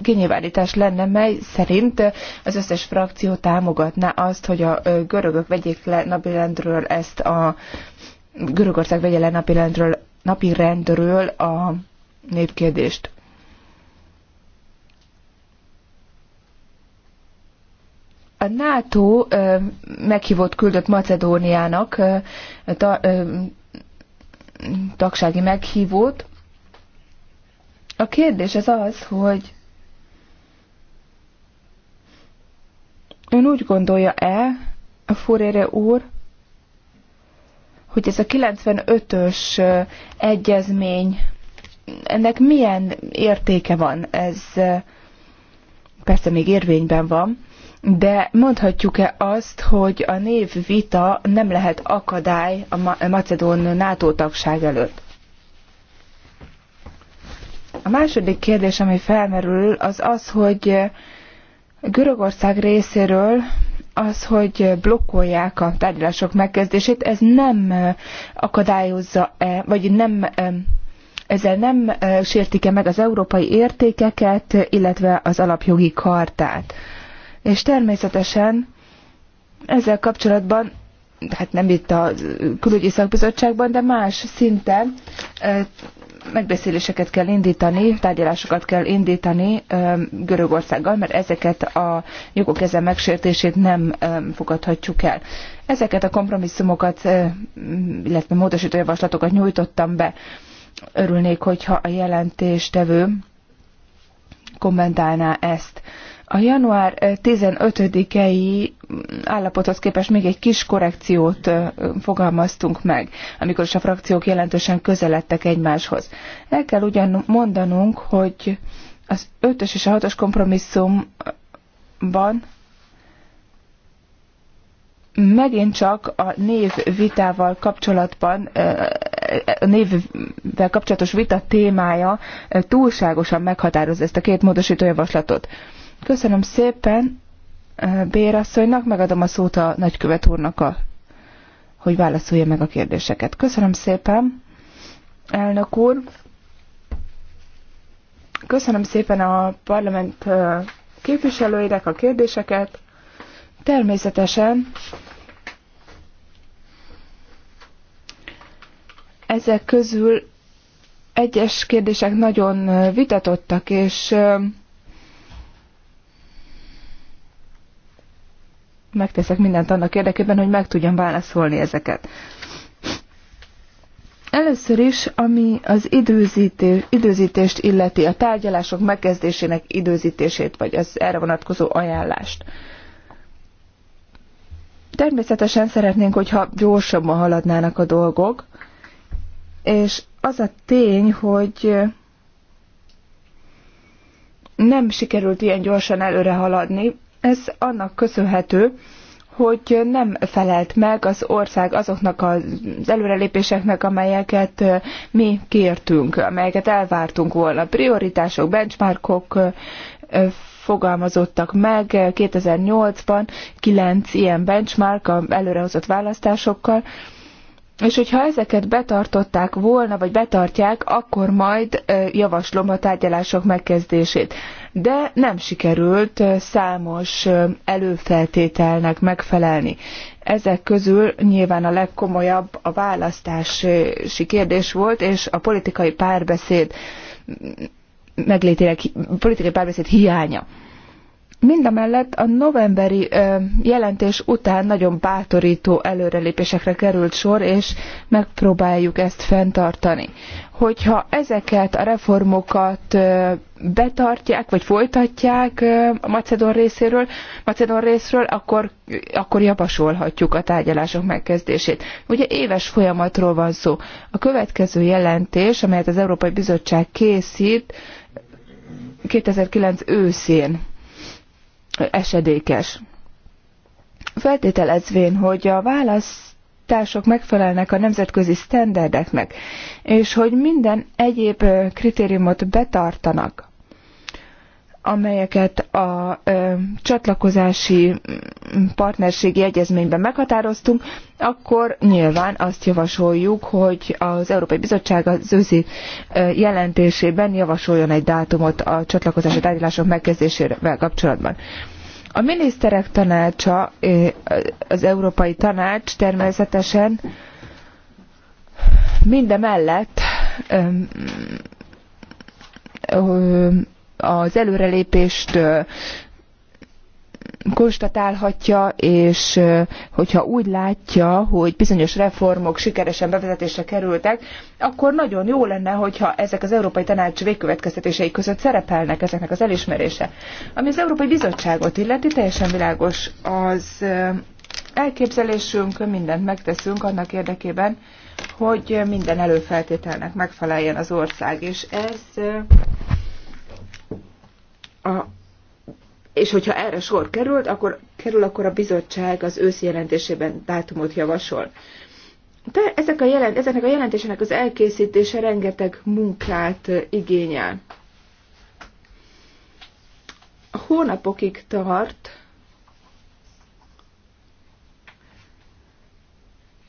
kinyilvánítás lenne, mely szerint az összes frakció támogatná azt, hogy a görögök vegyék le napirendről ezt a Görögország vegye le napirendről, napirendről a népkérdést. A NATO meghívott küldött Macedóniának tagsági meghívót. A kérdés az az, hogy ön úgy gondolja-e, a Furére úr, hogy ez a 95-ös egyezmény, ennek milyen értéke van? Ez persze még érvényben van, de mondhatjuk-e azt, hogy a név vita nem lehet akadály a Macedón NATO tagság előtt? A második kérdés, ami felmerül, az az, hogy Görögország részéről az, hogy blokkolják a tárgyalások megkezdését, ez nem akadályozza-e, vagy nem ezzel nem sértik-e meg az európai értékeket, illetve az alapjogi kartát és természetesen ezzel kapcsolatban, hát nem itt a külügyi szakbizottságban, de más szinten megbeszéléseket kell indítani, tárgyalásokat kell indítani Görögországgal, mert ezeket a jogok ezen megsértését nem fogadhatjuk el. Ezeket a kompromisszumokat, illetve módosító javaslatokat nyújtottam be. Örülnék, hogyha a jelentéstevő kommentálná ezt. A január 15-i eh, állapothoz képest még egy kis korrekciót eh, fogalmaztunk meg, amikor is a frakciók jelentősen közeledtek egymáshoz. El kell ugyan mondanunk, hogy az 5-ös és a 6-os kompromisszumban megint csak a név vitával kapcsolatban, eh, a névvel kapcsolatos vita témája túlságosan meghatározza ezt a két módosító javaslatot. Köszönöm szépen Bérasszonynak, megadom a szót a nagykövet úrnak, a, hogy válaszolja meg a kérdéseket. Köszönöm szépen, elnök úr. Köszönöm szépen a parlament képviselőinek a kérdéseket. Természetesen ezek közül egyes kérdések nagyon vitatottak, és megteszek mindent annak érdekében, hogy meg tudjam válaszolni ezeket. Először is, ami az időzítés, időzítést illeti, a tárgyalások megkezdésének időzítését, vagy az erre vonatkozó ajánlást. Természetesen szeretnénk, hogyha gyorsabban haladnának a dolgok, és az a tény, hogy nem sikerült ilyen gyorsan előre haladni, ez annak köszönhető, hogy nem felelt meg az ország azoknak az előrelépéseknek, amelyeket mi kértünk, amelyeket elvártunk volna. Prioritások, benchmarkok fogalmazottak meg 2008-ban, kilenc ilyen benchmark előrehozott választásokkal, és hogyha ezeket betartották volna, vagy betartják, akkor majd javaslom a tárgyalások megkezdését de nem sikerült számos előfeltételnek megfelelni. Ezek közül nyilván a legkomolyabb a választási kérdés volt, és a politikai párbeszéd meglétének, politikai párbeszéd hiánya. Mindemellett a novemberi jelentés után nagyon bátorító előrelépésekre került sor, és megpróbáljuk ezt fenntartani. Hogyha ezeket a reformokat betartják, vagy folytatják a Macedon részéről, Macedon részről, akkor, akkor javasolhatjuk a tárgyalások megkezdését. Ugye éves folyamatról van szó. A következő jelentés, amelyet az Európai Bizottság készít, 2009 őszén esedékes. Feltételezvén, hogy a válasz társak megfelelnek a nemzetközi sztenderdeknek, és hogy minden egyéb kritériumot betartanak amelyeket a ö, csatlakozási mm, partnerségi egyezményben meghatároztunk, akkor nyilván azt javasoljuk, hogy az Európai Bizottság az őszi jelentésében javasoljon egy dátumot a csatlakozási tárgyalások megkezdésével kapcsolatban. A miniszterek tanácsa, az Európai Tanács természetesen mindemellett az előrelépést konstatálhatja, és hogyha úgy látja, hogy bizonyos reformok sikeresen bevezetésre kerültek, akkor nagyon jó lenne, hogyha ezek az Európai Tanács végkövetkeztetései között szerepelnek ezeknek az elismerése. Ami az Európai Bizottságot illeti, teljesen világos az elképzelésünk, mindent megteszünk annak érdekében, hogy minden előfeltételnek megfeleljen az ország, és ez a, és hogyha erre sor került, akkor, kerül, akkor a bizottság az őszi jelentésében dátumot javasol. De ezek a jelent, ezeknek a jelentésének az elkészítése rengeteg munkát eh, igényel. Hónapokig tart,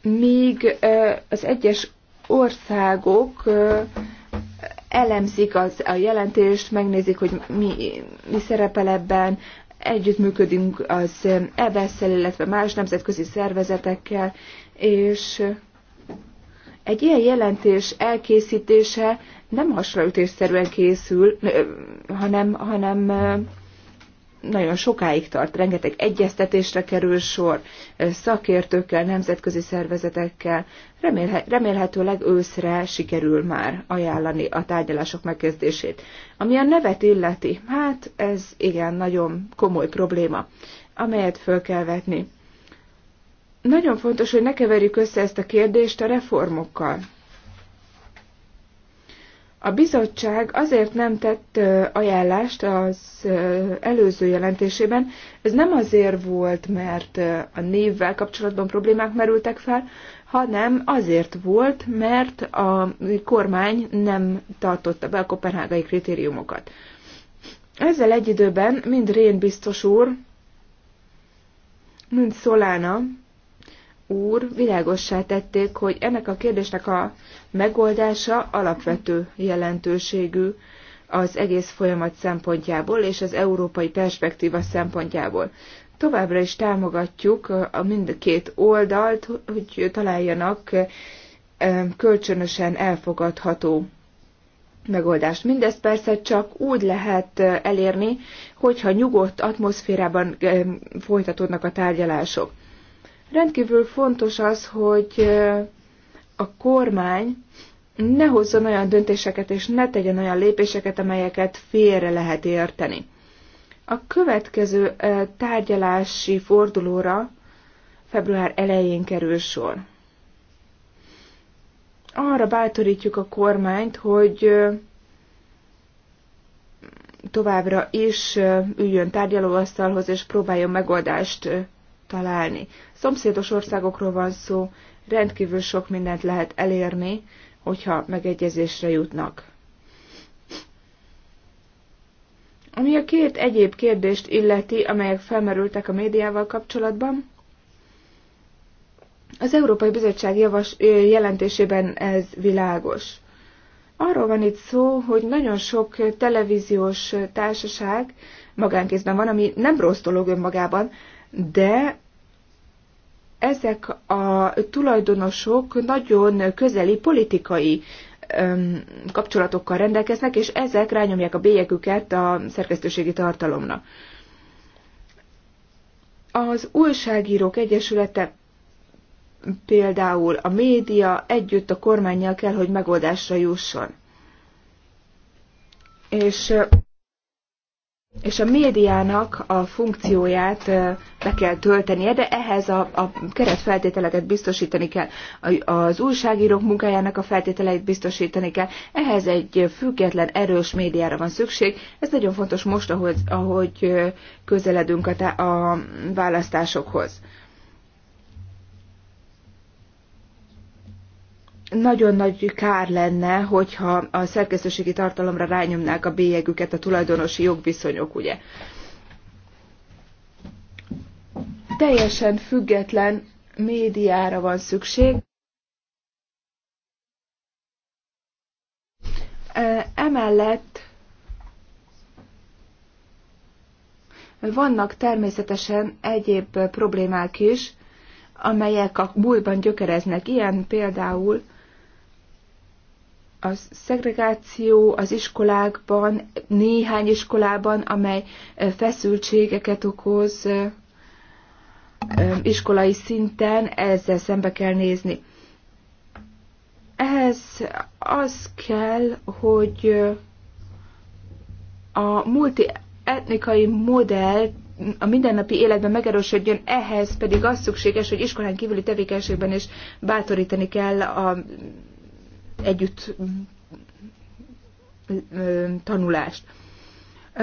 míg eh, az egyes országok eh, elemzik az, a jelentést, megnézik, hogy mi, mi szerepel ebben, együttműködünk az EBS-szel, e illetve más nemzetközi szervezetekkel, és egy ilyen jelentés elkészítése nem hasraütésszerűen készül, hanem, hanem nagyon sokáig tart, rengeteg egyeztetésre kerül sor, szakértőkkel, nemzetközi szervezetekkel. Remélhetőleg őszre sikerül már ajánlani a tárgyalások megkezdését. Ami a nevet illeti, hát ez igen, nagyon komoly probléma, amelyet föl kell vetni. Nagyon fontos, hogy ne keverjük össze ezt a kérdést a reformokkal a bizottság azért nem tett ajánlást az előző jelentésében. Ez nem azért volt, mert a névvel kapcsolatban problémák merültek fel, hanem azért volt, mert a kormány nem tartotta be a kopenhágai kritériumokat. Ezzel egy időben mind Rén biztos úr, mind Szolána úr világossá tették, hogy ennek a kérdésnek a megoldása alapvető jelentőségű az egész folyamat szempontjából és az európai perspektíva szempontjából. Továbbra is támogatjuk a mindkét oldalt, hogy találjanak kölcsönösen elfogadható megoldást. Mindezt persze csak úgy lehet elérni, hogyha nyugodt atmoszférában folytatódnak a tárgyalások. Rendkívül fontos az, hogy a kormány ne hozzon olyan döntéseket és ne tegyen olyan lépéseket, amelyeket félre lehet érteni. A következő tárgyalási fordulóra február elején kerül sor. Arra bátorítjuk a kormányt, hogy továbbra is üljön tárgyalóasztalhoz és próbáljon megoldást találni. Szomszédos országokról van szó, rendkívül sok mindent lehet elérni, hogyha megegyezésre jutnak. Ami a két egyéb kérdést illeti, amelyek felmerültek a médiával kapcsolatban, az Európai Bizottság javas, jelentésében ez világos. Arról van itt szó, hogy nagyon sok televíziós társaság magánkézben van, ami nem rossz dolog önmagában, de ezek a tulajdonosok nagyon közeli politikai kapcsolatokkal rendelkeznek, és ezek rányomják a bélyegüket a szerkesztőségi tartalomra. Az Újságírók Egyesülete például a média együtt a kormányjal kell, hogy megoldásra jusson. És és a médiának a funkcióját be kell töltenie, de ehhez a, a keretfeltételeket biztosítani kell, az újságírók munkájának a feltételeit biztosítani kell, ehhez egy független, erős médiára van szükség. Ez nagyon fontos most, ahogy, ahogy közeledünk a, a választásokhoz. nagyon nagy kár lenne, hogyha a szerkesztőségi tartalomra rányomnák a bélyegüket a tulajdonosi jogviszonyok, ugye. Teljesen független médiára van szükség. Emellett vannak természetesen egyéb problémák is, amelyek a múltban gyökereznek. Ilyen például a szegregáció az iskolákban, néhány iskolában, amely feszültségeket okoz iskolai szinten, ezzel szembe kell nézni. Ehhez az kell, hogy a multietnikai modell a mindennapi életben megerősödjön, ehhez pedig az szükséges, hogy iskolán kívüli tevékenységben is bátorítani kell a együtt tanulást.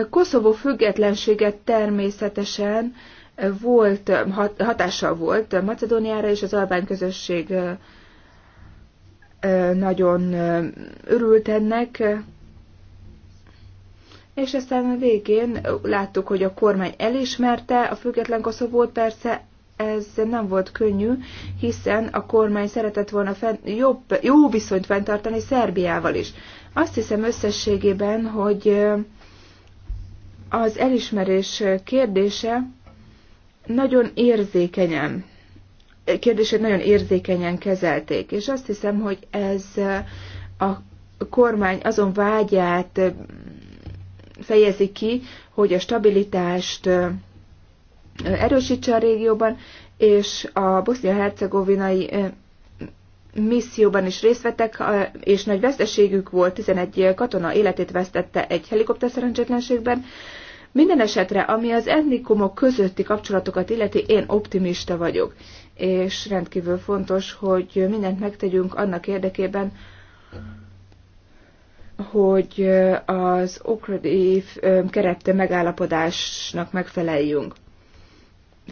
Koszovó függetlenséget természetesen volt, hatással volt Macedóniára és az albán közösség nagyon örült ennek, és aztán a végén láttuk, hogy a kormány elismerte a független Koszovót, persze ez nem volt könnyű, hiszen a kormány szeretett volna fent, jobb, jó viszonyt fenntartani Szerbiával is. Azt hiszem összességében, hogy az elismerés kérdése nagyon érzékenyen, kérdését nagyon érzékenyen kezelték, és azt hiszem, hogy ez a kormány azon vágyát fejezi ki, hogy a stabilitást erősítse a régióban, és a bosznia-hercegovinai misszióban is részt vettek, és nagy veszteségük volt, 11 katona életét vesztette egy helikopter szerencsétlenségben. Minden esetre, ami az etnikumok közötti kapcsolatokat illeti, én optimista vagyok, és rendkívül fontos, hogy mindent megtegyünk annak érdekében, hogy az okradív keret megállapodásnak megfeleljünk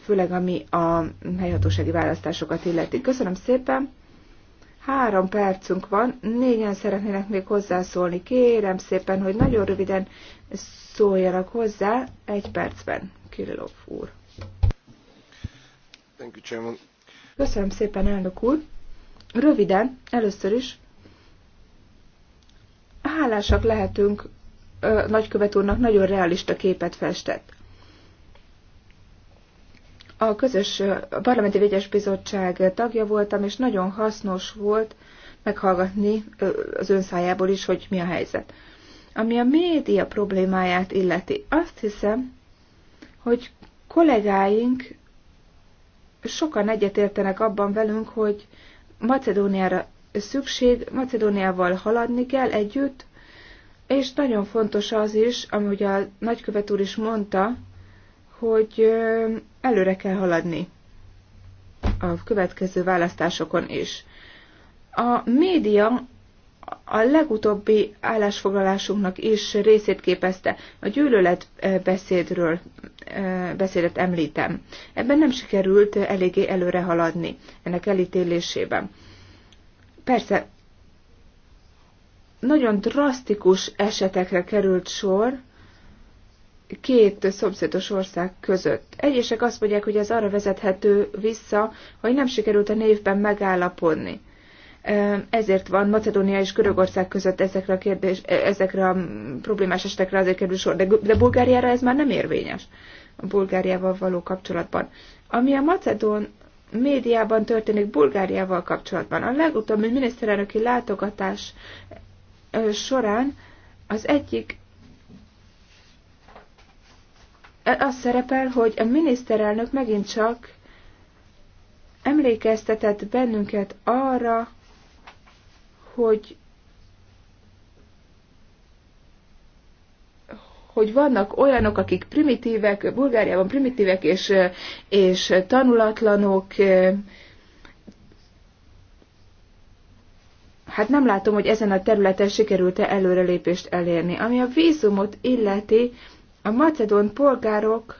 főleg ami a helyhatósági választásokat illeti. Köszönöm szépen! Három percünk van, négyen szeretnének még hozzászólni. Kérem szépen, hogy nagyon röviden szóljanak hozzá egy percben. Kirillov úr. Thank you, Chairman. Köszönöm szépen, elnök úr. Röviden, először is, hálásak lehetünk nagykövet úrnak nagyon realista képet festett a közös parlamenti vegyes bizottság tagja voltam, és nagyon hasznos volt meghallgatni az ön szájából is, hogy mi a helyzet. Ami a média problémáját illeti, azt hiszem, hogy kollégáink sokan egyetértenek abban velünk, hogy Macedóniára szükség, Macedóniával haladni kell együtt, és nagyon fontos az is, ami ugye a nagykövet úr is mondta, hogy előre kell haladni a következő választásokon is. A média a legutóbbi állásfoglalásunknak is részét képezte. A gyűlölet beszédről beszédet említem. Ebben nem sikerült eléggé előre haladni ennek elítélésében. Persze, nagyon drasztikus esetekre került sor, két szomszédos ország között. Egyesek azt mondják, hogy ez arra vezethető vissza, hogy nem sikerült a névben megállapodni. Ezért van Macedónia és Görögország között ezekre a, kérdés, e, ezekre a problémás esetekre azért kerül sor, de, de Bulgáriára ez már nem érvényes a Bulgáriával való kapcsolatban. Ami a Macedón médiában történik Bulgáriával kapcsolatban. A legutóbbi miniszterelnöki látogatás során az egyik E, az szerepel, hogy a miniszterelnök megint csak emlékeztetett bennünket arra, hogy hogy vannak olyanok, akik primitívek, Bulgáriában primitívek és, és tanulatlanok, hát nem látom, hogy ezen a területen sikerült-e előrelépést elérni. Ami a vízumot illeti, a macedón polgárok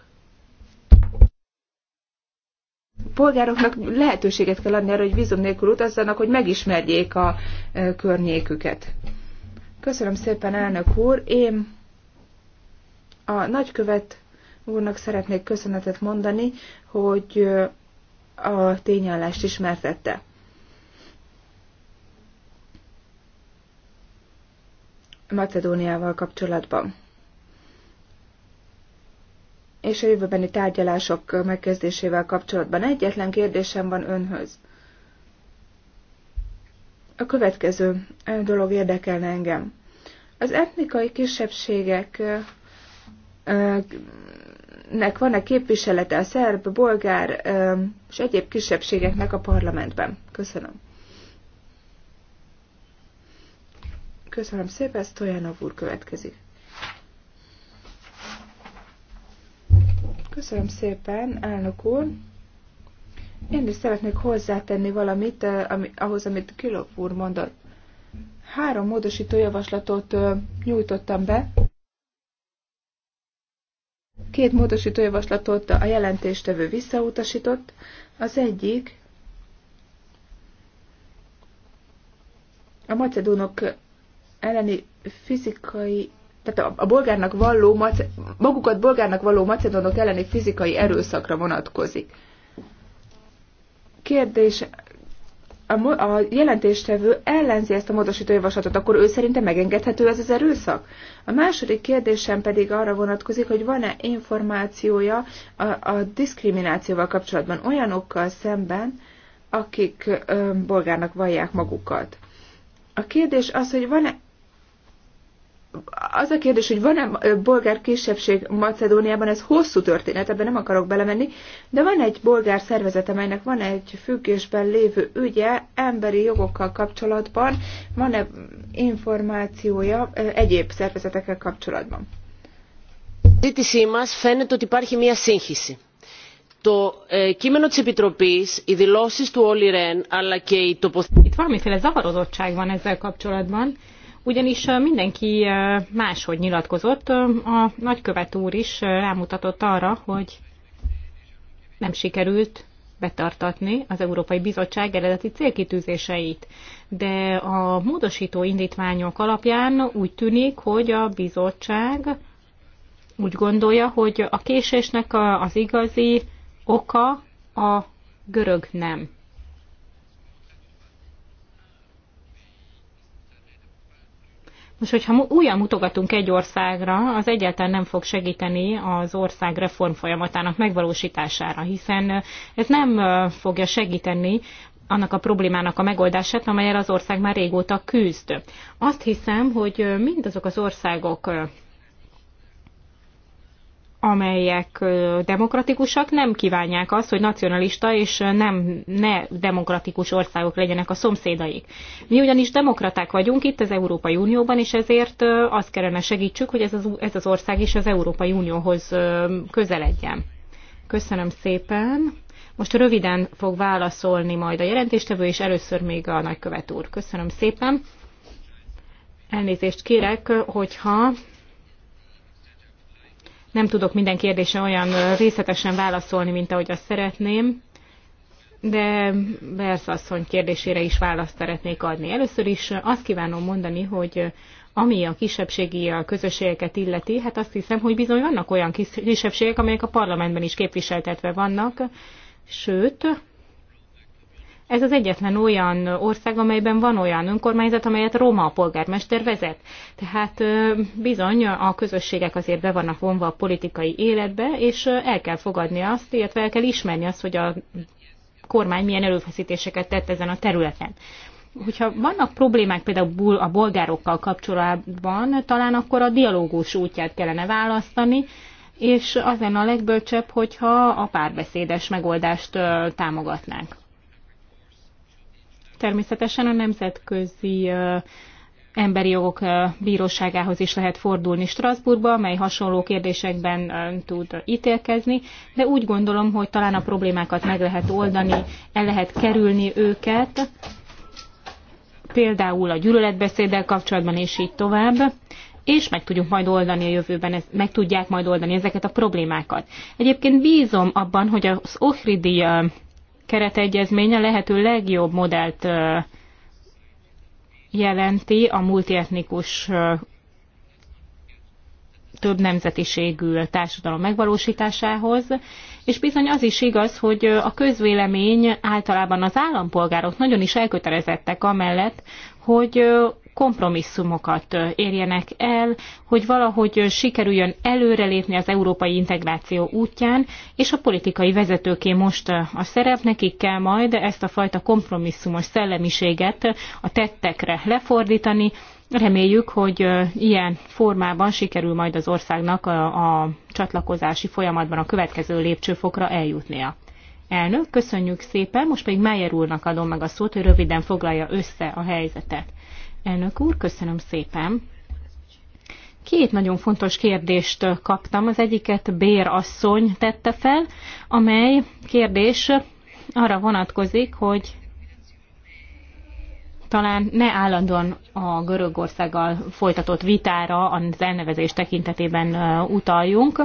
polgároknak lehetőséget kell adni arra, hogy vízum nélkül utazzanak, hogy megismerjék a környéküket. Köszönöm szépen, elnök úr. Én a nagykövet úrnak szeretnék köszönetet mondani, hogy a tényállást ismertette. Macedóniával kapcsolatban és a jövőbeni tárgyalások megkezdésével kapcsolatban egyetlen kérdésem van önhöz. A következő dolog érdekelne engem. Az etnikai kisebbségek nek van-e képviselete a szerb, bolgár és egyéb kisebbségeknek a parlamentben? Köszönöm. Köszönöm szépen, Stojanov úr következik. Köszönöm szépen, elnök úr. Én is szeretnék hozzátenni valamit eh, ami, ahhoz, amit Kilop úr mondott. Három módosító javaslatot eh, nyújtottam be. Két módosító javaslatot a jelentéstevő visszautasított. Az egyik a macedónok elleni fizikai tehát a, a bolgárnak valló, magukat bolgárnak valló macedonok elleni fizikai erőszakra vonatkozik. Kérdés, a, a jelentéstevő ellenzi ezt a módosító javaslatot, akkor ő szerinte megengedhető ez az erőszak? A második kérdésem pedig arra vonatkozik, hogy van-e információja a, a diszkriminációval kapcsolatban olyanokkal szemben, akik ö, bolgárnak vallják magukat. A kérdés az, hogy van-e az a kérdés, hogy van-e bolgár kisebbség Macedóniában, ez hosszú történet, ebben nem akarok belemenni, de van egy bolgár szervezet, amelynek van egy függésben lévő ügye emberi jogokkal kapcsolatban, van-e információja egyéb szervezetekkel kapcsolatban? συζήτησή μας Το ε, κείμενο της Επιτροπής, οι δηλώσεις του Όλη αλλά και η τοποθέτηση... Itt valamiféle zavarodottság van ezzel kapcsolatban, ugyanis mindenki máshogy nyilatkozott. A nagykövet úr is rámutatott arra, hogy nem sikerült betartatni az Európai Bizottság eredeti célkitűzéseit. De a módosító indítványok alapján úgy tűnik, hogy a bizottság úgy gondolja, hogy a késésnek az igazi oka a görög nem. Most, hogyha újra mutogatunk egy országra, az egyáltalán nem fog segíteni az ország reform folyamatának megvalósítására, hiszen ez nem fogja segíteni annak a problémának a megoldását, amelyel az ország már régóta küzd. Azt hiszem, hogy mindazok az országok, amelyek demokratikusak, nem kívánják azt, hogy nacionalista és nem ne demokratikus országok legyenek a szomszédaik. Mi ugyanis demokraták vagyunk itt az Európai Unióban, és ezért azt kellene segítsük, hogy ez az, ez az ország is az Európai Unióhoz közeledjen. Köszönöm szépen. Most röviden fog válaszolni majd a jelentéstevő, és először még a nagykövet úr. Köszönöm szépen. Elnézést kérek, hogyha nem tudok minden kérdésre olyan részletesen válaszolni, mint ahogy azt szeretném, de Bersz asszony kérdésére is választ szeretnék adni. Először is azt kívánom mondani, hogy ami a kisebbségi közösségeket illeti, hát azt hiszem, hogy bizony vannak olyan kisebbségek, amelyek a parlamentben is képviseltetve vannak, sőt, ez az egyetlen olyan ország, amelyben van olyan önkormányzat, amelyet Róma a polgármester vezet. Tehát bizony a közösségek azért be vannak vonva a politikai életbe, és el kell fogadni azt, illetve el kell ismerni azt, hogy a kormány milyen előfeszítéseket tett ezen a területen. Hogyha vannak problémák például a bolgárokkal kapcsolatban, talán akkor a dialógus útját kellene választani, és az lenne a legbölcsebb, hogyha a párbeszédes megoldást támogatnánk természetesen a nemzetközi emberi jogok bíróságához is lehet fordulni Strasbourgba, mely hasonló kérdésekben tud ítélkezni, de úgy gondolom, hogy talán a problémákat meg lehet oldani, el lehet kerülni őket, például a gyűlöletbeszéddel kapcsolatban, és így tovább, és meg tudjuk majd oldani a jövőben, meg tudják majd oldani ezeket a problémákat. Egyébként bízom abban, hogy az Ohridi keretegyezménye a lehető legjobb modellt jelenti a multietnikus több nemzetiségű társadalom megvalósításához, és bizony az is igaz, hogy a közvélemény általában az állampolgárok nagyon is elkötelezettek amellett, hogy kompromisszumokat érjenek el, hogy valahogy sikerüljön előrelépni az európai integráció útján, és a politikai vezetőké most a szerep, nekik kell majd ezt a fajta kompromisszumos szellemiséget a tettekre lefordítani. Reméljük, hogy ilyen formában sikerül majd az országnak a, a csatlakozási folyamatban a következő lépcsőfokra eljutnia. Elnök, köszönjük szépen, most pedig Meyer úrnak adom meg a szót, hogy röviden foglalja össze a helyzetet. Elnök úr, köszönöm szépen. Két nagyon fontos kérdést kaptam. Az egyiket Bér asszony tette fel, amely kérdés arra vonatkozik, hogy talán ne állandóan a Görögországgal folytatott vitára az elnevezés tekintetében utaljunk.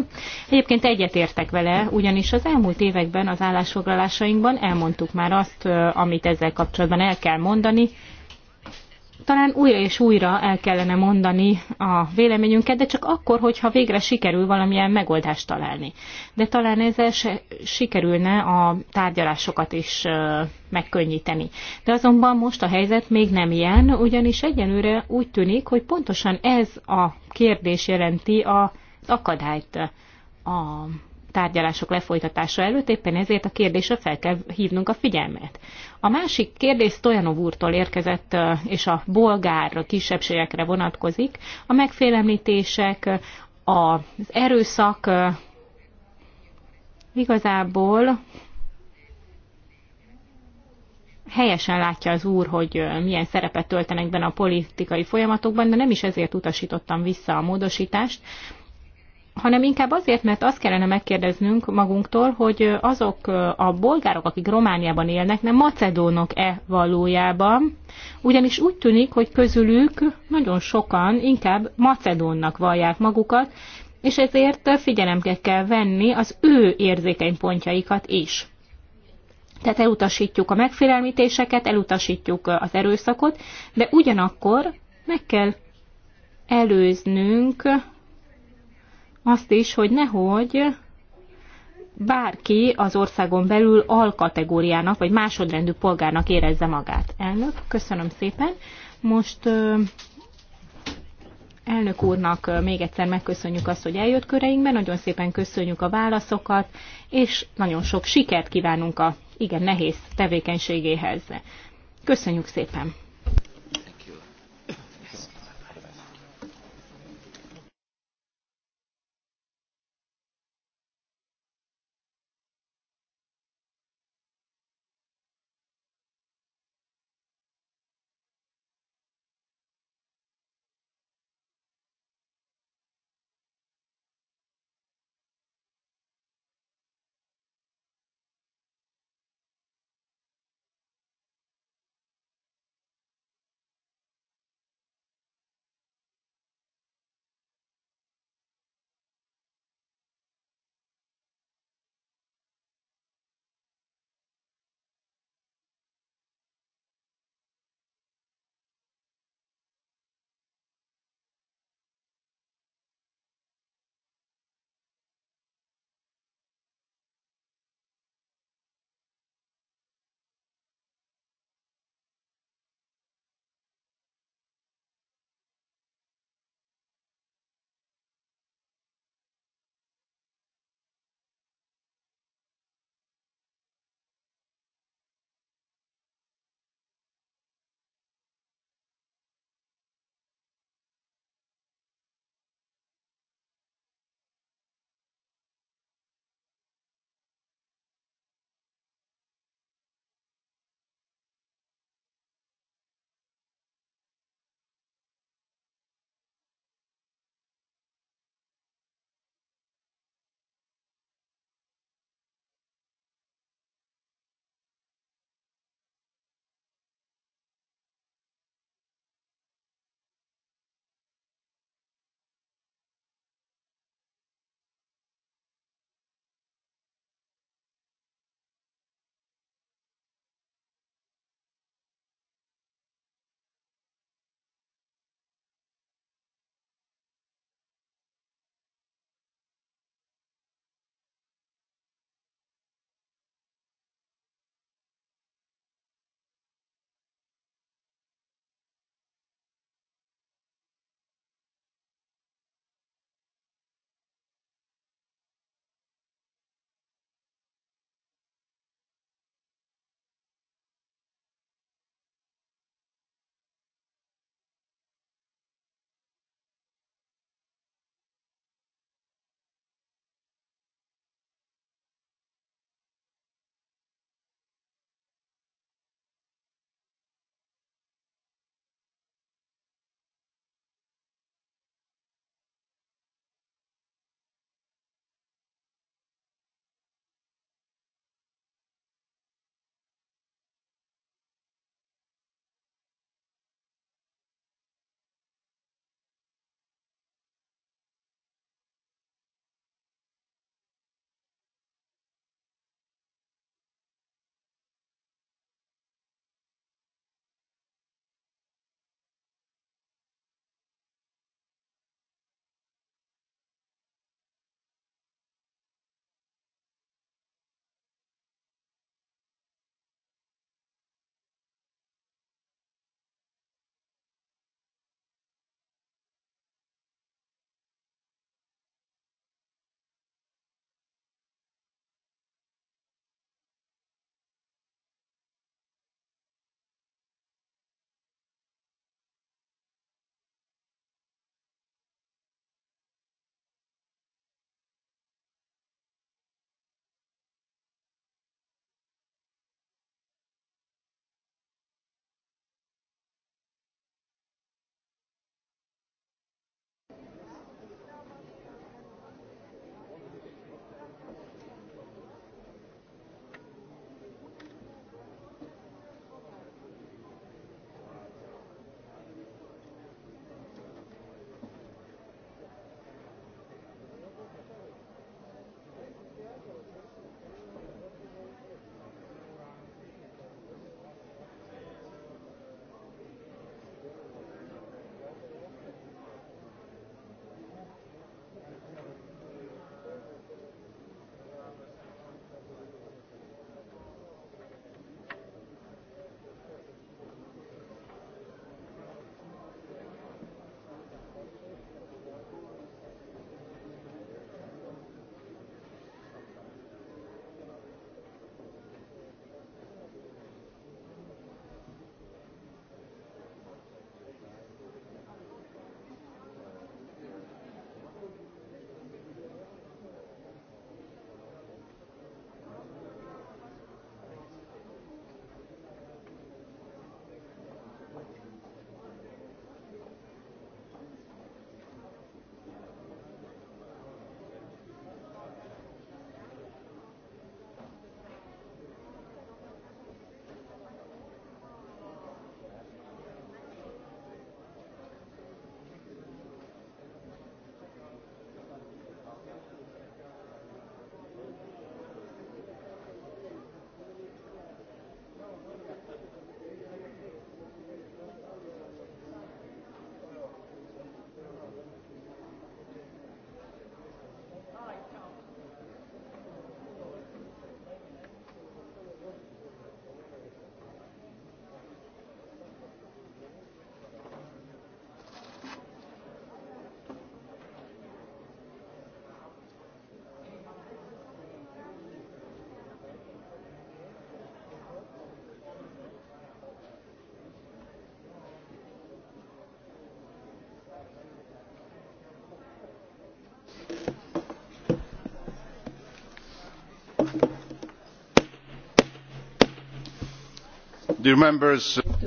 Egyébként egyetértek vele, ugyanis az elmúlt években az állásfoglalásainkban elmondtuk már azt, amit ezzel kapcsolatban el kell mondani, talán újra és újra el kellene mondani a véleményünket, de csak akkor, hogyha végre sikerül valamilyen megoldást találni. De talán ezzel se sikerülne a tárgyalásokat is megkönnyíteni. De azonban most a helyzet még nem ilyen, ugyanis egyenőre úgy tűnik, hogy pontosan ez a kérdés jelenti az akadályt a tárgyalások lefolytatása előtt, éppen ezért a kérdésre fel kell hívnunk a figyelmet. A másik kérdés Stojanov úrtól érkezett, és a bolgár kisebbségekre vonatkozik. A megfélemlítések, az erőszak igazából helyesen látja az úr, hogy milyen szerepet töltenek benne a politikai folyamatokban, de nem is ezért utasítottam vissza a módosítást, hanem inkább azért, mert azt kellene megkérdeznünk magunktól, hogy azok a bolgárok, akik Romániában élnek, nem macedónok-e valójában, ugyanis úgy tűnik, hogy közülük nagyon sokan inkább macedónnak vallják magukat, és ezért figyelembe kell venni az ő érzékeny pontjaikat is. Tehát elutasítjuk a megfélelmítéseket, elutasítjuk az erőszakot, de ugyanakkor meg kell előznünk azt is, hogy nehogy bárki az országon belül alkategóriának, vagy másodrendű polgárnak érezze magát. Elnök, köszönöm szépen. Most elnök úrnak még egyszer megköszönjük azt, hogy eljött köreinkben, nagyon szépen köszönjük a válaszokat, és nagyon sok sikert kívánunk a igen nehéz tevékenységéhez. Köszönjük szépen!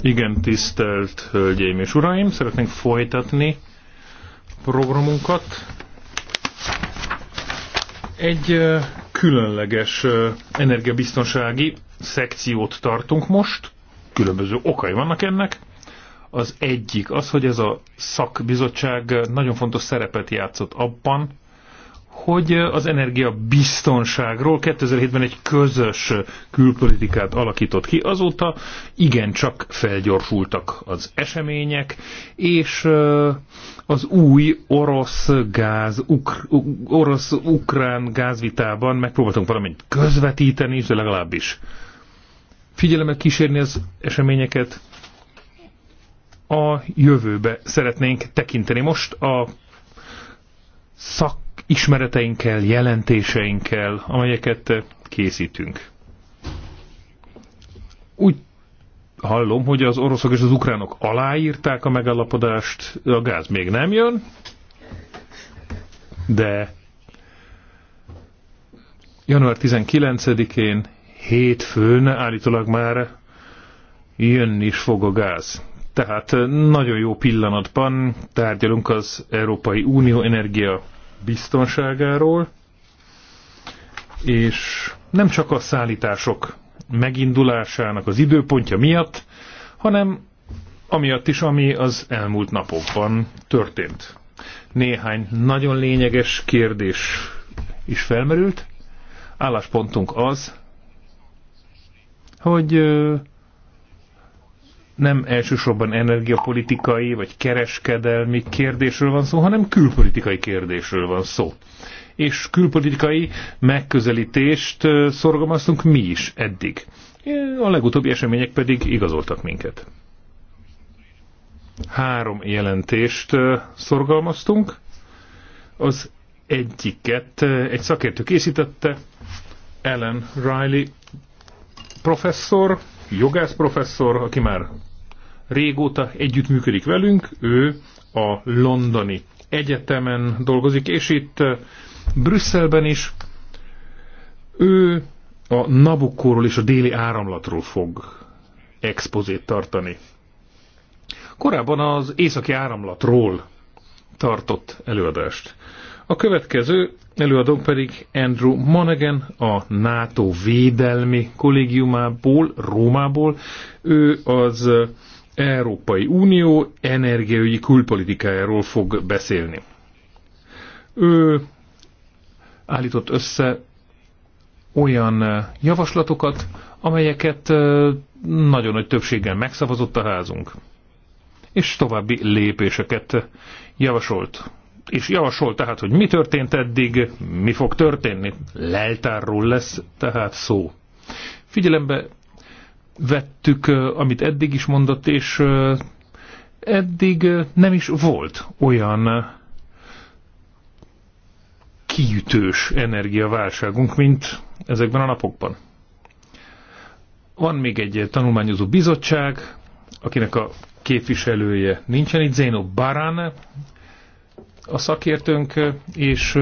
Igen, tisztelt Hölgyeim és Uraim, szeretnénk folytatni programunkat. Egy különleges energiabiztonsági szekciót tartunk most. Különböző okai vannak ennek. Az egyik az, hogy ez a szakbizottság nagyon fontos szerepet játszott abban, hogy az energia biztonságról 2007-ben egy közös külpolitikát alakított ki. Azóta igencsak felgyorsultak az események, és az új orosz gáz, ukr, orosz-ukrán gázvitában megpróbáltunk valamit közvetíteni de legalábbis figyelemmel kísérni az eseményeket. A jövőbe szeretnénk tekinteni. Most a szak ismereteinkkel, jelentéseinkkel, amelyeket eh, készítünk. Úgy hallom, hogy az oroszok és az ukránok aláírták a megállapodást, a gáz még nem jön, de január 19-én hétfőn állítólag már jönni is fog a gáz. Tehát eh, nagyon jó pillanatban tárgyalunk az Európai Unió energia biztonságáról, és nem csak a szállítások megindulásának az időpontja miatt, hanem amiatt is, ami az elmúlt napokban történt. Néhány nagyon lényeges kérdés is felmerült. Álláspontunk az, hogy nem elsősorban energiapolitikai vagy kereskedelmi kérdésről van szó, hanem külpolitikai kérdésről van szó. És külpolitikai megközelítést szorgalmaztunk mi is eddig. A legutóbbi események pedig igazoltak minket. Három jelentést szorgalmaztunk. Az egyiket egy szakértő készítette, Ellen Riley professzor, jogász professzor, aki már régóta együttműködik velünk, ő a londoni egyetemen dolgozik, és itt Brüsszelben is ő a Nabukóról és a déli áramlatról fog expozét tartani. Korábban az északi áramlatról tartott előadást. A következő előadó pedig Andrew Monaghan, a NATO védelmi kollégiumából, Rómából. Ő az Európai Unió energiai külpolitikájáról fog beszélni. Ő állított össze olyan javaslatokat, amelyeket nagyon nagy többséggel megszavazott a házunk. És további lépéseket javasolt. És javasolt tehát, hogy mi történt eddig, mi fog történni. Leltárról lesz tehát szó. Figyelembe vettük, amit eddig is mondott, és eddig nem is volt olyan kiütős energiaválságunk, mint ezekben a napokban. Van még egy tanulmányozó bizottság, akinek a képviselője nincsen itt, Zeno Barán, a szakértőnk, és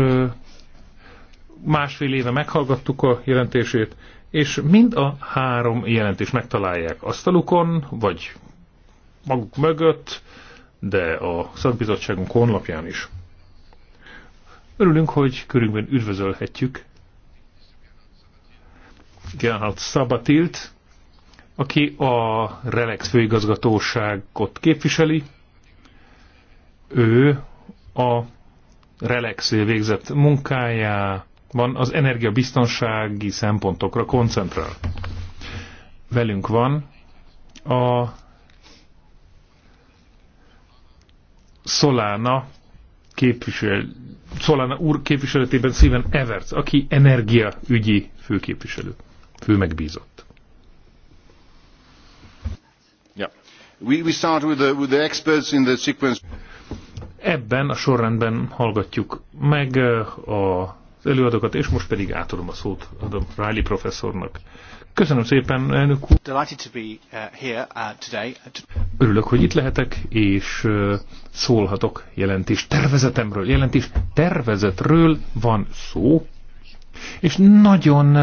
másfél éve meghallgattuk a jelentését, és mind a három jelentést megtalálják asztalukon, vagy maguk mögött, de a szakbizottságunk honlapján is. Örülünk, hogy körünkben üdvözölhetjük Gerhard Szabatilt, aki a Relex főigazgatóságot képviseli. Ő a Relex végzett munkájá van az energiabiztonsági szempontokra koncentrál. Velünk van a Solana képvisel, Solana úr képviseletében szíven Everts, aki energiaügyi főképviselő, fő megbízott. Yeah. We, we start with the, with the experts in the sequence. Ebben a sorrendben hallgatjuk meg uh, a előadókat, és most pedig átadom a szót adom Riley professzornak. Köszönöm szépen, elnök úr. Uh, uh, Örülök, hogy itt lehetek, és uh, szólhatok jelentés tervezetemről. Jelentés tervezetről van szó, és nagyon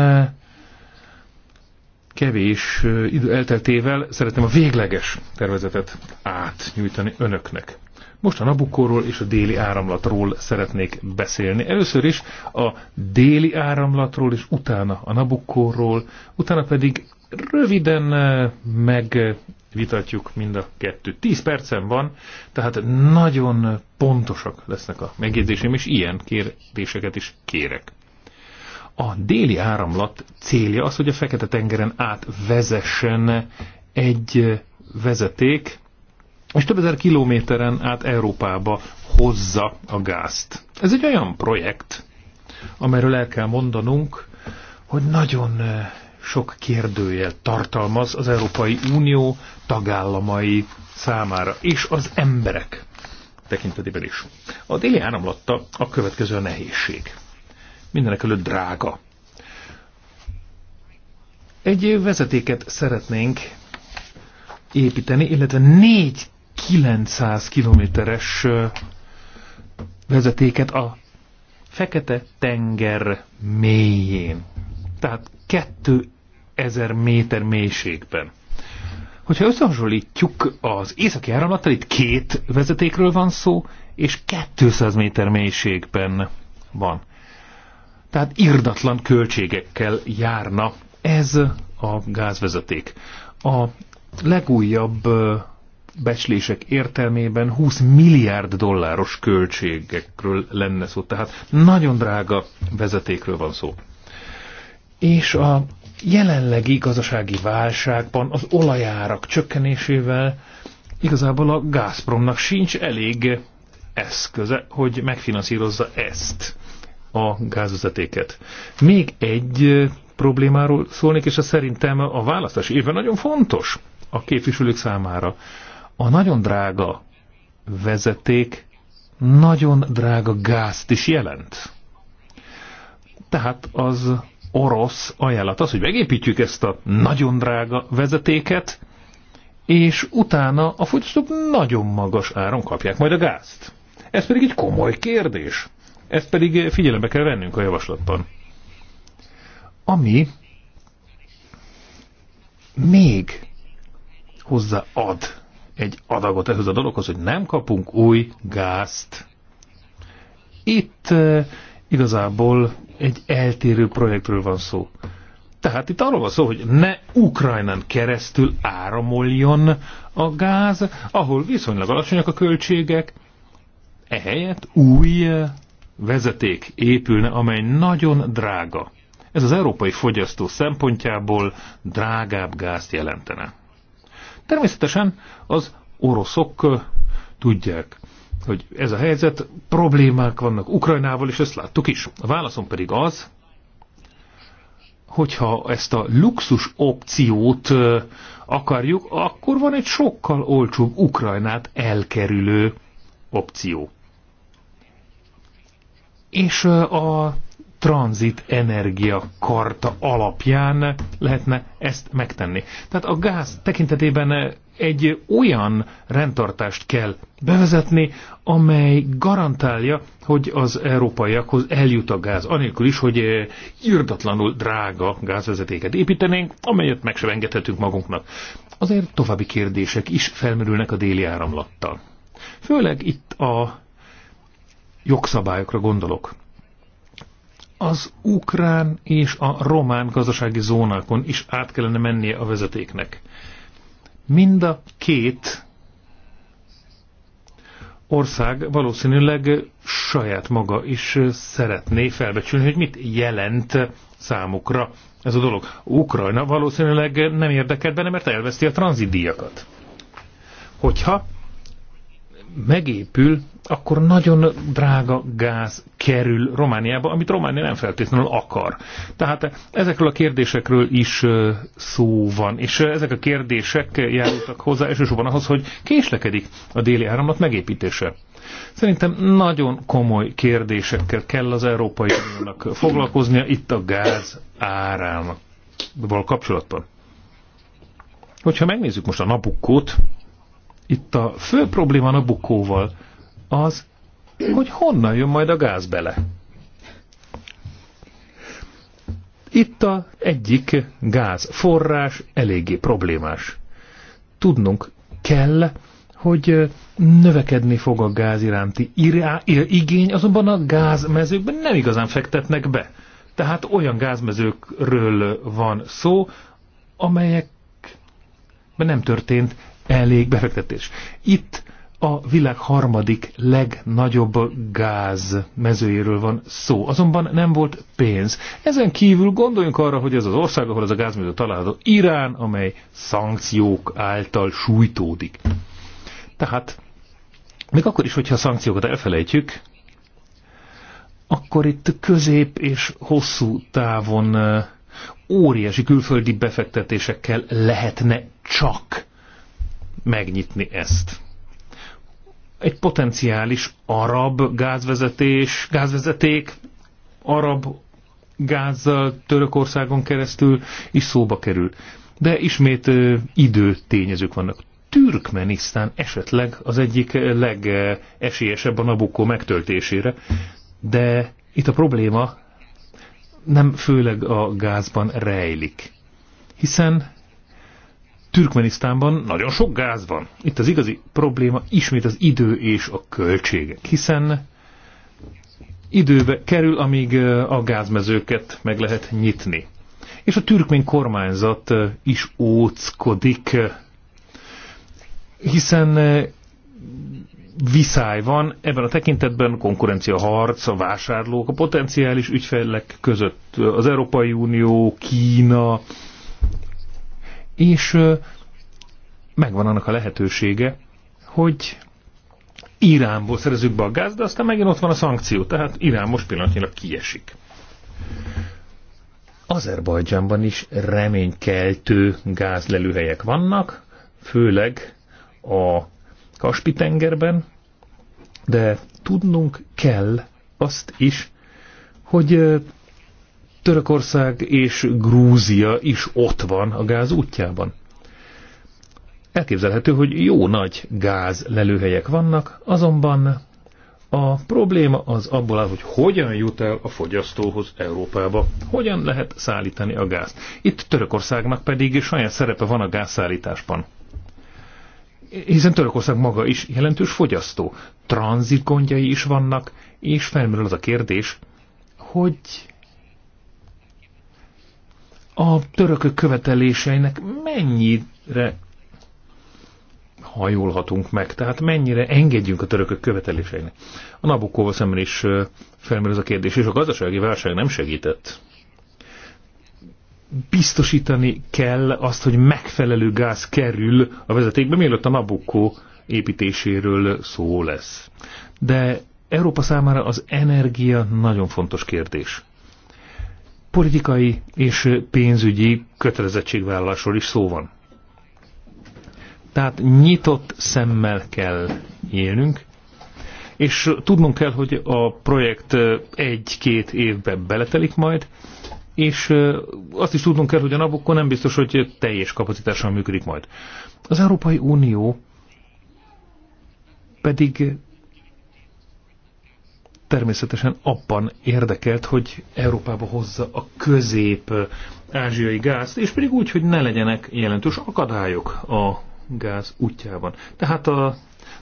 kevés idő elteltével szeretném a végleges tervezetet átnyújtani önöknek. Most a Nabukóról és a déli áramlatról szeretnék beszélni. Először is a déli áramlatról, és utána a Nabukóról, utána pedig röviden eh, megvitatjuk mind a kettőt. Tíz percem van, tehát nagyon pontosak lesznek a megjegyzésem és ilyen kérdéseket is kérek. A déli áramlat célja az, hogy a Fekete-tengeren átvezessen egy vezeték, és több ezer kilométeren át Európába hozza a gázt. Ez egy olyan projekt, amelyről el kell mondanunk, hogy nagyon sok kérdőjel tartalmaz az Európai Unió tagállamai számára, és az emberek tekintetében is. A déli áramlatta a következő a nehézség. Mindenek előtt drága. Egy vezetéket szeretnénk építeni, illetve négy 900 kilométeres vezetéket a Fekete tenger mélyén. Tehát 2000 méter mélységben. Hogyha összehasonlítjuk az északi áramlattal, itt két vezetékről van szó, és 200 méter mélységben van. Tehát irdatlan költségekkel járna ez a gázvezeték. A legújabb becslések értelmében 20 milliárd dolláros költségekről lenne szó. Tehát nagyon drága vezetékről van szó. És a jelenlegi gazdasági válságban az olajárak csökkenésével igazából a Gazpromnak sincs elég eszköze, hogy megfinanszírozza ezt a gázvezetéket. Még egy problémáról szólnék, és ez szerintem a választási évben nagyon fontos a képviselők számára. A nagyon drága vezeték nagyon drága gázt is jelent. Tehát az orosz ajánlat az, hogy megépítjük ezt a nagyon drága vezetéket, és utána a fogyasztók nagyon magas áron kapják majd a gázt. Ez pedig egy komoly kérdés. Ezt pedig figyelembe kell vennünk a javaslatban. Ami még hozzáad egy adagot ehhez a dologhoz, hogy nem kapunk új gázt. Itt eh, igazából egy eltérő projektről van szó. Tehát itt arról van szó, hogy ne Ukrajnán keresztül áramoljon a gáz, ahol viszonylag alacsonyak a költségek, ehelyett új eh, vezeték épülne, amely nagyon drága. Ez az európai fogyasztó szempontjából drágább gázt jelentene. Természetesen az oroszok tudják, hogy ez a helyzet, problémák vannak Ukrajnával, és ezt láttuk is. A válaszom pedig az, hogyha ezt a luxus opciót akarjuk, akkor van egy sokkal olcsóbb Ukrajnát elkerülő opció. És a tranzit energia karta alapján lehetne ezt megtenni. Tehát a gáz tekintetében egy olyan rendtartást kell bevezetni, amely garantálja, hogy az európaiakhoz eljut a gáz, anélkül is, hogy eh, írdatlanul drága gázvezetéket építenénk, amelyet meg sem engedhetünk magunknak. Azért további kérdések is felmerülnek a déli áramlattal. Főleg itt a jogszabályokra gondolok az ukrán és a román gazdasági zónákon is át kellene mennie a vezetéknek. Mind a két ország valószínűleg saját maga is szeretné felbecsülni, hogy mit jelent számukra ez a dolog. Ukrajna valószínűleg nem érdekel benne, mert elveszti a tranzidíjakat. Hogyha megépül, akkor nagyon drága gáz kerül Romániába, amit Románia nem feltétlenül akar. Tehát ezekről a kérdésekről is szó van, és ezek a kérdések járultak hozzá elsősorban ahhoz, hogy késlekedik a déli áramlat megépítése. Szerintem nagyon komoly kérdésekkel kell az Európai Uniónak foglalkoznia itt a gáz árával kapcsolatban. Hogyha megnézzük most a napukkót, itt a fő probléma a bukóval az, hogy honnan jön majd a gáz bele. Itt a egyik gázforrás eléggé problémás. Tudnunk kell, hogy növekedni fog a gáz iránti igény, azonban a gázmezőkben nem igazán fektetnek be. Tehát olyan gázmezőkről van szó, amelyekben nem történt elég befektetés. Itt a világ harmadik legnagyobb gáz mezőjéről van szó, azonban nem volt pénz. Ezen kívül gondoljunk arra, hogy ez az ország, ahol ez a gázmező található, Irán, amely szankciók által sújtódik. Tehát, még akkor is, hogyha a szankciókat elfelejtjük, akkor itt közép és hosszú távon óriási külföldi befektetésekkel lehetne csak megnyitni ezt. Egy potenciális arab gázvezetés, gázvezeték, arab gázzal Törökországon keresztül is szóba kerül. De ismét időtényezők vannak. Türkmenisztán esetleg az egyik legesélyesebb a Nabukó megtöltésére, de itt a probléma nem főleg a gázban rejlik. Hiszen Türkmenisztánban nagyon sok gáz van. Itt az igazi probléma ismét az idő és a költségek, hiszen időbe kerül, amíg a gázmezőket meg lehet nyitni. És a türkmén kormányzat is óckodik, hiszen viszály van, ebben a tekintetben konkurencia harc, a vásárlók, a potenciális ügyfelek között az Európai Unió, Kína, és megvan annak a lehetősége, hogy Iránból szerezünk be a gáz, de aztán megint ott van a szankció, tehát Irán most pillanatnyilag kiesik. Azerbajdzsánban is reménykeltő gázlelőhelyek vannak, főleg a Kaspi-tengerben, de tudnunk kell azt is, hogy Törökország és Grúzia is ott van a gáz útjában. Elképzelhető, hogy jó nagy gáz lelőhelyek vannak, azonban a probléma az abból áll, hogy hogyan jut el a fogyasztóhoz Európába, hogyan lehet szállítani a gázt. Itt Törökországnak pedig saját szerepe van a gázszállításban. Hiszen Törökország maga is jelentős fogyasztó. Tranzit gondjai is vannak, és felmerül az a kérdés, hogy a törökök követeléseinek mennyire hajolhatunk meg, tehát mennyire engedjünk a törökök követeléseinek. A Nabokóval szemben is felmerül ez a kérdés, és a gazdasági válság nem segített. Biztosítani kell azt, hogy megfelelő gáz kerül a vezetékbe, mielőtt a Nabokó építéséről szó lesz. De Európa számára az energia nagyon fontos kérdés politikai és pénzügyi kötelezettségvállalásról is szó van. Tehát nyitott szemmel kell élnünk, és tudnunk kell, hogy a projekt egy-két évbe beletelik majd, és azt is tudnunk kell, hogy a napokon nem biztos, hogy teljes kapacitással működik majd. Az Európai Unió pedig természetesen abban érdekelt, hogy Európába hozza a közép-ázsiai gázt, és pedig úgy, hogy ne legyenek jelentős akadályok a gáz útjában. Tehát a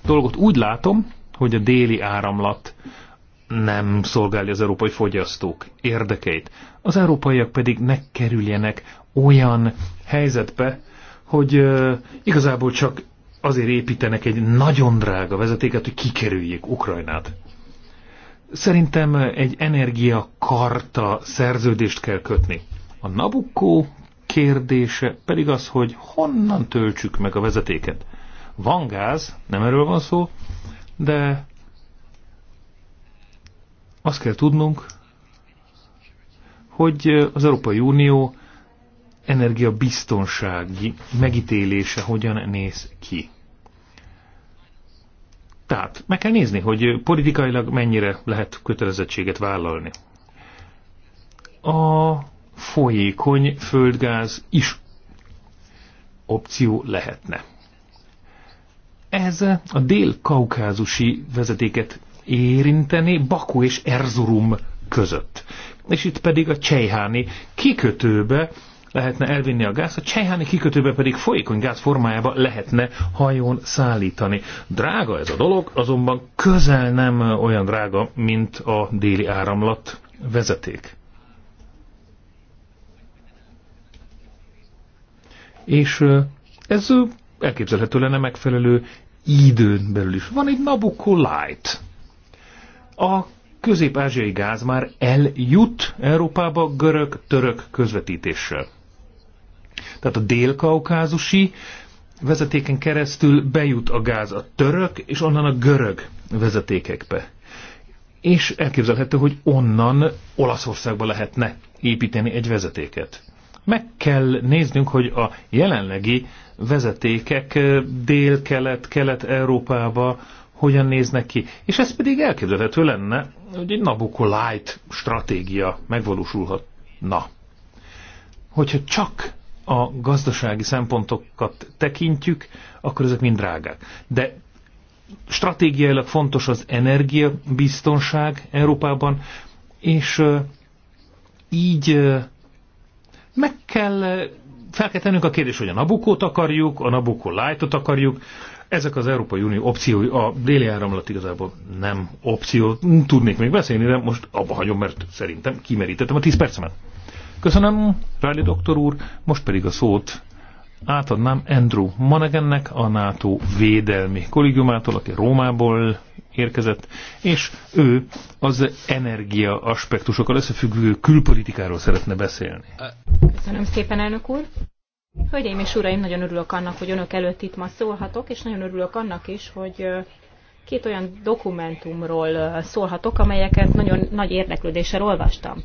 dolgot úgy látom, hogy a déli áramlat nem szolgálja az európai fogyasztók érdekeit. Az európaiak pedig ne kerüljenek olyan helyzetbe, hogy uh, igazából csak azért építenek egy nagyon drága vezetéket, hogy kikerüljék Ukrajnát. Szerintem egy energiakarta szerződést kell kötni. A Nabukó kérdése pedig az, hogy honnan töltsük meg a vezetéket. Van gáz, nem erről van szó, de azt kell tudnunk, hogy az Európai Unió energiabiztonsági megítélése hogyan néz ki. Tehát meg kell nézni, hogy politikailag mennyire lehet kötelezettséget vállalni. A folyékony földgáz is opció lehetne. Ez a dél-kaukázusi vezetéket érinteni Baku és Erzurum között. És itt pedig a Csejháni kikötőbe lehetne elvinni a gáz, a Csejháni kikötőbe pedig folyékony gáz formájába lehetne hajón szállítani. Drága ez a dolog, azonban közel nem olyan drága, mint a déli áramlat vezeték. És ez elképzelhető lenne megfelelő időn belül is. Van egy Nabucco Light. A közép-ázsiai gáz már eljut Európába görög-török közvetítéssel. Tehát a dél-kaukázusi vezetéken keresztül bejut a gáz a török, és onnan a görög vezetékekbe. És elképzelhető, hogy onnan Olaszországba lehetne építeni egy vezetéket. Meg kell néznünk, hogy a jelenlegi vezetékek dél-kelet-kelet-európába hogyan néznek ki. És ez pedig elképzelhető lenne, hogy egy Nabucco Light stratégia megvalósulhatna. Hogyha csak a gazdasági szempontokat tekintjük, akkor ezek mind drágák. De stratégiailag fontos az energiabiztonság Európában, és így meg kell, fel kell tennünk a kérdés, hogy a Nabukót akarjuk, a Nabukó Light-ot akarjuk, ezek az Európai Unió opciói, a déli áramlat igazából nem opció, tudnék még beszélni, de most abba hagyom, mert szerintem kimerítettem a 10 percemet. Köszönöm, Ráli doktor úr, most pedig a szót átadnám Andrew Manegennek, a NATO védelmi kollégiumától, aki Rómából érkezett, és ő az energia aspektusokkal összefüggő külpolitikáról szeretne beszélni. Köszönöm szépen, elnök úr! Hölgyeim és uraim, nagyon örülök annak, hogy önök előtt itt ma szólhatok, és nagyon örülök annak is, hogy két olyan dokumentumról szólhatok, amelyeket nagyon nagy érdeklődéssel olvastam.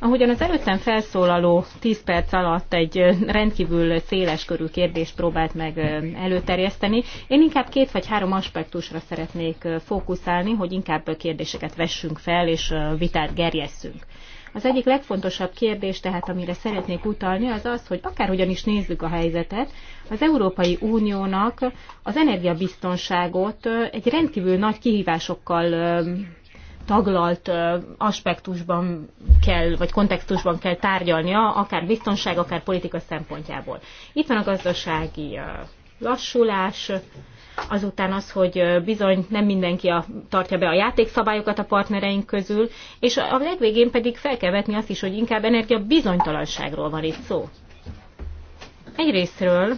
Ahogyan az előttem felszólaló 10 perc alatt egy rendkívül széles körű kérdést próbált meg előterjeszteni, én inkább két vagy három aspektusra szeretnék fókuszálni, hogy inkább kérdéseket vessünk fel és vitát gerjesszünk. Az egyik legfontosabb kérdés, tehát amire szeretnék utalni, az az, hogy akárhogyan is nézzük a helyzetet, az Európai Uniónak az energiabiztonságot egy rendkívül nagy kihívásokkal taglalt aspektusban kell, vagy kontextusban kell tárgyalnia, akár biztonság, akár politika szempontjából. Itt van a gazdasági lassulás, azután az, hogy bizony nem mindenki a, tartja be a játékszabályokat a partnereink közül, és a legvégén pedig fel kell vetni azt is, hogy inkább energia bizonytalanságról van itt szó. Egyrésztről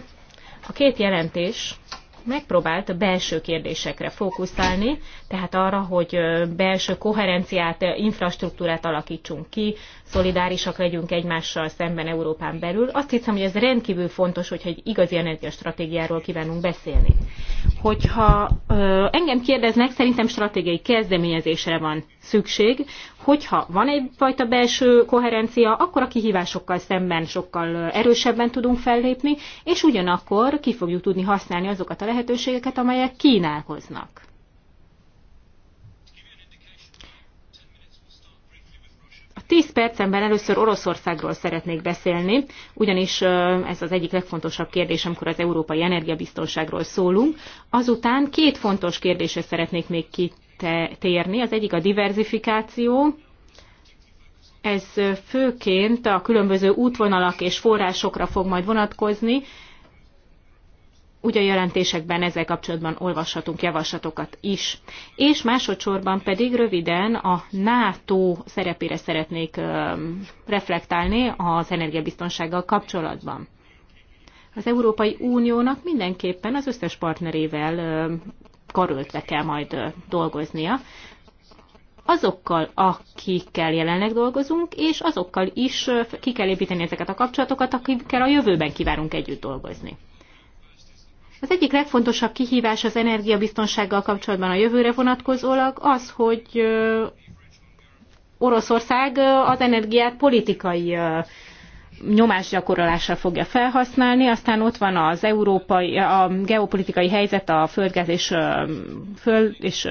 a két jelentés megpróbált a belső kérdésekre fókuszálni, tehát arra, hogy belső koherenciát, infrastruktúrát alakítsunk ki, szolidárisak legyünk egymással szemben Európán belül. Azt hiszem, hogy ez rendkívül fontos, hogyha egy igazi energiastratégiáról kívánunk beszélni. Hogyha ö, engem kérdeznek, szerintem stratégiai kezdeményezésre van szükség. Hogyha van egyfajta belső koherencia, akkor a kihívásokkal szemben sokkal erősebben tudunk fellépni, és ugyanakkor ki fogjuk tudni használni azokat a lehetőségeket, amelyek kínálkoznak. Tíz percemben először Oroszországról szeretnék beszélni, ugyanis ez az egyik legfontosabb kérdés, amikor az európai energiabiztonságról szólunk. Azután két fontos kérdésre szeretnék még kitérni. Az egyik a diversifikáció, ez főként a különböző útvonalak és forrásokra fog majd vonatkozni, úgy a jelentésekben ezzel kapcsolatban olvashatunk javaslatokat is. És másodszorban pedig röviden a NATO szerepére szeretnék reflektálni az energiabiztonsággal kapcsolatban. Az Európai Uniónak mindenképpen az összes partnerével karöltve kell majd dolgoznia, azokkal, akikkel jelenleg dolgozunk, és azokkal is ki kell építeni ezeket a kapcsolatokat, akikkel a jövőben kívánunk együtt dolgozni. Az egyik legfontosabb kihívás az energiabiztonsággal kapcsolatban a jövőre vonatkozólag az, hogy Oroszország az energiát politikai nyomásgyakorolásra fogja felhasználni, aztán ott van az európai, a geopolitikai helyzet a földgáz és, föl és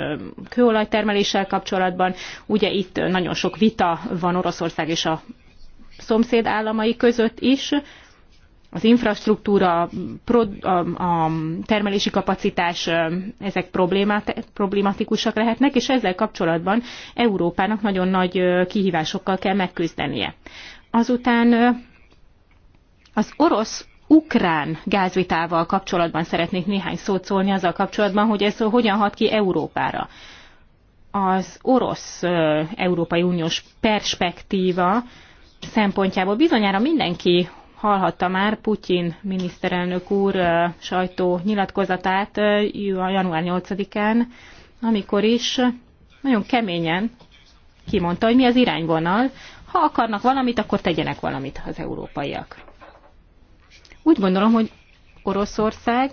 kőolajtermeléssel kapcsolatban. Ugye itt nagyon sok vita van Oroszország és a szomszéd államai között is az infrastruktúra, a termelési kapacitás, ezek problématikusak lehetnek, és ezzel kapcsolatban Európának nagyon nagy kihívásokkal kell megküzdenie. Azután az orosz ukrán gázvitával kapcsolatban szeretnék néhány szót szólni azzal kapcsolatban, hogy ez hogyan hat ki Európára. Az orosz Európai Uniós perspektíva szempontjából bizonyára mindenki hallhatta már Putyin miniszterelnök úr sajtó nyilatkozatát január 8-án, amikor is nagyon keményen kimondta, hogy mi az irányvonal. Ha akarnak valamit, akkor tegyenek valamit az európaiak. Úgy gondolom, hogy Oroszország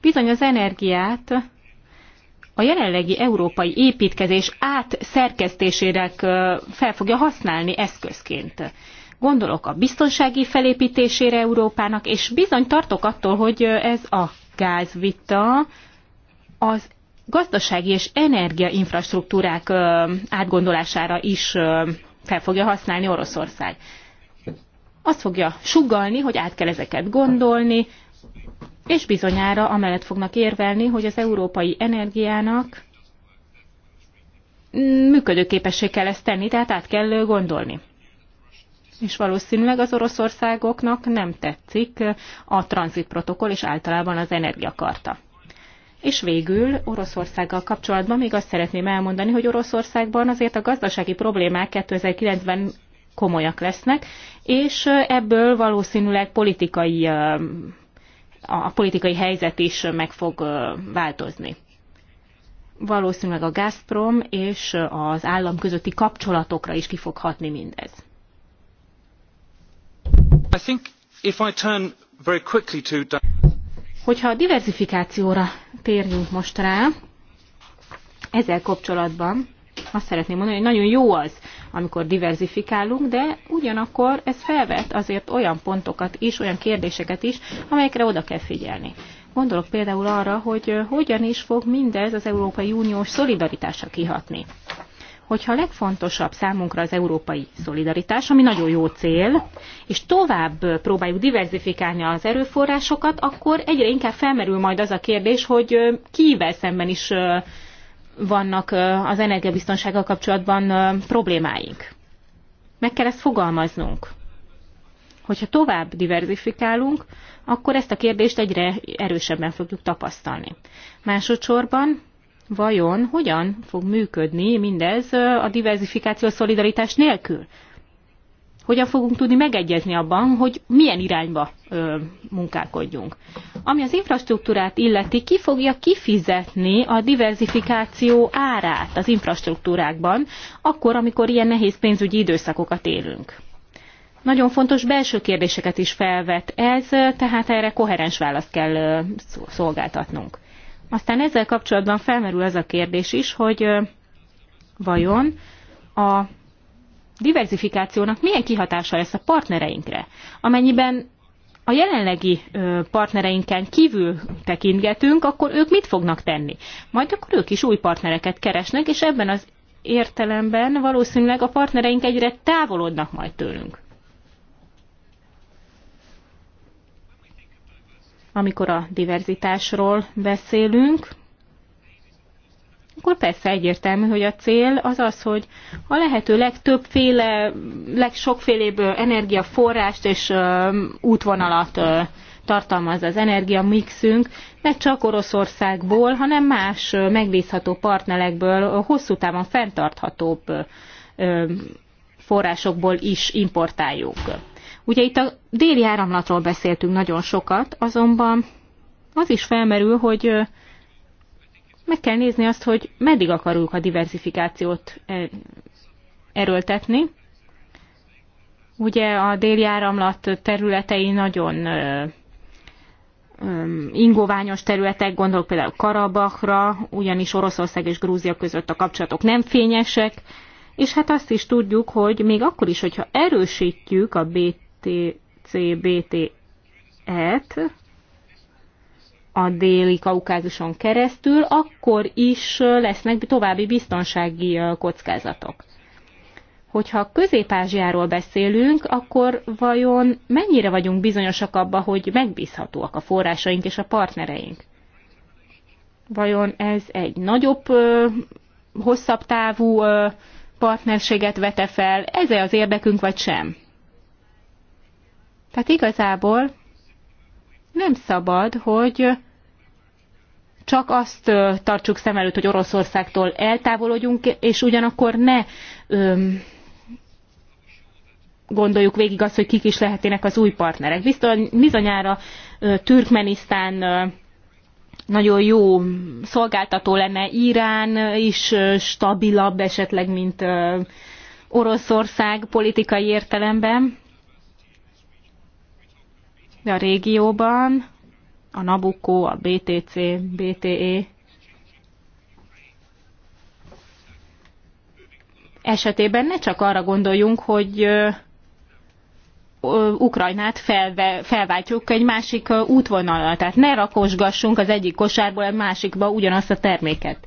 bizony az energiát a jelenlegi európai építkezés átszerkesztésére fel fogja használni eszközként. Gondolok a biztonsági felépítésére Európának, és bizony tartok attól, hogy ez a gázvita az gazdasági és energiainfrastruktúrák átgondolására is fel fogja használni Oroszország. Azt fogja sugalni, hogy át kell ezeket gondolni, és bizonyára amellett fognak érvelni, hogy az európai energiának működőképessé kell ezt tenni, tehát át kell gondolni és valószínűleg az oroszországoknak nem tetszik a tranzitprotokoll és általában az energiakarta. És végül Oroszországgal kapcsolatban még azt szeretném elmondani, hogy Oroszországban azért a gazdasági problémák 2009-ben komolyak lesznek, és ebből valószínűleg politikai, a politikai helyzet is meg fog változni. Valószínűleg a Gazprom és az állam közötti kapcsolatokra is ki fog hatni mindez. Hogyha a diversifikációra térjünk most rá, ezzel kapcsolatban azt szeretném mondani, hogy nagyon jó az, amikor diversifikálunk, de ugyanakkor ez felvet azért olyan pontokat is, olyan kérdéseket is, amelyekre oda kell figyelni. Gondolok például arra, hogy hogyan is fog mindez az Európai Uniós szolidaritásra kihatni hogyha a legfontosabb számunkra az európai szolidaritás, ami nagyon jó cél, és tovább próbáljuk diversifikálni az erőforrásokat, akkor egyre inkább felmerül majd az a kérdés, hogy kivel szemben is vannak az energiabiztonsággal kapcsolatban problémáink. Meg kell ezt fogalmaznunk. Hogyha tovább diversifikálunk, akkor ezt a kérdést egyre erősebben fogjuk tapasztalni. Másodszorban vajon hogyan fog működni mindez a diversifikáció szolidaritás nélkül? Hogyan fogunk tudni megegyezni abban, hogy milyen irányba ö, munkálkodjunk? Ami az infrastruktúrát illeti, ki fogja kifizetni a diversifikáció árát az infrastruktúrákban, akkor, amikor ilyen nehéz pénzügyi időszakokat élünk? Nagyon fontos belső kérdéseket is felvet ez, tehát erre koherens választ kell szolgáltatnunk. Aztán ezzel kapcsolatban felmerül az a kérdés is, hogy vajon a diversifikációnak milyen kihatása lesz a partnereinkre, amennyiben a jelenlegi partnereinken kívül tekintgetünk, akkor ők mit fognak tenni? Majd akkor ők is új partnereket keresnek, és ebben az értelemben valószínűleg a partnereink egyre távolodnak majd tőlünk. amikor a diverzitásról beszélünk, akkor persze egyértelmű, hogy a cél az az, hogy a lehető legtöbbféle, legsokfélébb energiaforrást és útvonalat tartalmaz az energiamixünk, ne csak Oroszországból, hanem más megbízható partnerekből, hosszú távon fenntarthatóbb forrásokból is importáljuk. Ugye itt a déli áramlatról beszéltünk nagyon sokat, azonban az is felmerül, hogy meg kell nézni azt, hogy meddig akarjuk a diversifikációt e, erőltetni. Ugye a déli áramlat területei nagyon ingoványos területek, gondolok például Karabakra, ugyanis Oroszország és Grúzia között a kapcsolatok nem fényesek, és hát azt is tudjuk, hogy még akkor is, hogyha erősítjük a tcbt et a déli kaukázuson keresztül, akkor is lesznek további biztonsági kockázatok. Hogyha Közép-Ázsiáról beszélünk, akkor vajon mennyire vagyunk bizonyosak abba, hogy megbízhatóak a forrásaink és a partnereink? Vajon ez egy nagyobb, hosszabb távú partnerséget vete fel, ez -e az érdekünk, vagy sem? Tehát igazából nem szabad, hogy csak azt tartsuk szem előtt, hogy Oroszországtól eltávolodjunk, és ugyanakkor ne öm, gondoljuk végig azt, hogy kik is lehetének az új partnerek. Bizony, bizonyára ö, Türkmenisztán ö, nagyon jó szolgáltató lenne, Irán is ö, stabilabb esetleg, mint ö, Oroszország politikai értelemben de a régióban a Nabucco, a BTC, BTE esetében ne csak arra gondoljunk, hogy Ukrajnát felve, felváltjuk egy másik útvonalra. Tehát ne rakosgassunk az egyik kosárból a másikba ugyanazt a terméket.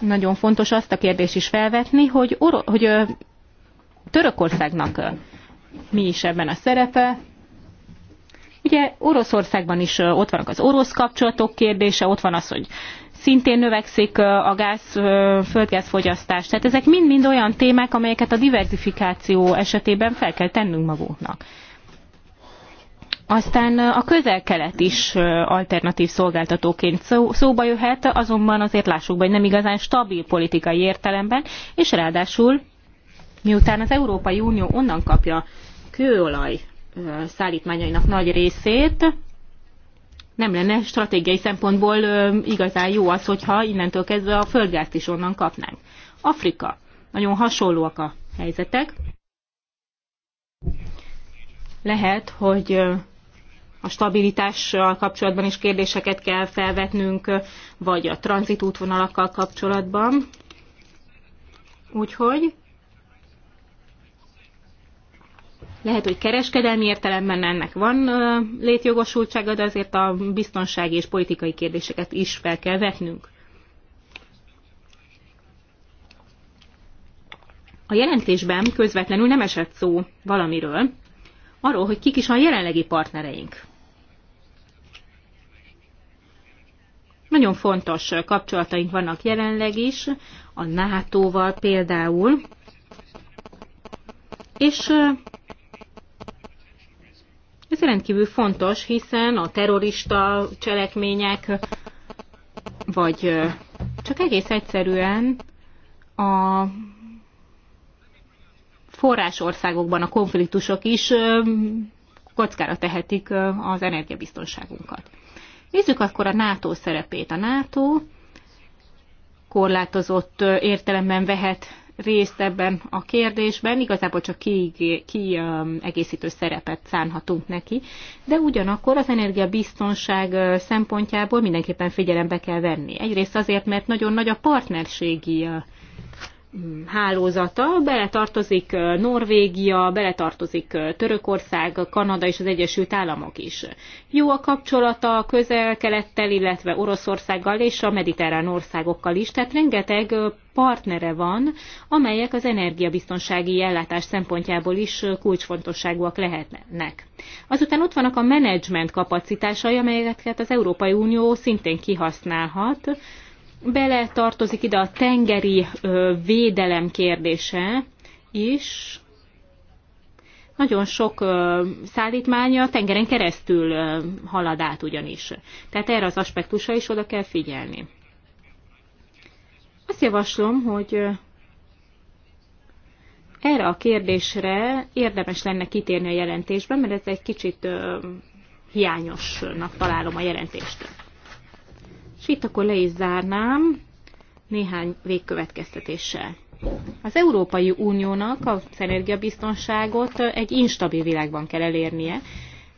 Nagyon fontos azt a kérdést is felvetni, hogy, Or- hogy Törökországnak mi is ebben a szerepe, Ugye Oroszországban is ott vannak az orosz kapcsolatok kérdése, ott van az, hogy szintén növekszik a gáz, földgázfogyasztás. Tehát ezek mind-mind olyan témák, amelyeket a diversifikáció esetében fel kell tennünk magunknak. Aztán a közel-kelet is alternatív szolgáltatóként szó, szóba jöhet, azonban azért lássuk, hogy nem igazán stabil politikai értelemben, és ráadásul miután az Európai Unió onnan kapja kőolaj szállítmányainak nagy részét, nem lenne stratégiai szempontból igazán jó az, hogyha innentől kezdve a földgázt is onnan kapnánk. Afrika. Nagyon hasonlóak a helyzetek. Lehet, hogy a stabilitással kapcsolatban is kérdéseket kell felvetnünk, vagy a tranzitútvonalakkal kapcsolatban. Úgyhogy Lehet, hogy kereskedelmi értelemben ennek van létjogosultsága, de azért a biztonsági és politikai kérdéseket is fel kell vetnünk. A jelentésben közvetlenül nem esett szó valamiről, arról, hogy kik is a jelenlegi partnereink. Nagyon fontos kapcsolataink vannak jelenleg is, a NATO-val például, és ez rendkívül fontos, hiszen a terrorista cselekmények, vagy csak egész egyszerűen a forrásországokban a konfliktusok is kockára tehetik az energiabiztonságunkat. Nézzük akkor a NATO szerepét. A NATO korlátozott értelemben vehet részt ebben a kérdésben, igazából csak kiegészítő ki, um, egészítő szerepet szánhatunk neki, de ugyanakkor az energiabiztonság uh, szempontjából mindenképpen figyelembe kell venni. Egyrészt azért, mert nagyon nagy a partnerségi uh, hálózata, beletartozik Norvégia, beletartozik Törökország, Kanada és az Egyesült Államok is. Jó a kapcsolata a közel-kelettel, illetve Oroszországgal és a mediterrán országokkal is, tehát rengeteg partnere van, amelyek az energiabiztonsági ellátás szempontjából is kulcsfontosságúak lehetnek. Azután ott vannak a menedzsment kapacitásai, amelyeket az Európai Unió szintén kihasználhat, Bele tartozik ide a tengeri védelem kérdése is. Nagyon sok szállítmánya a tengeren keresztül halad át ugyanis. Tehát erre az aspektusra is oda kell figyelni. Azt javaslom, hogy erre a kérdésre érdemes lenne kitérni a jelentésben, mert ez egy kicsit hiányosnak találom a jelentést. És itt akkor le is zárnám néhány végkövetkeztetéssel. Az Európai Uniónak az energiabiztonságot egy instabil világban kell elérnie,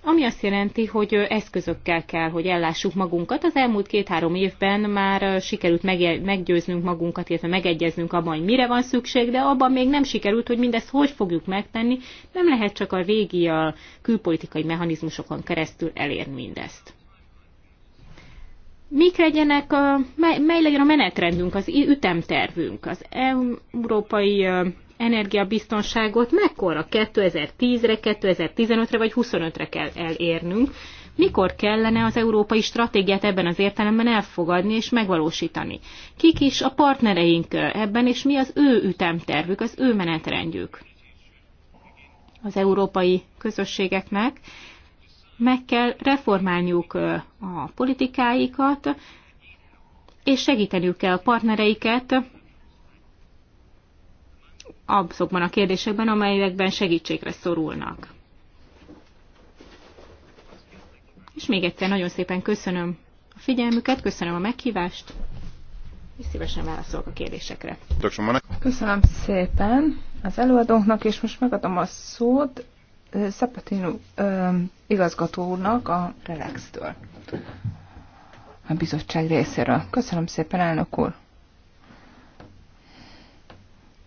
ami azt jelenti, hogy eszközökkel kell, hogy ellássuk magunkat. Az elmúlt két-három évben már sikerült meggyőznünk magunkat, illetve megegyeznünk abban, hogy mire van szükség, de abban még nem sikerült, hogy mindezt hogy fogjuk megtenni. Nem lehet csak a régi a külpolitikai mechanizmusokon keresztül elérni mindezt mik legyenek a, mely, mely legyen a menetrendünk, az ütemtervünk, az európai energiabiztonságot mekkora 2010-re, 2015-re vagy 25-re kell elérnünk, mikor kellene az európai stratégiát ebben az értelemben elfogadni és megvalósítani. Kik is a partnereink ebben, és mi az ő ütemtervük, az ő menetrendjük az európai közösségeknek meg kell reformálniuk a politikáikat, és segíteniük kell a partnereiket azokban a kérdésekben, amelyekben segítségre szorulnak. És még egyszer nagyon szépen köszönöm a figyelmüket, köszönöm a meghívást, és szívesen válaszolok a kérdésekre. Köszönöm szépen az előadónknak, és most megadom a szót Szapatino igazgató úrnak a Relax-től, a bizottság részéről. Köszönöm szépen, elnök úr!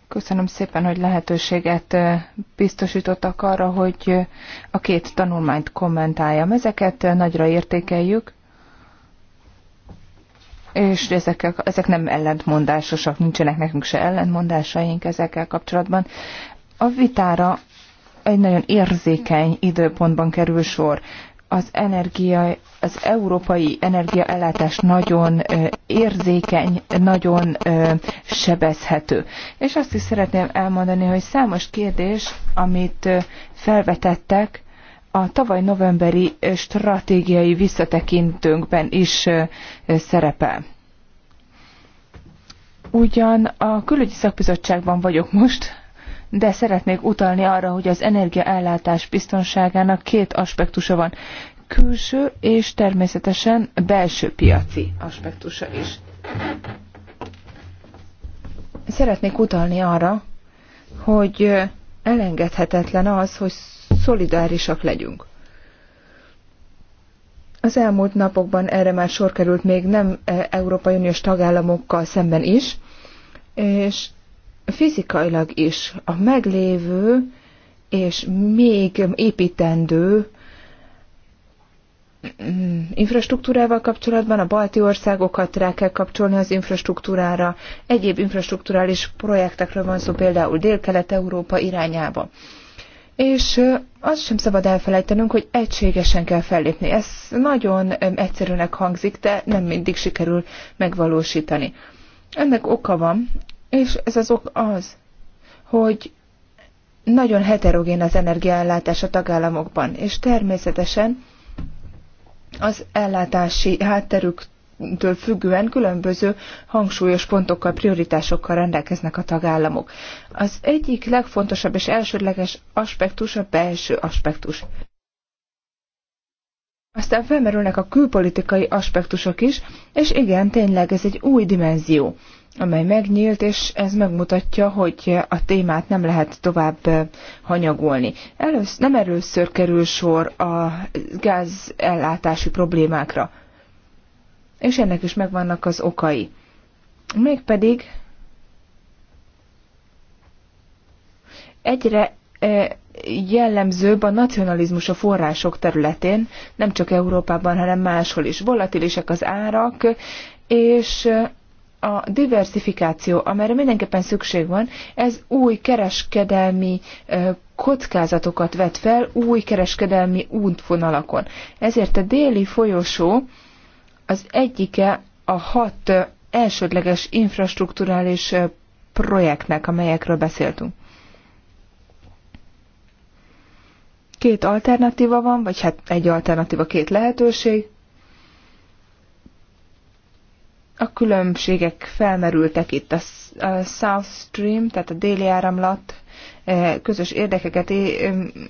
Köszönöm szépen, hogy lehetőséget biztosítottak arra, hogy a két tanulmányt kommentáljam. Ezeket nagyra értékeljük, és ezek, ezek nem ellentmondásosak, nincsenek nekünk se ellentmondásaink ezekkel kapcsolatban. A vitára egy nagyon érzékeny időpontban kerül sor. Az energia, az európai energiaellátás nagyon érzékeny, nagyon sebezhető. És azt is szeretném elmondani, hogy számos kérdés, amit felvetettek, a tavaly novemberi stratégiai visszatekintőnkben is szerepel. Ugyan a külügyi szakbizottságban vagyok most, de szeretnék utalni arra, hogy az energiaellátás biztonságának két aspektusa van. Külső és természetesen belső piaci aspektusa is. Szeretnék utalni arra, hogy elengedhetetlen az, hogy szolidárisak legyünk. Az elmúlt napokban erre már sor került még nem e, Európai Uniós tagállamokkal szemben is, és fizikailag is a meglévő és még építendő mm, infrastruktúrával kapcsolatban, a balti országokat rá kell kapcsolni az infrastruktúrára, egyéb infrastruktúrális projektekről van szó például Dél-Kelet-Európa irányába. És azt sem szabad elfelejtenünk, hogy egységesen kell fellépni. Ez nagyon egyszerűnek hangzik, de nem mindig sikerül megvalósítani. Ennek oka van, és ez az ok az, hogy nagyon heterogén az energiaellátás a tagállamokban, és természetesen az ellátási hátterüktől függően különböző hangsúlyos pontokkal, prioritásokkal rendelkeznek a tagállamok. Az egyik legfontosabb és elsődleges aspektus a belső aspektus. Aztán felmerülnek a külpolitikai aspektusok is, és igen, tényleg ez egy új dimenzió, amely megnyílt, és ez megmutatja, hogy a témát nem lehet tovább hanyagolni. Elősz, nem először kerül sor a gázellátási problémákra, és ennek is megvannak az okai. Mégpedig egyre jellemzőbb a nacionalizmus a források területén, nem csak Európában, hanem máshol is. Volatilisek az árak, és a diversifikáció, amelyre mindenképpen szükség van, ez új kereskedelmi kockázatokat vet fel, új kereskedelmi útvonalakon. Ezért a déli folyosó az egyike a hat elsődleges infrastruktúrális projektnek, amelyekről beszéltünk. Két alternatíva van, vagy hát egy alternatíva, két lehetőség a különbségek felmerültek itt. A South Stream, tehát a déli áramlat e, közös érdekeket e,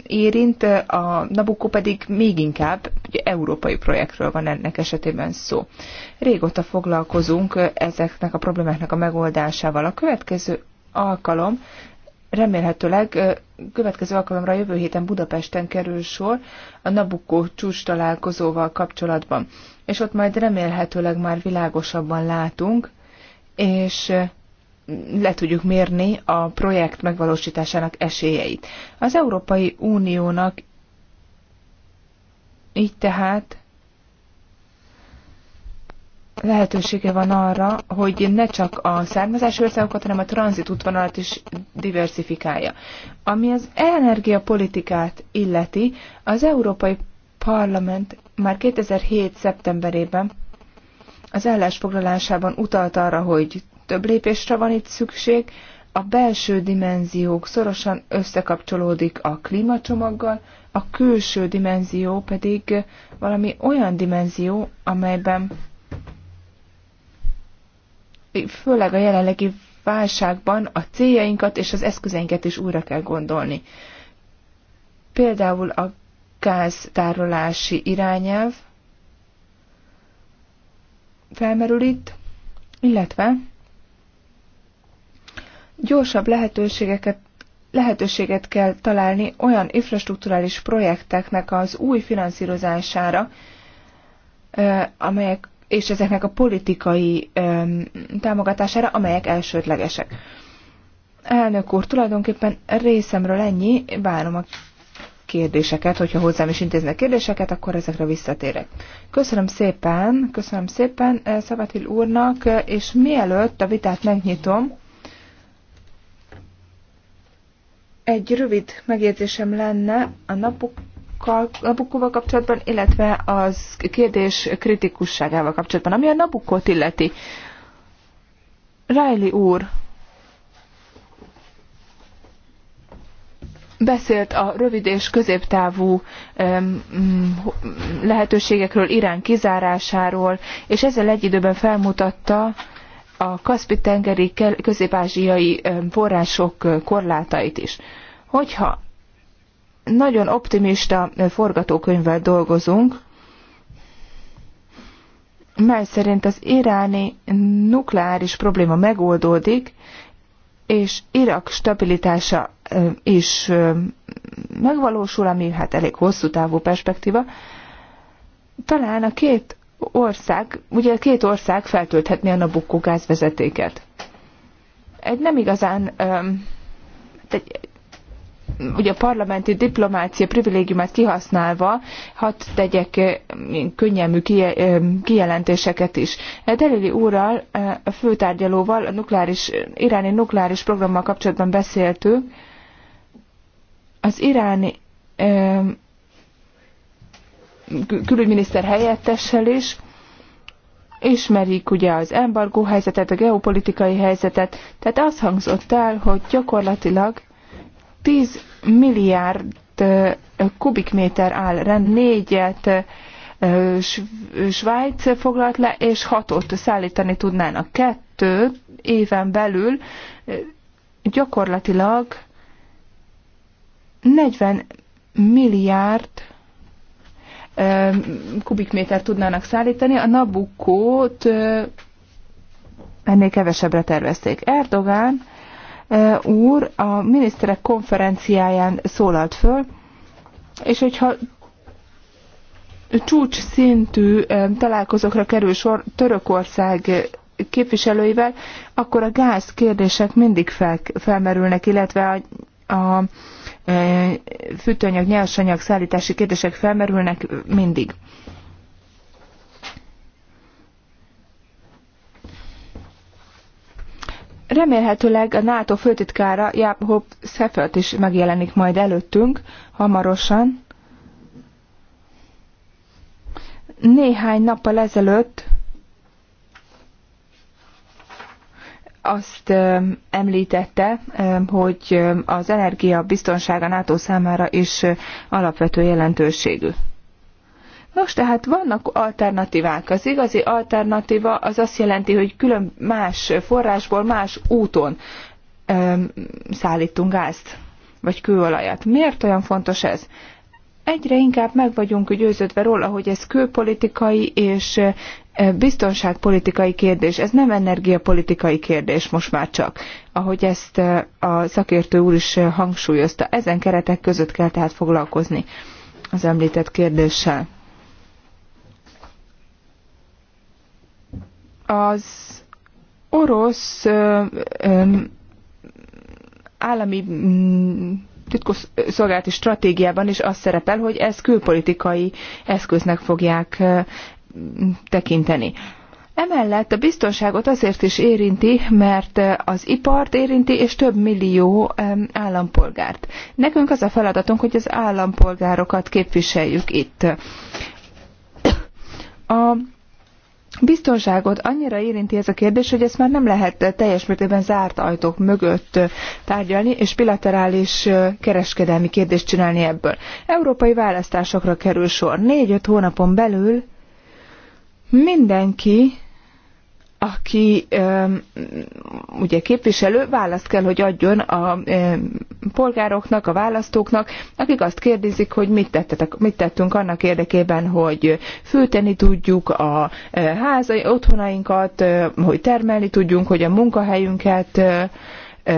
érint, a Nabucco pedig még inkább ugye, európai projektről van ennek esetében szó. Régóta foglalkozunk ezeknek a problémáknak a megoldásával. A következő alkalom, remélhetőleg következő alkalomra jövő héten Budapesten kerül sor a Nabukó csúcs találkozóval kapcsolatban. És ott majd remélhetőleg már világosabban látunk, és le tudjuk mérni a projekt megvalósításának esélyeit. Az Európai Uniónak így tehát lehetősége van arra, hogy ne csak a származási országokat, hanem a tranzit útvonalat is diversifikálja. Ami az energiapolitikát illeti, az Európai Parlament már 2007. szeptemberében az állásfoglalásában utalt arra, hogy több lépésre van itt szükség, a belső dimenziók szorosan összekapcsolódik a klímacsomaggal, a külső dimenzió pedig valami olyan dimenzió, amelyben főleg a jelenlegi válságban a céljainkat és az eszközeinket is újra kell gondolni. Például a gáztárolási irányelv felmerül itt, illetve gyorsabb lehetőségeket lehetőséget kell találni olyan infrastruktúrális projekteknek az új finanszírozására, amelyek és ezeknek a politikai támogatására, amelyek elsődlegesek. Elnök úr, tulajdonképpen részemről ennyi, várom a kérdéseket, hogyha hozzám is intéznek kérdéseket, akkor ezekre visszatérek. Köszönöm szépen, köszönöm szépen eh, Szabatil úrnak, eh, és mielőtt a vitát megnyitom, egy rövid megjegyzésem lenne a napok Nabukkóval kapcsolatban, illetve az kérdés kritikusságával kapcsolatban, ami a Nabukkot illeti. Riley úr beszélt a rövid és középtávú mm, lehetőségekről, Irán kizárásáról, és ezzel egy időben felmutatta, a Kaszpi-tengeri közép-ázsiai források korlátait is. Hogyha nagyon optimista forgatókönyvvel dolgozunk, mely szerint az iráni nukleáris probléma megoldódik, és Irak stabilitása is megvalósul, ami hát elég hosszú távú perspektíva. Talán a két ország, ugye a két ország feltölthetné a Nabucco gázvezetéket. Egy nem igazán egy ugye a parlamenti diplomácia privilégiumát kihasználva, hadd tegyek könnyelmű kijelentéseket is. E, Delili úrral, a főtárgyalóval, a nukleáris, iráni nukleáris programmal kapcsolatban beszéltünk. Az iráni külügyminiszter helyettessel is, ismerik ugye az embargó helyzetet, a geopolitikai helyzetet, tehát az hangzott el, hogy gyakorlatilag 10 milliárd kubikméter áll rend, négyet Svájc foglalt le, és hatot szállítani tudnának. Kettő éven belül gyakorlatilag 40 milliárd kubikméter tudnának szállítani, a Nabukót ennél kevesebbre tervezték. Erdogán úr a miniszterek konferenciáján szólalt föl, és hogyha csúcs szintű találkozókra kerül sor Törökország képviselőivel, akkor a gáz kérdések mindig fel, felmerülnek, illetve a, a fűtőanyag, nyersanyag szállítási kérdések felmerülnek mindig. Remélhetőleg a NATO főtitkára Jakob Szefelt is megjelenik majd előttünk hamarosan. Néhány nappal ezelőtt azt említette, hogy az energia biztonsága NATO számára is alapvető jelentőségű. Nos, tehát vannak alternatívák. Az igazi alternatíva az azt jelenti, hogy külön más forrásból, más úton öm, szállítunk gázt, vagy kőolajat. Miért olyan fontos ez? Egyre inkább meg vagyunk győződve róla, hogy ez külpolitikai és biztonságpolitikai kérdés, ez nem energiapolitikai kérdés most már csak, ahogy ezt a szakértő úr is hangsúlyozta. Ezen keretek között kell tehát foglalkozni az említett kérdéssel. Az orosz állami titkosszolgálati stratégiában is az szerepel, hogy ez külpolitikai eszköznek fogják tekinteni. Emellett a biztonságot azért is érinti, mert az ipart érinti, és több millió állampolgárt. Nekünk az a feladatunk, hogy az állampolgárokat képviseljük itt. A biztonságot annyira érinti ez a kérdés, hogy ezt már nem lehet teljes mértékben zárt ajtók mögött tárgyalni, és bilaterális kereskedelmi kérdést csinálni ebből. Európai választásokra kerül sor. Négy-öt hónapon belül mindenki aki ugye képviselő, választ kell, hogy adjon a polgároknak, a választóknak, akik azt kérdezik, hogy mit, tettetek, mit tettünk annak érdekében, hogy fűteni tudjuk a eh, házai otthonainkat, eh, hogy termelni tudjunk, hogy a munkahelyünket eh,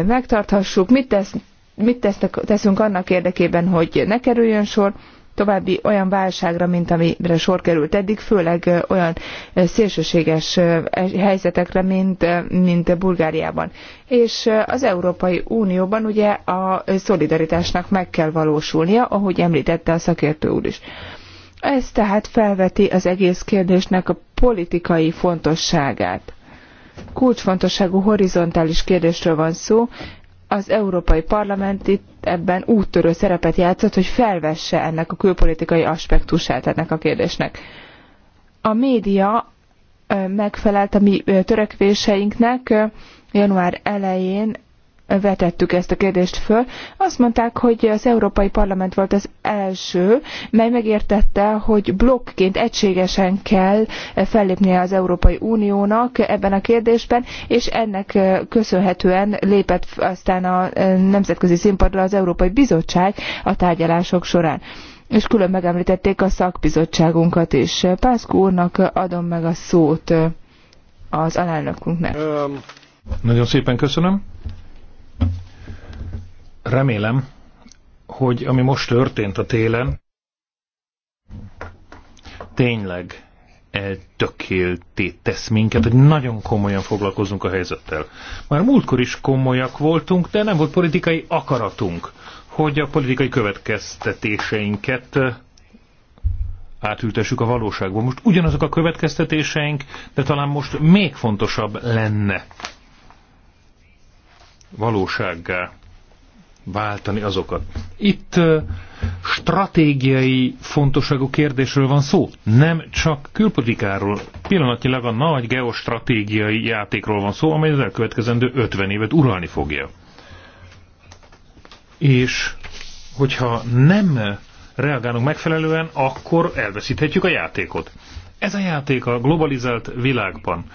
megtarthassuk, mit, tesz, mit tesznek, teszünk annak érdekében, hogy ne kerüljön sor további olyan válságra, mint amire sor került eddig, főleg olyan szélsőséges e-, helyzetekre, mint, mint Bulgáriában. És az Európai Unióban ugye a szolidaritásnak meg kell valósulnia, ahogy említette a szakértő úr is. Ez tehát felveti az egész kérdésnek a politikai fontosságát kulcsfontosságú horizontális kérdésről van szó, az Európai Parlament itt ebben úttörő szerepet játszott, hogy felvesse ennek a külpolitikai aspektusát ennek a kérdésnek. A média megfelelt a mi törekvéseinknek január elején vetettük ezt a kérdést föl. Azt mondták, hogy az Európai Parlament volt az első, mely megértette, hogy blokkként egységesen kell fellépnie az Európai Uniónak ebben a kérdésben, és ennek köszönhetően lépett aztán a nemzetközi színpadra az Európai Bizottság a tárgyalások során és külön megemlítették a szakbizottságunkat is. Pászkó úrnak adom meg a szót az alelnökünknek. Nagyon szépen köszönöm. Remélem, hogy ami most történt a télen, tényleg eltökélté tesz minket, hogy nagyon komolyan foglalkozunk a helyzettel. Már múltkor is komolyak voltunk, de nem volt politikai akaratunk, hogy a politikai következtetéseinket átültessük a valóságba. Most ugyanazok a következtetéseink, de talán most még fontosabb lenne valósággá váltani azokat. Itt stratégiai fontosságú kérdésről van szó, nem csak külpolitikáról. Pillanatnyilag a nagy geostratégiai játékról van szó, amely az elkövetkezendő 50 évet uralni fogja. És hogyha nem reagálunk megfelelően, akkor elveszíthetjük a játékot. Ez a játék a globalizált világban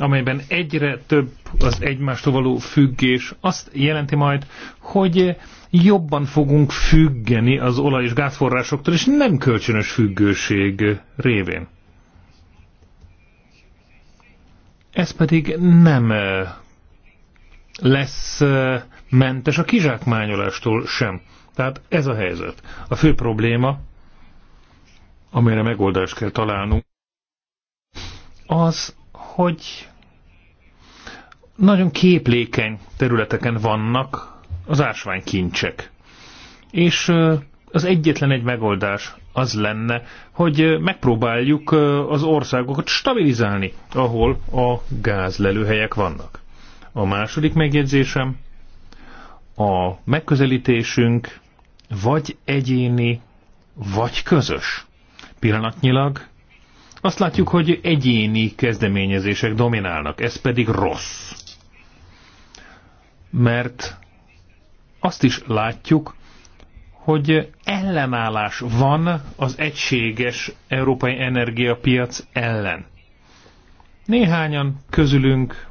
amelyben egyre több az egymástól való függés, azt jelenti majd, hogy jobban fogunk függeni az olaj- és gázforrásoktól, és nem kölcsönös függőség révén. Ez pedig nem eh, lesz eh, mentes a kizsákmányolástól sem. Tehát ez a helyzet. A fő probléma, amire megoldást kell találnunk, az, hogy nagyon képlékeny területeken vannak az ásványkincsek. És az egyetlen egy megoldás az lenne, hogy megpróbáljuk az országokat stabilizálni, ahol a gázlelőhelyek vannak. A második megjegyzésem, a megközelítésünk vagy egyéni, vagy közös. Pillanatnyilag azt látjuk, hogy egyéni kezdeményezések dominálnak, ez pedig rossz. Mert azt is látjuk, hogy ellenállás van az egységes európai energiapiac ellen. Néhányan közülünk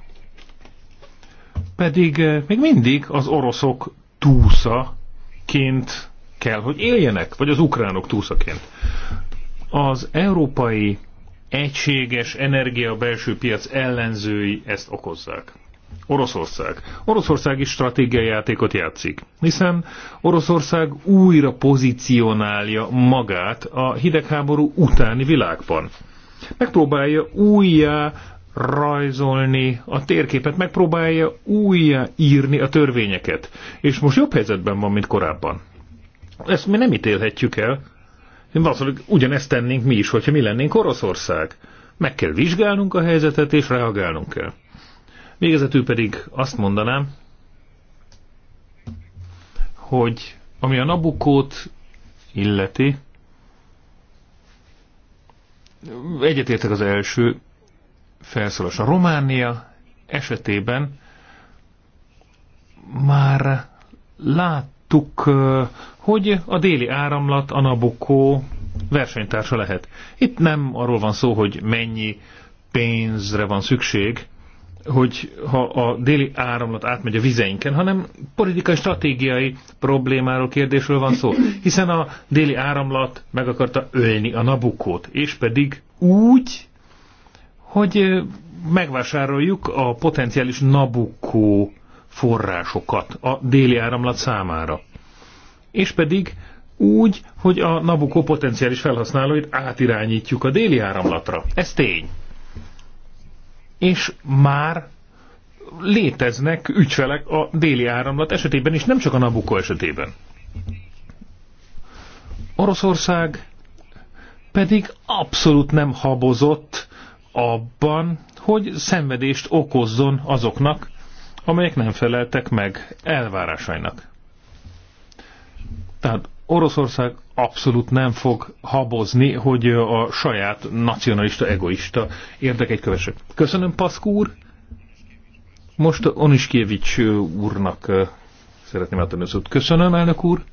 pedig eh, még mindig az oroszok túszaként kell, hogy éljenek, vagy az ukránok túszaként. Az európai egységes energia belső piac ellenzői ezt okozzák. Oroszország. Oroszország is stratégiai játékot játszik, hiszen Oroszország újra pozícionálja magát a hidegháború utáni világban. Megpróbálja újjá rajzolni a térképet, megpróbálja újjá írni a törvényeket. És most jobb helyzetben van, mint korábban. Ezt mi nem ítélhetjük el, Valószínűleg ugyanezt tennénk mi is, hogyha mi lennénk Oroszország. Meg kell vizsgálnunk a helyzetet, és reagálnunk kell. Végezetül pedig azt mondanám, hogy ami a Nabukót illeti, egyetértek az első felszólás. A Románia esetében már lát láttuk, hogy a déli áramlat a Nabucco versenytársa lehet. Itt nem arról van szó, hogy mennyi pénzre van szükség, hogy ha a déli áramlat átmegy a vizeinken, hanem politikai, stratégiai problémáról, kérdésről van szó. Hiszen a déli áramlat meg akarta ölni a Nabukót, és pedig úgy, hogy megvásároljuk a potenciális Nabukó forrásokat a déli áramlat számára. És pedig úgy, hogy a Nabucco potenciális felhasználóit átirányítjuk a déli áramlatra. Ez tény. És már léteznek ügyfelek a déli áramlat esetében is, nem csak a Nabucco esetében. Oroszország pedig abszolút nem habozott abban, hogy szenvedést okozzon azoknak, amelyek nem feleltek meg elvárásainak. Tehát Oroszország abszolút nem fog habozni, hogy a saját nacionalista, egoista érdekeit kövesse. Köszönöm, Paszkú úr! Most Oniskiewicz úrnak szeretném átadni az szót. Köszönöm, elnök úr!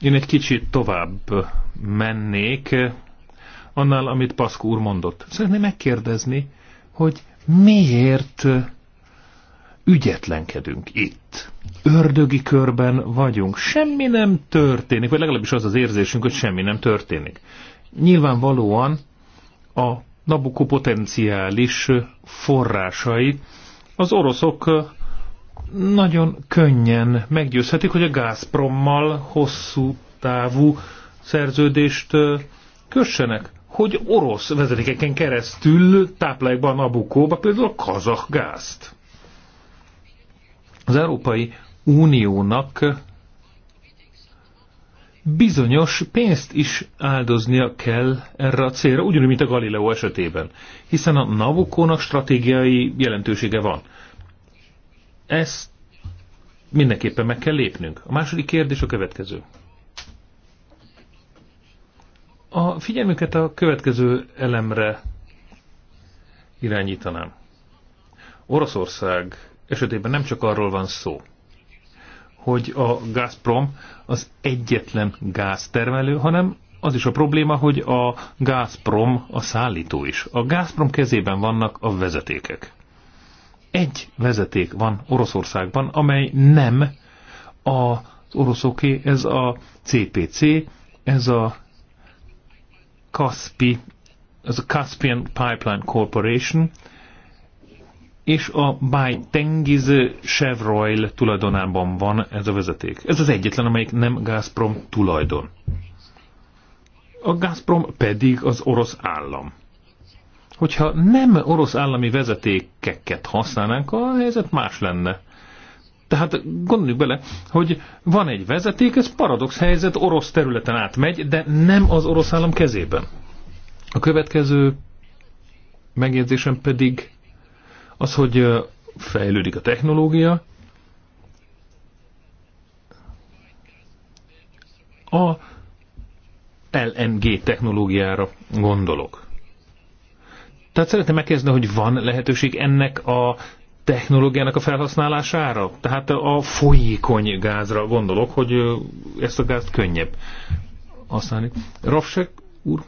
Én egy kicsit tovább mennék annál, amit Paszkú úr mondott. Szeretném megkérdezni, hogy miért ügyetlenkedünk itt. Ördögi körben vagyunk, semmi nem történik, vagy legalábbis az az érzésünk, hogy semmi nem történik. Nyilvánvalóan a Nabukó potenciális forrásai az oroszok nagyon könnyen meggyőzhetik, hogy a Gazprommal hosszú távú szerződést kössenek, hogy orosz vezetékeken keresztül táplálják be a Nabukóba például a kazah gázt. Az Európai Uniónak bizonyos pénzt is áldoznia kell erre a célra, ugyanúgy, mint a Galileo esetében, hiszen a Navukónak stratégiai jelentősége van. Ezt mindenképpen meg kell lépnünk. A második kérdés a következő. A figyelmüket a következő elemre irányítanám. Oroszország esetében nem csak arról van szó, hogy a Gazprom az egyetlen gáztermelő, hanem az is a probléma, hogy a Gazprom a szállító is. A Gazprom kezében vannak a vezetékek. Egy vezeték van Oroszországban, amely nem az oroszoké, ez a CPC, ez a Kaspi, ez a Caspian Pipeline Corporation, és a By Tengiz Chevroil tulajdonában van ez a vezeték. Ez az egyetlen, amelyik nem Gazprom tulajdon. A Gazprom pedig az orosz állam. Hogyha nem orosz állami vezetékeket használnánk, a helyzet más lenne. Tehát gondoljuk bele, hogy van egy vezeték, ez paradox helyzet, orosz területen átmegy, de nem az orosz állam kezében. A következő megjegyzésem pedig az, hogy fejlődik a technológia, a LNG technológiára gondolok. Tehát szeretném megkezdeni, hogy van lehetőség ennek a technológiának a felhasználására? Tehát a folyékony gázra gondolok, hogy ezt a gázt könnyebb használni. Rafsek úr?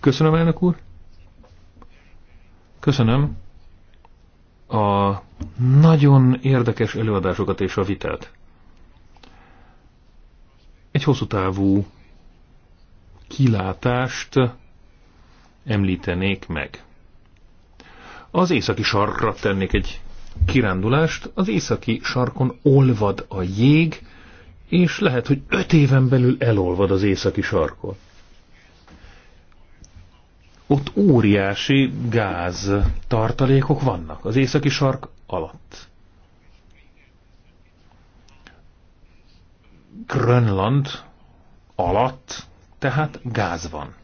Köszönöm, elnök úr. Köszönöm a nagyon érdekes előadásokat és a vitát. Egy hosszú távú kilátást említenék meg. Az északi sarkra tennék egy kirándulást. Az északi sarkon olvad a jég, és lehet, hogy öt éven belül elolvad az északi sarkon ott óriási gáz tartalékok vannak az északi sark alatt. Grönland alatt tehát gáz van.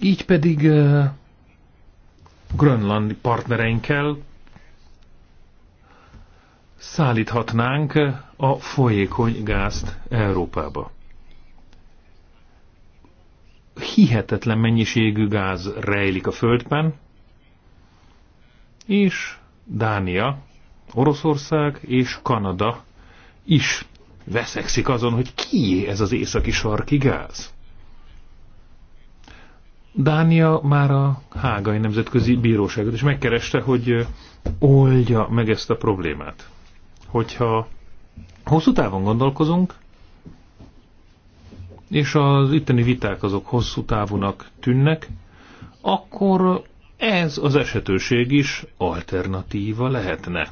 Így pedig uh, grönlandi partnereinkkel szállíthatnánk a folyékony gázt Európába hihetetlen mennyiségű gáz rejlik a földben, és Dánia, Oroszország és Kanada is veszekszik azon, hogy kié ez az északi sarki gáz. Dánia már a Hágai Nemzetközi Bíróságot is megkereste, hogy oldja meg ezt a problémát. Hogyha hosszú távon gondolkozunk, és az itteni viták azok hosszú távúnak tűnnek, akkor ez az esetőség is alternatíva lehetne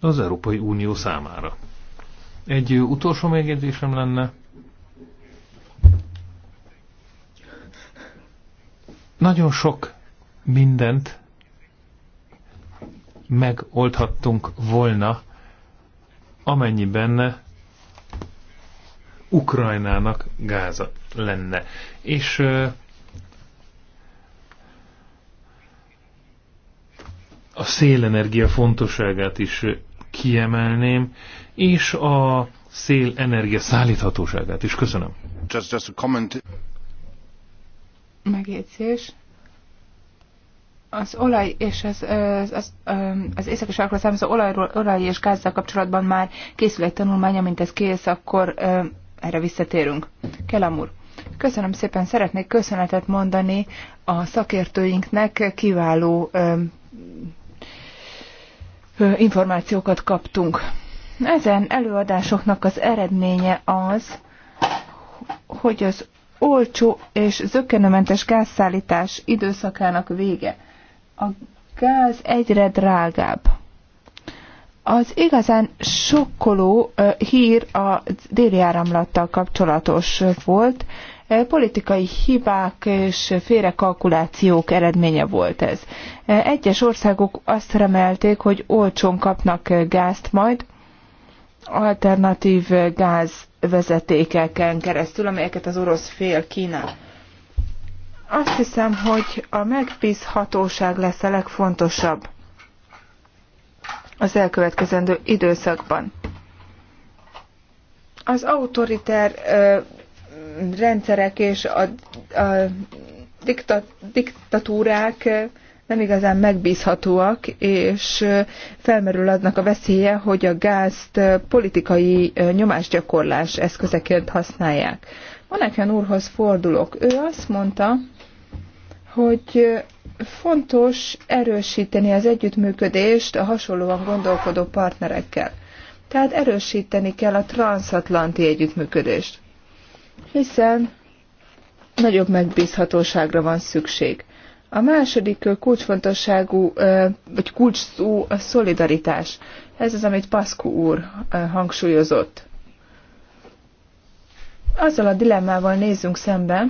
az Európai Unió számára. Egy utolsó megjegyzésem lenne. Nagyon sok mindent megoldhattunk volna, amennyiben Ukrajnának gáza lenne. És a szélenergia fontosságát is kiemelném, és a szélenergia szállíthatóságát is. Köszönöm. Just, just a comment. Megjegyzés. Az olaj és az, az, az, az északi sarkra származó olajról, olaj és gázzal kapcsolatban már készül egy tanulmány, amint ez kész, akkor erre visszatérünk. Kelem úr, köszönöm szépen, szeretnék köszönetet mondani a szakértőinknek, kiváló információkat kaptunk. Ezen előadásoknak az eredménye az, hogy az olcsó és zökkenőmentes gázszállítás időszakának vége. A gáz egyre drágább. Az igazán sokkoló hír a déli áramlattal kapcsolatos volt. Politikai hibák és félrekalkulációk eredménye volt ez. Egyes országok azt remelték, hogy olcsón kapnak gázt majd, alternatív gázvezetékeken keresztül, amelyeket az orosz fél kínál. Azt hiszem, hogy a megbízhatóság lesz a legfontosabb az elkövetkezendő időszakban. Az autoriter rendszerek és a, a dikta, diktatúrák nem igazán megbízhatóak, és felmerül adnak a veszélye, hogy a gázt politikai nyomásgyakorlás eszközeként használják. Manekjan úrhoz fordulok. Ő azt mondta, hogy fontos erősíteni az együttműködést a hasonlóan gondolkodó partnerekkel. Tehát erősíteni kell a transatlanti együttműködést, hiszen nagyobb megbízhatóságra van szükség. A második kulcsfontosságú, vagy kulcs szó a szolidaritás. Ez az, amit Paszku úr hangsúlyozott. Azzal a dilemmával nézzünk szembe,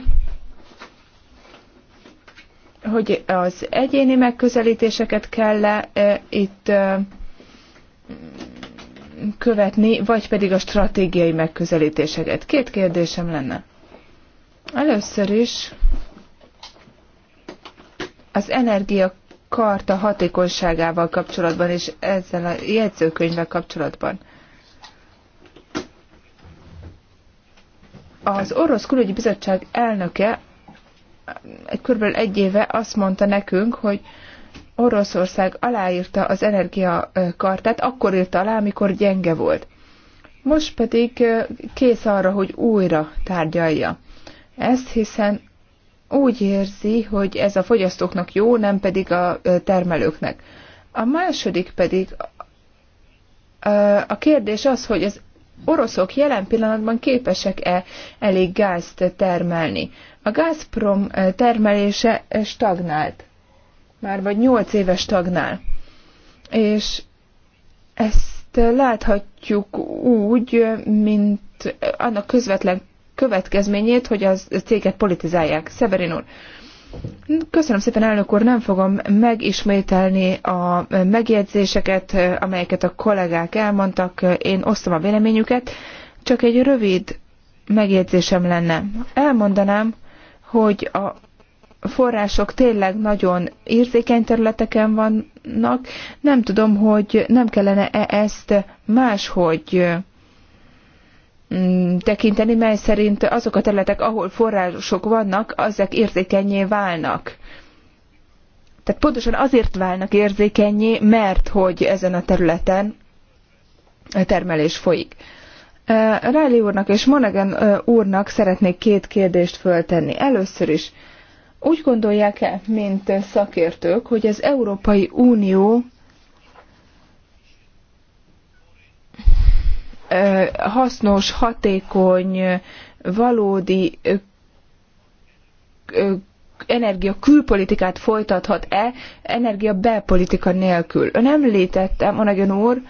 hogy az egyéni megközelítéseket kell -e, e itt e, követni, vagy pedig a stratégiai megközelítéseket. Két kérdésem lenne. Először is az energia karta hatékonyságával kapcsolatban és ezzel a jegyzőkönyvvel kapcsolatban. Az Orosz Külügyi Bizottság elnöke körülbelül egy éve azt mondta nekünk, hogy Oroszország aláírta az energiakartát, akkor írta alá, amikor gyenge volt. Most pedig kész arra, hogy újra tárgyalja. Ezt hiszen úgy érzi, hogy ez a fogyasztóknak jó, nem pedig a termelőknek. A második pedig a kérdés az, hogy az oroszok jelen pillanatban képesek-e elég gázt termelni. A Gazprom eh, termelése stagnált. Már vagy 8 éves stagnál. És ezt eh, láthatjuk úgy, eh, mint annak közvetlen következményét, hogy az céget politizálják. Szeberin úr, Köszönöm szépen, elnök úr, nem fogom megismételni a megjegyzéseket, amelyeket a kollégák elmondtak, én osztom a véleményüket, csak egy rövid megjegyzésem lenne. Elmondanám, hogy a források tényleg nagyon érzékeny területeken vannak. Nem tudom, hogy nem kellene-e ezt máshogy mm, tekinteni, mely szerint azok a területek, ahol források vannak, azek érzékenyé válnak. Tehát pontosan azért válnak érzékenyé, mert hogy ezen a területen a termelés folyik. Riley úrnak és Monaghan úrnak szeretnék két kérdést föltenni. Először is, úgy gondolják-e, mint szakértők, hogy az Európai Unió hasznos, hatékony, valódi energia külpolitikát folytathat-e energia belpolitika nélkül. Ön említette, Monaghan úr,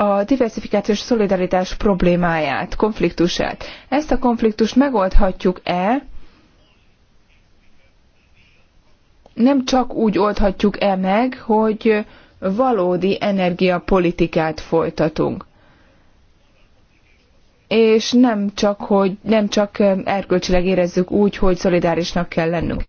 a diversifikációs szolidaritás problémáját, konfliktusát. Ezt a konfliktust megoldhatjuk-e, nem csak úgy oldhatjuk e meg, hogy valódi energiapolitikát folytatunk. És nem csak, hogy, nem csak erkölcsileg érezzük úgy, hogy szolidárisnak kell lennünk.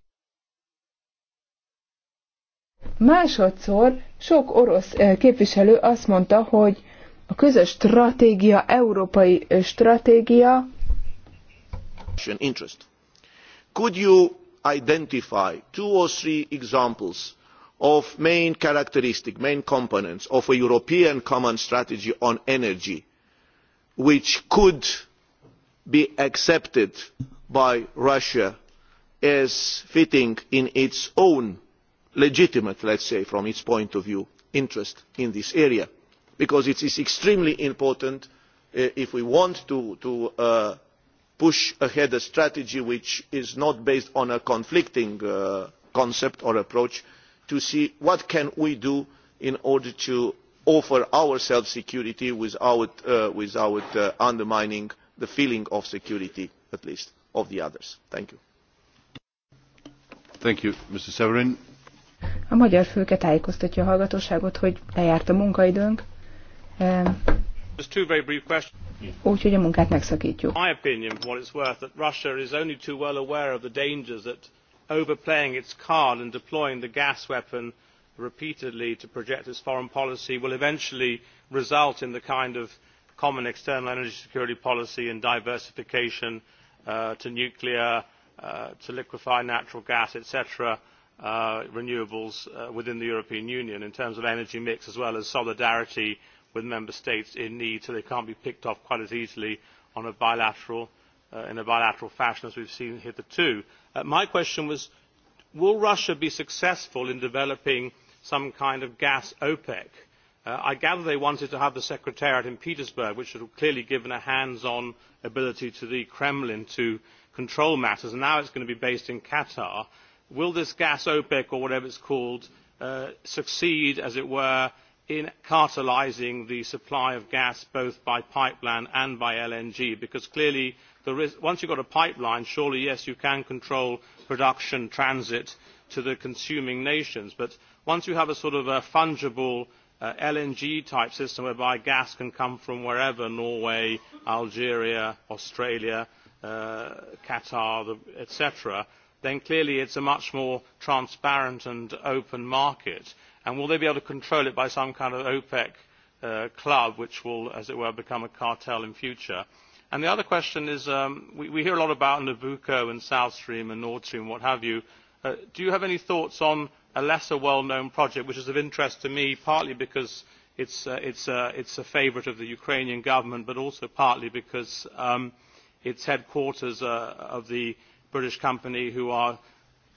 Másodszor sok orosz képviselő azt mondta, hogy a közös stratégia, európai stratégia. Interest. Could you identify two or three examples of main characteristic, main components of a European common strategy on energy which could be accepted by russia as fitting in its own legitimate let's say from its point of view interest in this area because it is extremely important uh, if we want to, uh, push ahead a strategy which is not based on a conflicting uh, concept or approach to see what we can do in order to offer ourselves security without, undermining the feeling of security at least of the others. Thank you. Thank you, Mr. Severin. A magyar főke tájékoztatja a hallgatóságot, hogy lejárt a munkaidőnk. Úgyhogy a munkát megszakítjuk. My opinion, for what it's worth, that Russia is only too well aware of the dangers that overplaying its card and deploying the gas weapon repeatedly to project its foreign policy will eventually result in the kind of common external energy security policy and diversification uh, to nuclear, uh, to liquefy natural gas, etc., uh, renewables uh, within the European Union in terms of energy mix as well as solidarity with member states in need so they cannot be picked off quite as easily uh, in a bilateral fashion as we have seen hitherto. Uh, my question was will russia be successful in developing some kind of gas opec? Uh, i gather they wanted to have the secretariat in petersburg which would have clearly given a hands on ability to the kremlin to control matters and now it is going to be based in qatar. will this gas opec or whatever it is called succeed as it were in cartelising the supply of gas both by pipeline and by lng because clearly once you have got a pipeline surely yes you can control production transit to the consuming nations but once you have a sort of a fungible uh, lng type system whereby gas can come from wherever norway algeria australia uh, qatar etc. then clearly it is a much more transparent and open market and will they be able to control it by some kind of opec uh, club which will as it were become a cartel in future? the other question is um, we, hear a lot about nabucco and south stream and nord stream and what have you. Uh, do you have any thoughts on a lesser well known project which is of interest to me partly because it uh, is a favourite of the ukrainian government but also partly because um, it is headquarters of the british company which is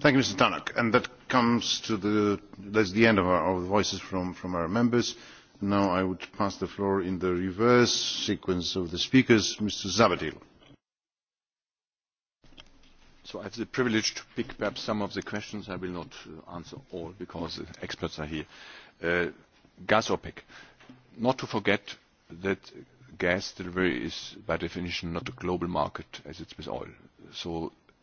Thank Mr. Tannock. And that comes to the, that's the end of our of voices from, from our members. Now I would pass the floor in the reverse sequence of the speakers, Mr. Zavadil. So I have the privilege to pick perhaps some of the questions. I will not uh, answer all because the experts are here. Uh, gas OPEC. Not to forget that gas delivery is by definition not a global market as it's with oil. So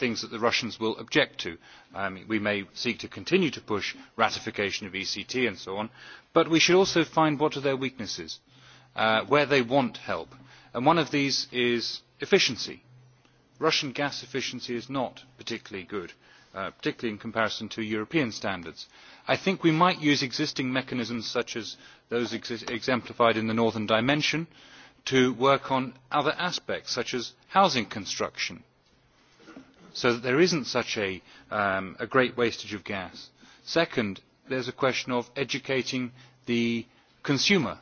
things that the russians will object to. Um, we may seek to continue to push ratification of ect and so on but we should also find what are their weaknesses uh, where they want help and one of these is efficiency. russian gas efficiency is not particularly good uh, particularly in comparison to european standards. i think we might use existing mechanisms such as those exemplified in the northern dimension to work on other aspects such as housing construction so that there is not such um, a, great wastage of gas. second there is a question of educating the consumer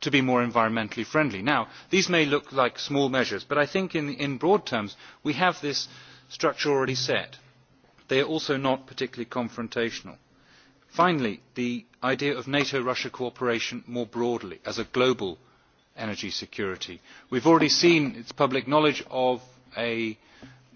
to be more environmentally friendly. these may look like small measures but i think in, broad terms we have this structure already set. they are also not particularly confrontational. finally the idea of nato russia cooperation more broadly as a global energy security. we have already seen it is public knowledge of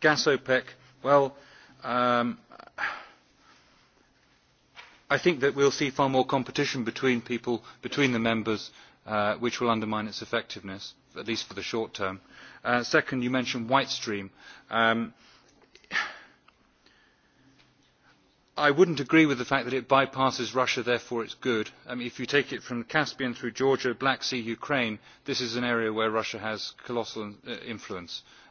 Gas OPEC, well, um, I think that we'll see far more competition between people, between the members, uh, which will undermine its effectiveness, at least for the short term. Uh, second, you mentioned White Stream. Um, i would not agree with the fact that it bypasses russia therefore it is good. I mean, if you take it from the caspian through georgia black sea ukraine this is an area where russia has colossal uh, influence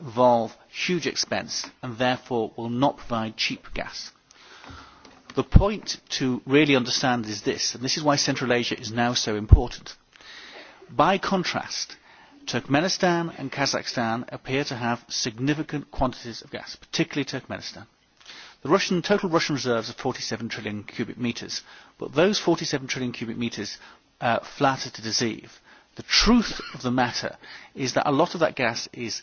involve huge expense and therefore will not provide cheap gas. The point to really understand is this, and this is why Central Asia is now so important. By contrast, Turkmenistan and Kazakhstan appear to have significant quantities of gas, particularly Turkmenistan. The Russian, total Russian reserves are 47 trillion cubic metres, but those 47 trillion cubic metres uh, flatter to deceive. The truth of the matter is that a lot of that gas is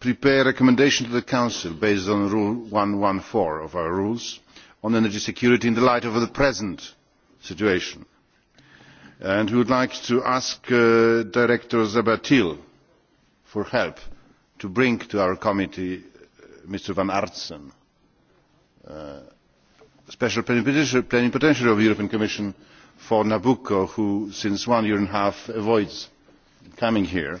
prepare a recommendation to the council based on rule one hundred and fourteen of our rules on energy security in the light of the present situation and we would like to ask uh, director zahbatil for help to bring to our committee uh, mr van artsen uh, special plenipotentiary of the european commission for nabucco who for one year and a half avoids coming here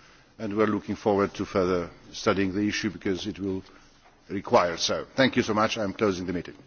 and we are looking forward to further studying the issue because it will require so. thank you so much i am closing the meeting.